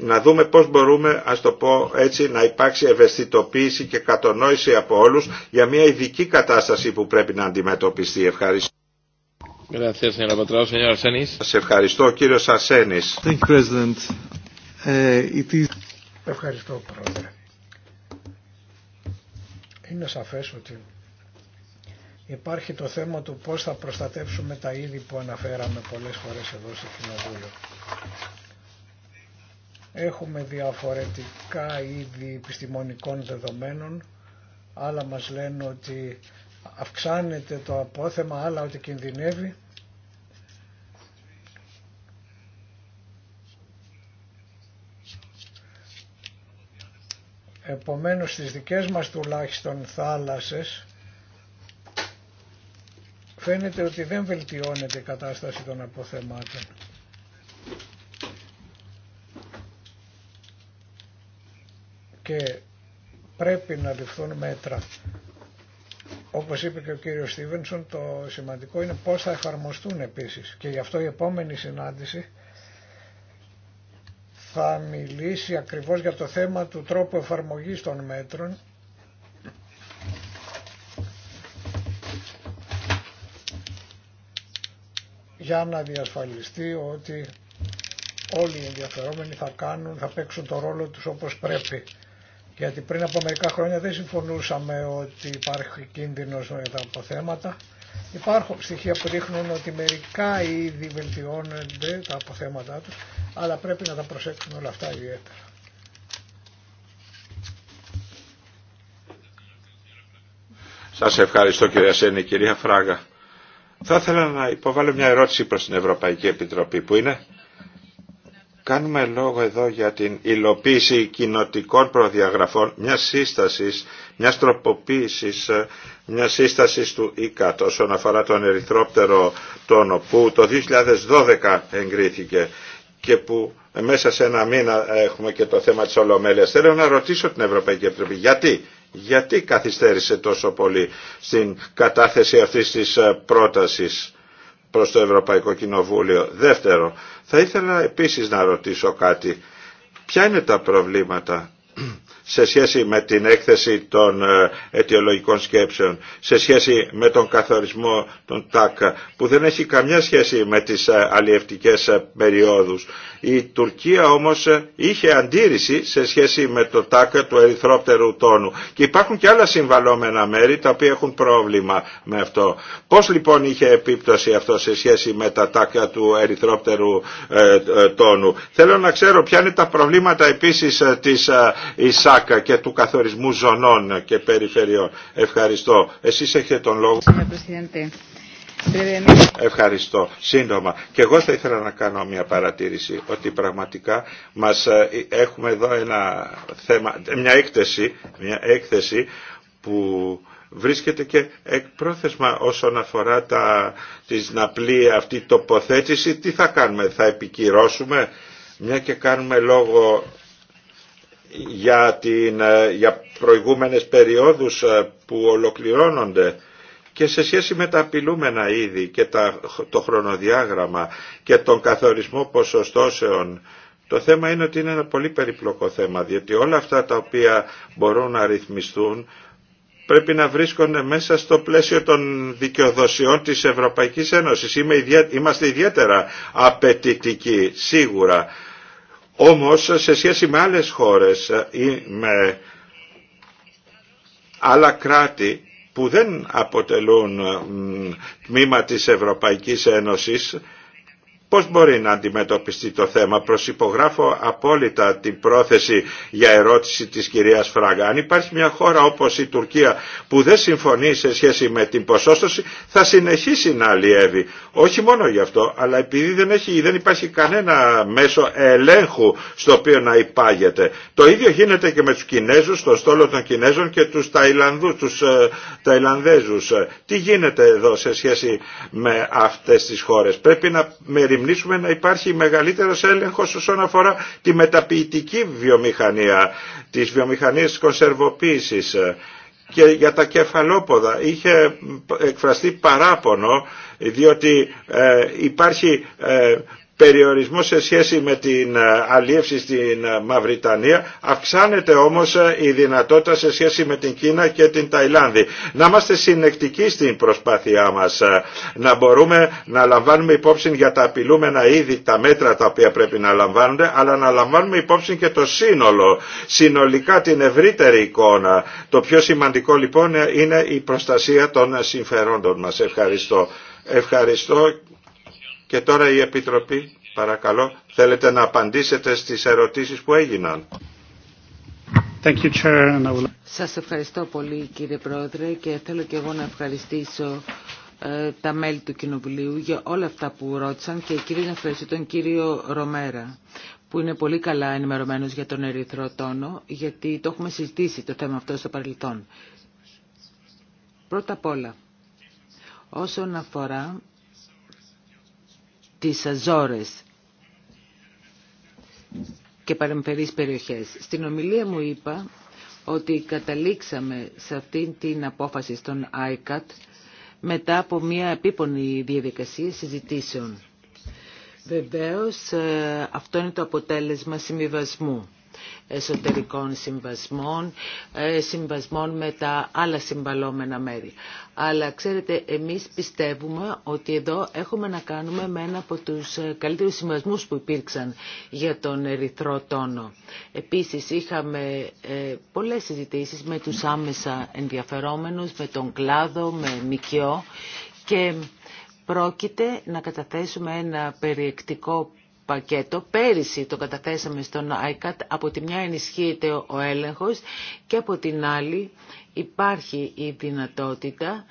να δούμε πώς μπορούμε, ας το πω έτσι, να υπάρξει ευαισθητοποίηση και κατονόηση από όλους για μια ειδική κατάσταση που πρέπει να αντιμετωπιστεί. Ευχαριστώ. Σας ευχαριστώ κύριος uh, is... Ευχαριστώ πρόεδρε. Είναι σαφές ότι υπάρχει το θέμα του πώς θα προστατεύσουμε τα είδη που αναφέραμε πολλές φορές εδώ στο Κοινοβούλιο. Έχουμε διαφορετικά είδη επιστημονικών δεδομένων. Άλλα μας λένε ότι αυξάνεται το απόθεμα, άλλα ότι κινδυνεύει. Επομένως στις δικές μας τουλάχιστον θάλασσες φαίνεται ότι δεν βελτιώνεται η κατάσταση των αποθεμάτων. και πρέπει να ληφθούν μέτρα. Όπως είπε και ο κύριος Στίβενσον, το σημαντικό είναι πώς θα εφαρμοστούν επίσης. Και γι' αυτό η επόμενη συνάντηση θα μιλήσει ακριβώς για το θέμα του τρόπου εφαρμογής των μέτρων για να διασφαλιστεί ότι όλοι οι ενδιαφερόμενοι θα κάνουν, θα παίξουν το ρόλο τους όπως πρέπει γιατί πριν από μερικά χρόνια δεν συμφωνούσαμε ότι υπάρχει κίνδυνος για τα αποθέματα. Υπάρχουν στοιχεία που δείχνουν ότι μερικά ήδη βελτιώνονται τα αποθέματα τους, αλλά πρέπει να τα προσέξουμε όλα αυτά ιδιαίτερα. Σας ευχαριστώ κυρία Σένη. Κυρία Φράγα, θα ήθελα να υποβάλω μια ερώτηση προς την Ευρωπαϊκή Επιτροπή που είναι Κάνουμε λόγο εδώ για την υλοποίηση κοινοτικών προδιαγραφών μιας σύστασης, μιας τροποποίησης, ε, μιας σύστασης του ΙΚΑΤ όσον αφορά τον ερυθρόπτερο τόνο που το 2012 εγκρίθηκε και που μέσα σε ένα μήνα έχουμε και το θέμα της Ολομέλειας. Θέλω να ρωτήσω την Ευρωπαϊκή Επιτροπή γιατί, γιατί καθυστέρησε τόσο πολύ στην κατάθεση αυτής της ε, πρότασης προς το Ευρωπαϊκό Κοινοβούλιο. Δεύτερο, θα ήθελα επίσης να ρωτήσω κάτι. Ποια είναι τα προβλήματα σε σχέση με την έκθεση των ε, αιτιολογικών σκέψεων, σε σχέση με τον καθορισμό των ΤΑΚ, που δεν έχει καμιά σχέση με τις ε, αλλιευτικές ε, περιόδους. Η Τουρκία όμως είχε αντίρρηση σε σχέση με το ΤΑΚ του ερυθρόπτερου τόνου και υπάρχουν και άλλα συμβαλόμενα μέρη τα οποία έχουν πρόβλημα με αυτό. Πώς λοιπόν είχε επίπτωση αυτό σε σχέση με τα ΤΑΚ του ερυθρόπτερου τόνου. Θέλω να ξέρω ποια είναι τα προβλήματα επίσης της και του καθορισμού ζωνών και περιφερειών. Ευχαριστώ. Εσείς έχετε τον λόγο. Ευχαριστώ. Σύντομα. Και εγώ θα ήθελα να κάνω μια παρατήρηση ότι πραγματικά μας ε, έχουμε εδώ ένα θέμα, μια έκθεση, μια έκθεση που βρίσκεται και πρόθεσμα όσον αφορά τα, της αυτή τοποθέτηση. Τι θα κάνουμε, θα επικυρώσουμε μια και κάνουμε λόγο για, την, ε, για προηγούμενες περιόδους ε, που ολοκληρώνονται και σε σχέση με τα απειλούμενα ήδη και τα, το χρονοδιάγραμμα και τον καθορισμό ποσοστώσεων το θέμα είναι ότι είναι ένα πολύ περιπλοκό θέμα διότι όλα αυτά τα οποία μπορούν να ρυθμιστούν πρέπει να βρίσκονται μέσα στο πλαίσιο των δικαιοδοσιών της Ευρωπαϊκής Ένωσης. Είμαστε ιδιαίτερα απαιτητικοί, σίγουρα. Όμως σε σχέση με άλλες χώρες ε, ή με άλλα κράτη που δεν αποτελούν ε, τμήμα της Ευρωπαϊκής Ένωσης Πώς μπορεί να αντιμετωπιστεί το θέμα. Προσυπογράφω απόλυτα την πρόθεση για ερώτηση της κυρίας Φράγκα. Αν υπάρχει μια χώρα όπως η Τουρκία που δεν συμφωνεί σε σχέση με την ποσόστοση θα συνεχίσει να αλλιεύει. Όχι μόνο γι' αυτό αλλά επειδή δεν, υπάρχει κανένα μέσο ελέγχου στο οποίο να υπάγεται. Το ίδιο γίνεται και με τους Κινέζους, τον στόλο των Κινέζων και τους Ταϊλανδούς, τους ε, Ταϊλανδέζους. Τι γίνεται εδώ σε σχέση με αυτές τις χώρες. Πρέπει να να υπάρχει μεγαλύτερος έλεγχος όσον αφορά τη μεταποιητική βιομηχανία, τις βιομηχανίες κονσερβοποίησης και για τα κεφαλόποδα είχε εκφραστεί παράπονο διότι ε, υπάρχει ε, περιορισμό σε σχέση με την ε, αλίευση στην ε, Μαυριτανία, αυξάνεται όμως ε, η δυνατότητα σε σχέση με την Κίνα και την Ταϊλάνδη. Να είμαστε συνεκτικοί στην προσπάθειά μας, να μπορούμε να λαμβάνουμε υπόψη για τα απειλούμενα ήδη τα μέτρα τα οποία πρέπει να λαμβάνονται, αλλά να λαμβάνουμε υπόψη και το σύνολο, συνολικά την ευρύτερη εικόνα. Το πιο σημαντικό λοιπόν είναι η προστασία των συμφερόντων μας. Ευχαριστώ. Ευχαριστώ και τώρα η Επιτροπή, παρακαλώ, θέλετε να απαντήσετε στις ερωτήσεις που έγιναν. Thank you, Chair. Σας ευχαριστώ πολύ κύριε Πρόεδρε και θέλω και εγώ να ευχαριστήσω ε, τα μέλη του Κοινοβουλίου για όλα αυτά που ρώτησαν και κυρίως να ευχαριστήσω τον κύριο Ρομέρα που είναι πολύ καλά ενημερωμένος για τον ερυθρό τόνο γιατί το έχουμε συζητήσει το θέμα αυτό στο παρελθόν. Πρώτα απ' όλα, όσον αφορά τις Αζόρες και παρεμφερείς περιοχές. Στην ομιλία μου είπα ότι καταλήξαμε σε αυτή την απόφαση στον ICAT μετά από μια επίπονη διαδικασία συζητήσεων. Βεβαίως ε, αυτό είναι το αποτέλεσμα συμβιβασμού εσωτερικών συμβασμών, ε, συμβασμών με τα άλλα συμβαλόμενα μέρη. Αλλά ξέρετε, εμείς πιστεύουμε ότι εδώ έχουμε να κάνουμε με ένα από τους ε, καλύτερους συμβασμούς που υπήρξαν για τον ερυθρό τόνο. Επίσης, είχαμε ε, πολλές συζητήσεις με τους άμεσα ενδιαφερόμενους, με τον κλάδο, με μικιό και πρόκειται να καταθέσουμε ένα περιεκτικό πακέτο. Πέρυσι το καταθέσαμε στον ICAT. Από τη μια ενισχύεται ο έλεγχος και από την άλλη υπάρχει η δυνατότητα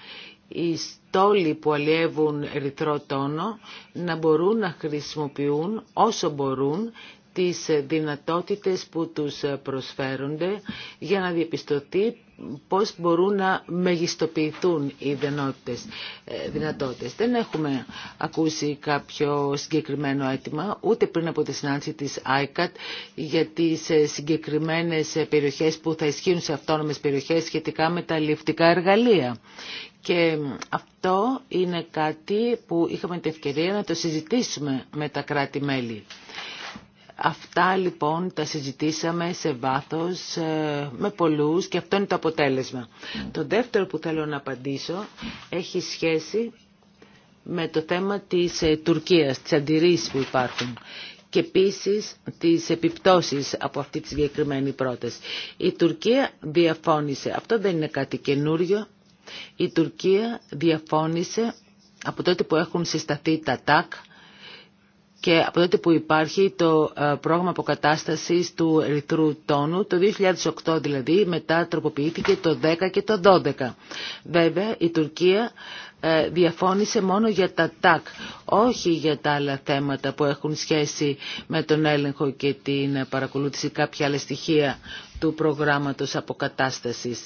οι στόλοι που αλλιεύουν ερυθρό τόνο να μπορούν να χρησιμοποιούν όσο μπορούν τις δυνατότητες που τους προσφέρονται για να διαπιστωθεί πώς μπορούν να μεγιστοποιηθούν οι ε, δυνατότητες. Δεν έχουμε ακούσει κάποιο συγκεκριμένο αίτημα, ούτε πριν από τη συνάντηση της ICAT, για τις ε, συγκεκριμένες ε, περιοχές που θα ισχύουν σε αυτόνομες περιοχές σχετικά με τα ληφτικά εργαλεία. Και αυτό είναι κάτι που είχαμε την ευκαιρία να το συζητήσουμε με τα κράτη-μέλη. Αυτά λοιπόν τα συζητήσαμε σε βάθος ε, με πολλούς και αυτό είναι το αποτέλεσμα. Ναι. Το δεύτερο που θέλω να απαντήσω έχει σχέση με το θέμα της ε, Τουρκίας, της αντιρρήσεις που υπάρχουν και επίση τις επιπτώσεις από αυτή τη συγκεκριμένη πρόταση. Η Τουρκία διαφώνησε. Αυτό δεν είναι κάτι καινούριο. Η Τουρκία διαφώνησε από τότε που έχουν συσταθεί τα ΤΑΚ και από τότε που υπάρχει το ε, πρόγραμμα αποκατάστασης του ερυθρού τόνου, το 2008 δηλαδή, μετά τροποποιήθηκε το 10 και το 12. Βέβαια, η Τουρκία ε, διαφώνησε μόνο για τα ΤΑΚ, όχι για τα άλλα θέματα που έχουν σχέση με τον έλεγχο και την παρακολούθηση κάποια άλλα στοιχεία του προγράμματος αποκατάστασης.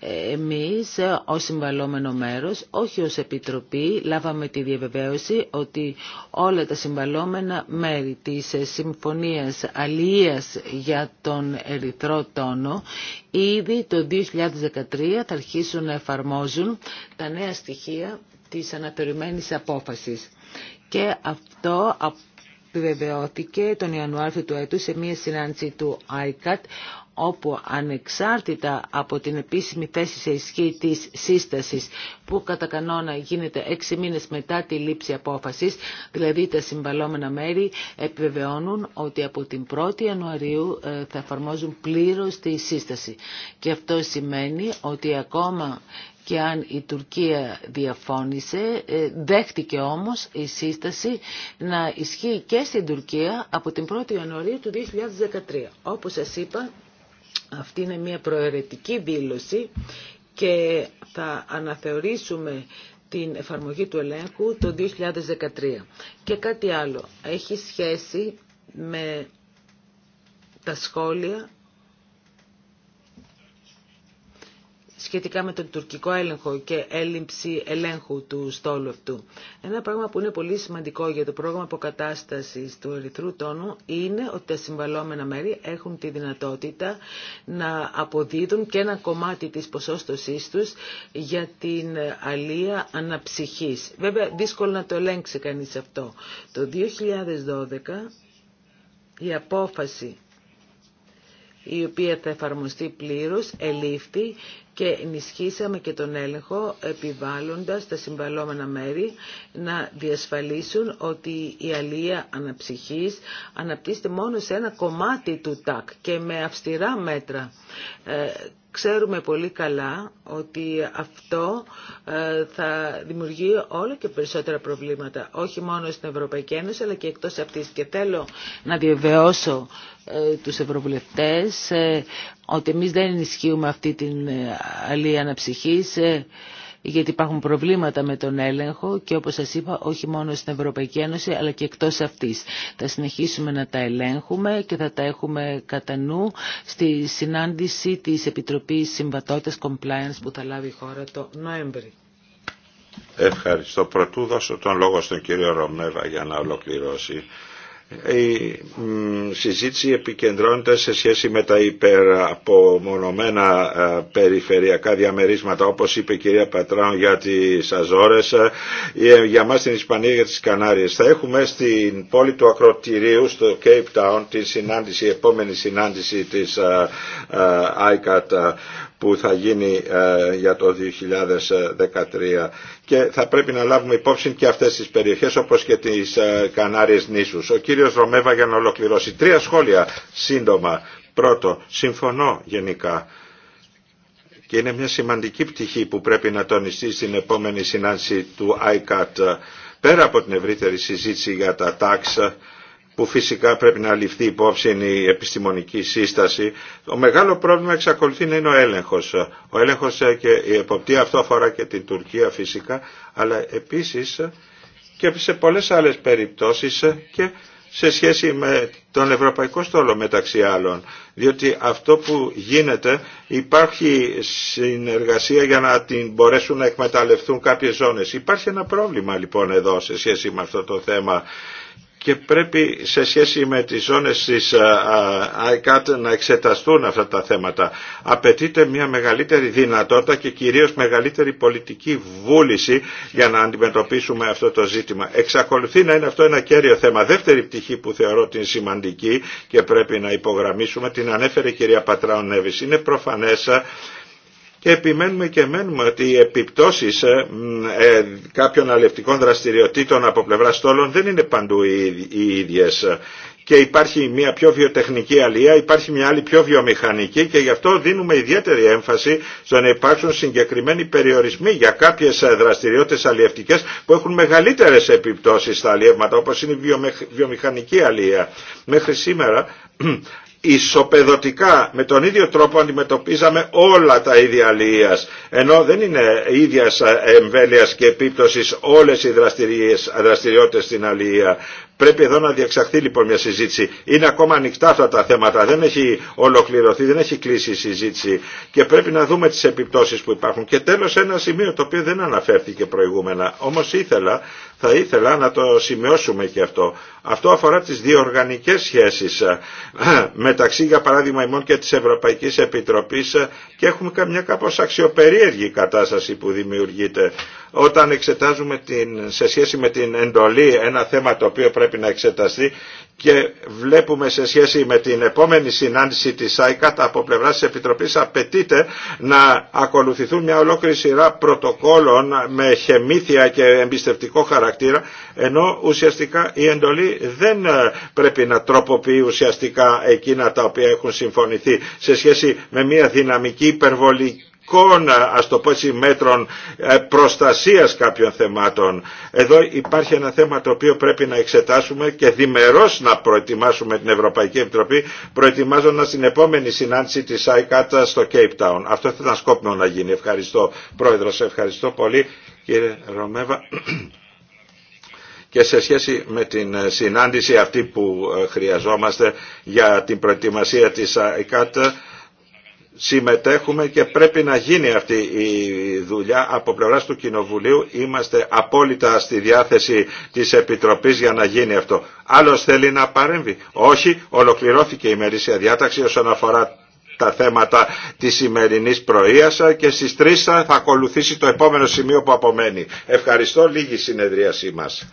Ε, εμείς ε, ως συμβαλόμενο μέρος, όχι ως Επιτροπή, λάβαμε τη διαβεβαίωση ότι όλα τα συμβαλόμενα μέρη της ε, Συμφωνίας Αλίας για τον Ερυθρό Τόνο ήδη το 2013 θα αρχίσουν να εφαρμόζουν τα νέα στοιχεία της αναπεριμένης απόφασης. Και αυτό επιβεβαιώθηκε τον Ιανουάριο του έτου σε μια συνάντηση του ICAT όπου ανεξάρτητα από την επίσημη θέση σε ισχύ της σύστασης που κατά κανόνα γίνεται έξι μήνες μετά τη λήψη απόφασης, δηλαδή τα συμβαλόμενα μέρη επιβεβαιώνουν ότι από την 1η Ιανουαρίου ε, θα εφαρμόζουν πλήρως τη σύσταση. Και αυτό σημαίνει ότι ακόμα και αν η Τουρκία διαφώνησε, ε, δέχτηκε όμως η σύσταση να ισχύει και στην Τουρκία από την 1η Ιανουαρίου του 2013. Όπως σας είπα, αυτή είναι μια προαιρετική δήλωση και θα αναθεωρήσουμε την εφαρμογή του ελέγχου το 2013. Και κάτι άλλο, έχει σχέση με τα σχόλια σχετικά με τον τουρκικό έλεγχο και έλλειψη ελέγχου του στόλου αυτού. Ένα πράγμα που είναι πολύ σημαντικό για το πρόγραμμα αποκατάστασης του ερυθρού τόνου είναι ότι τα συμβαλόμενα μέρη έχουν τη δυνατότητα να αποδίδουν και ένα κομμάτι της ποσόστοσής τους για την αλία αναψυχής. Βέβαια δύσκολο να το ελέγξει κανείς αυτό. Το 2012 η απόφαση η οποία θα εφαρμοστεί πλήρως, ελήφθη και ενισχύσαμε και τον έλεγχο επιβάλλοντας τα συμβαλόμενα μέρη να διασφαλίσουν ότι η αλία αναψυχής αναπτύσσεται μόνο σε ένα κομμάτι του ΤΑΚ και με αυστηρά μέτρα. Ε, Ξέρουμε πολύ καλά ότι αυτό ε, θα δημιουργεί όλο και περισσότερα προβλήματα, όχι μόνο στην Ευρωπαϊκή Ένωση αλλά και εκτός αυτής. Και θέλω να διαβεβαιώσω ε, τους ευρωβουλευτές ε, ότι εμείς δεν ενισχύουμε αυτή την αλή αναψυχής γιατί υπάρχουν προβλήματα με τον έλεγχο και όπως σας είπα όχι μόνο στην Ευρωπαϊκή Ένωση αλλά και εκτός αυτής. Θα συνεχίσουμε να τα ελέγχουμε και θα τα έχουμε κατά νου στη συνάντηση της Επιτροπής Συμβατότητας Compliance που θα λάβει η χώρα το Νοέμβρη. Ευχαριστώ. Πρωτού δώσω τον λόγο στον κύριο Ρομέβα για να ολοκληρώσει η συζήτηση επικεντρώνεται σε σχέση με τα υπεραπομονωμένα ε, περιφερειακά διαμερίσματα όπως είπε η κυρία Πατράων για τις Αζόρες ε, ε, για μας την Ισπανία για τις Κανάριες θα έχουμε στην πόλη του Ακροτηρίου στο Cape Town την συνάντηση, η επόμενη συνάντηση της ICAT που θα γίνει ε, για το 2013 και θα πρέπει να λάβουμε υπόψη και αυτές τις περιοχές όπως και τις ε, Κανάριες νήσους. Ο κύριος Ρωμέβα για να ολοκληρώσει τρία σχόλια σύντομα. Πρώτο, συμφωνώ γενικά και είναι μια σημαντική πτυχή που πρέπει να τονιστεί στην επόμενη συνάντηση του ICAT πέρα από την ευρύτερη συζήτηση για τα τάξα που φυσικά πρέπει να ληφθεί υπόψη είναι η επιστημονική σύσταση. Το μεγάλο πρόβλημα εξακολουθεί να είναι ο έλεγχος. Ο έλεγχος ε, και η εποπτεία αυτό αφορά και την Τουρκία φυσικά, αλλά επίσης και σε πολλές άλλες περιπτώσεις και σε σχέση με τον Ευρωπαϊκό Στόλο μεταξύ άλλων. Διότι αυτό που γίνεται υπάρχει συνεργασία για να την μπορέσουν να εκμεταλλευτούν κάποιες ζώνες. Υπάρχει ένα πρόβλημα λοιπόν εδώ σε σχέση με αυτό το θέμα και πρέπει σε σχέση με τις ζώνες της ΑΕΚΑΤ να εξεταστούν αυτά τα θέματα. Απαιτείται μια μεγαλύτερη δυνατότητα και κυρίως μεγαλύτερη πολιτική βούληση για να αντιμετωπίσουμε αυτό το ζήτημα. Εξακολουθεί να είναι αυτό ένα κέριο θέμα. Δεύτερη πτυχή που θεωρώ την σημαντική και πρέπει να υπογραμμίσουμε την ανέφερε η κυρία Πατράων Νέβης. Είναι προφανές και επιμένουμε και μένουμε ότι οι επιπτώσεις ε, ε, κάποιων αλευτικών δραστηριοτήτων από πλευρά στόλων δεν είναι παντού οι ίδιες και υπάρχει μια πιο βιοτεχνική αλία, υπάρχει μια άλλη πιο βιομηχανική και γι' αυτό δίνουμε ιδιαίτερη έμφαση στο να υπάρξουν συγκεκριμένοι περιορισμοί για κάποιε δραστηριότητε αλλιευτικέ που έχουν μεγαλύτερε επιπτώσει στα αλλιεύματα, όπω είναι η βιομηχανική αλία. Μέχρι σήμερα ισοπεδωτικά με τον ίδιο τρόπο αντιμετωπίζαμε όλα τα ίδια αλληλείας ενώ δεν είναι ίδιας εμβέλειας και επίπτωσης όλες οι δραστηριότητες στην αλληλεία Πρέπει εδώ να διεξαχθεί λοιπόν μια συζήτηση. Είναι ακόμα ανοιχτά αυτά τα θέματα. Δεν έχει ολοκληρωθεί, δεν έχει κλείσει η συζήτηση και πρέπει να δούμε τι επιπτώσει που υπάρχουν. Και τέλο ένα σημείο το οποίο δεν αναφέρθηκε προηγούμενα. Όμω ήθελα, θα ήθελα να το σημειώσουμε και αυτό. Αυτό αφορά τις διοργανικέ σχέσει ε, μεταξύ για παράδειγμα ημών και τη Ευρωπαϊκή Επιτροπή. Ε, και έχουμε μια κάπω αξιοπερίεργη κατάσταση που δημιουργείται όταν εξετάζουμε την, σε σχέση με την εντολή ένα θέμα το οποίο πρέπει να εξεταστεί και βλέπουμε σε σχέση με την επόμενη συνάντηση της ΆΙΚΑΤ από πλευράς της Επιτροπής απαιτείται να ακολουθηθούν μια ολόκληρη σειρά πρωτοκόλων με χεμήθεια και εμπιστευτικό χαρακτήρα ενώ ουσιαστικά η εντολή δεν ε, πρέπει να τροποποιεί ουσιαστικά εκείνα τα οποία έχουν συμφωνηθεί σε σχέση με μια δυναμική υπερβολική πρακτικών, ε, ας το πω έτσι, μέτρων ε, προστασίας κάποιων θεμάτων. Εδώ υπάρχει ένα θέμα το οποίο πρέπει να εξετάσουμε και διμερώς να προετοιμάσουμε την Ευρωπαϊκή Επιτροπή, προετοιμάζοντας την επόμενη συνάντηση της ICAT στο Cape Town. Αυτό θα ήταν σκόπιμο να γίνει. Ευχαριστώ, Πρόεδρος. Ευχαριστώ πολύ, κύριε Ρωμέβα και σε σχέση με την ε, συνάντηση αυτή που χρειαζόμαστε για την προετοιμασία της ΑΕΚΑΤ συμμετέχουμε και πρέπει να γίνει αυτή η δουλειά από πλευράς του Κοινοβουλίου είμαστε απόλυτα στη διάθεση της Επιτροπής για να γίνει αυτό άλλος θέλει να παρέμβει όχι ολοκληρώθηκε η μερίσια διάταξη όσον αφορά τα θέματα της σημερινής πρωίας και στις 3 θα ακολουθήσει το επόμενο σημείο που απομένει. Ευχαριστώ λίγη συνεδρίασή μας.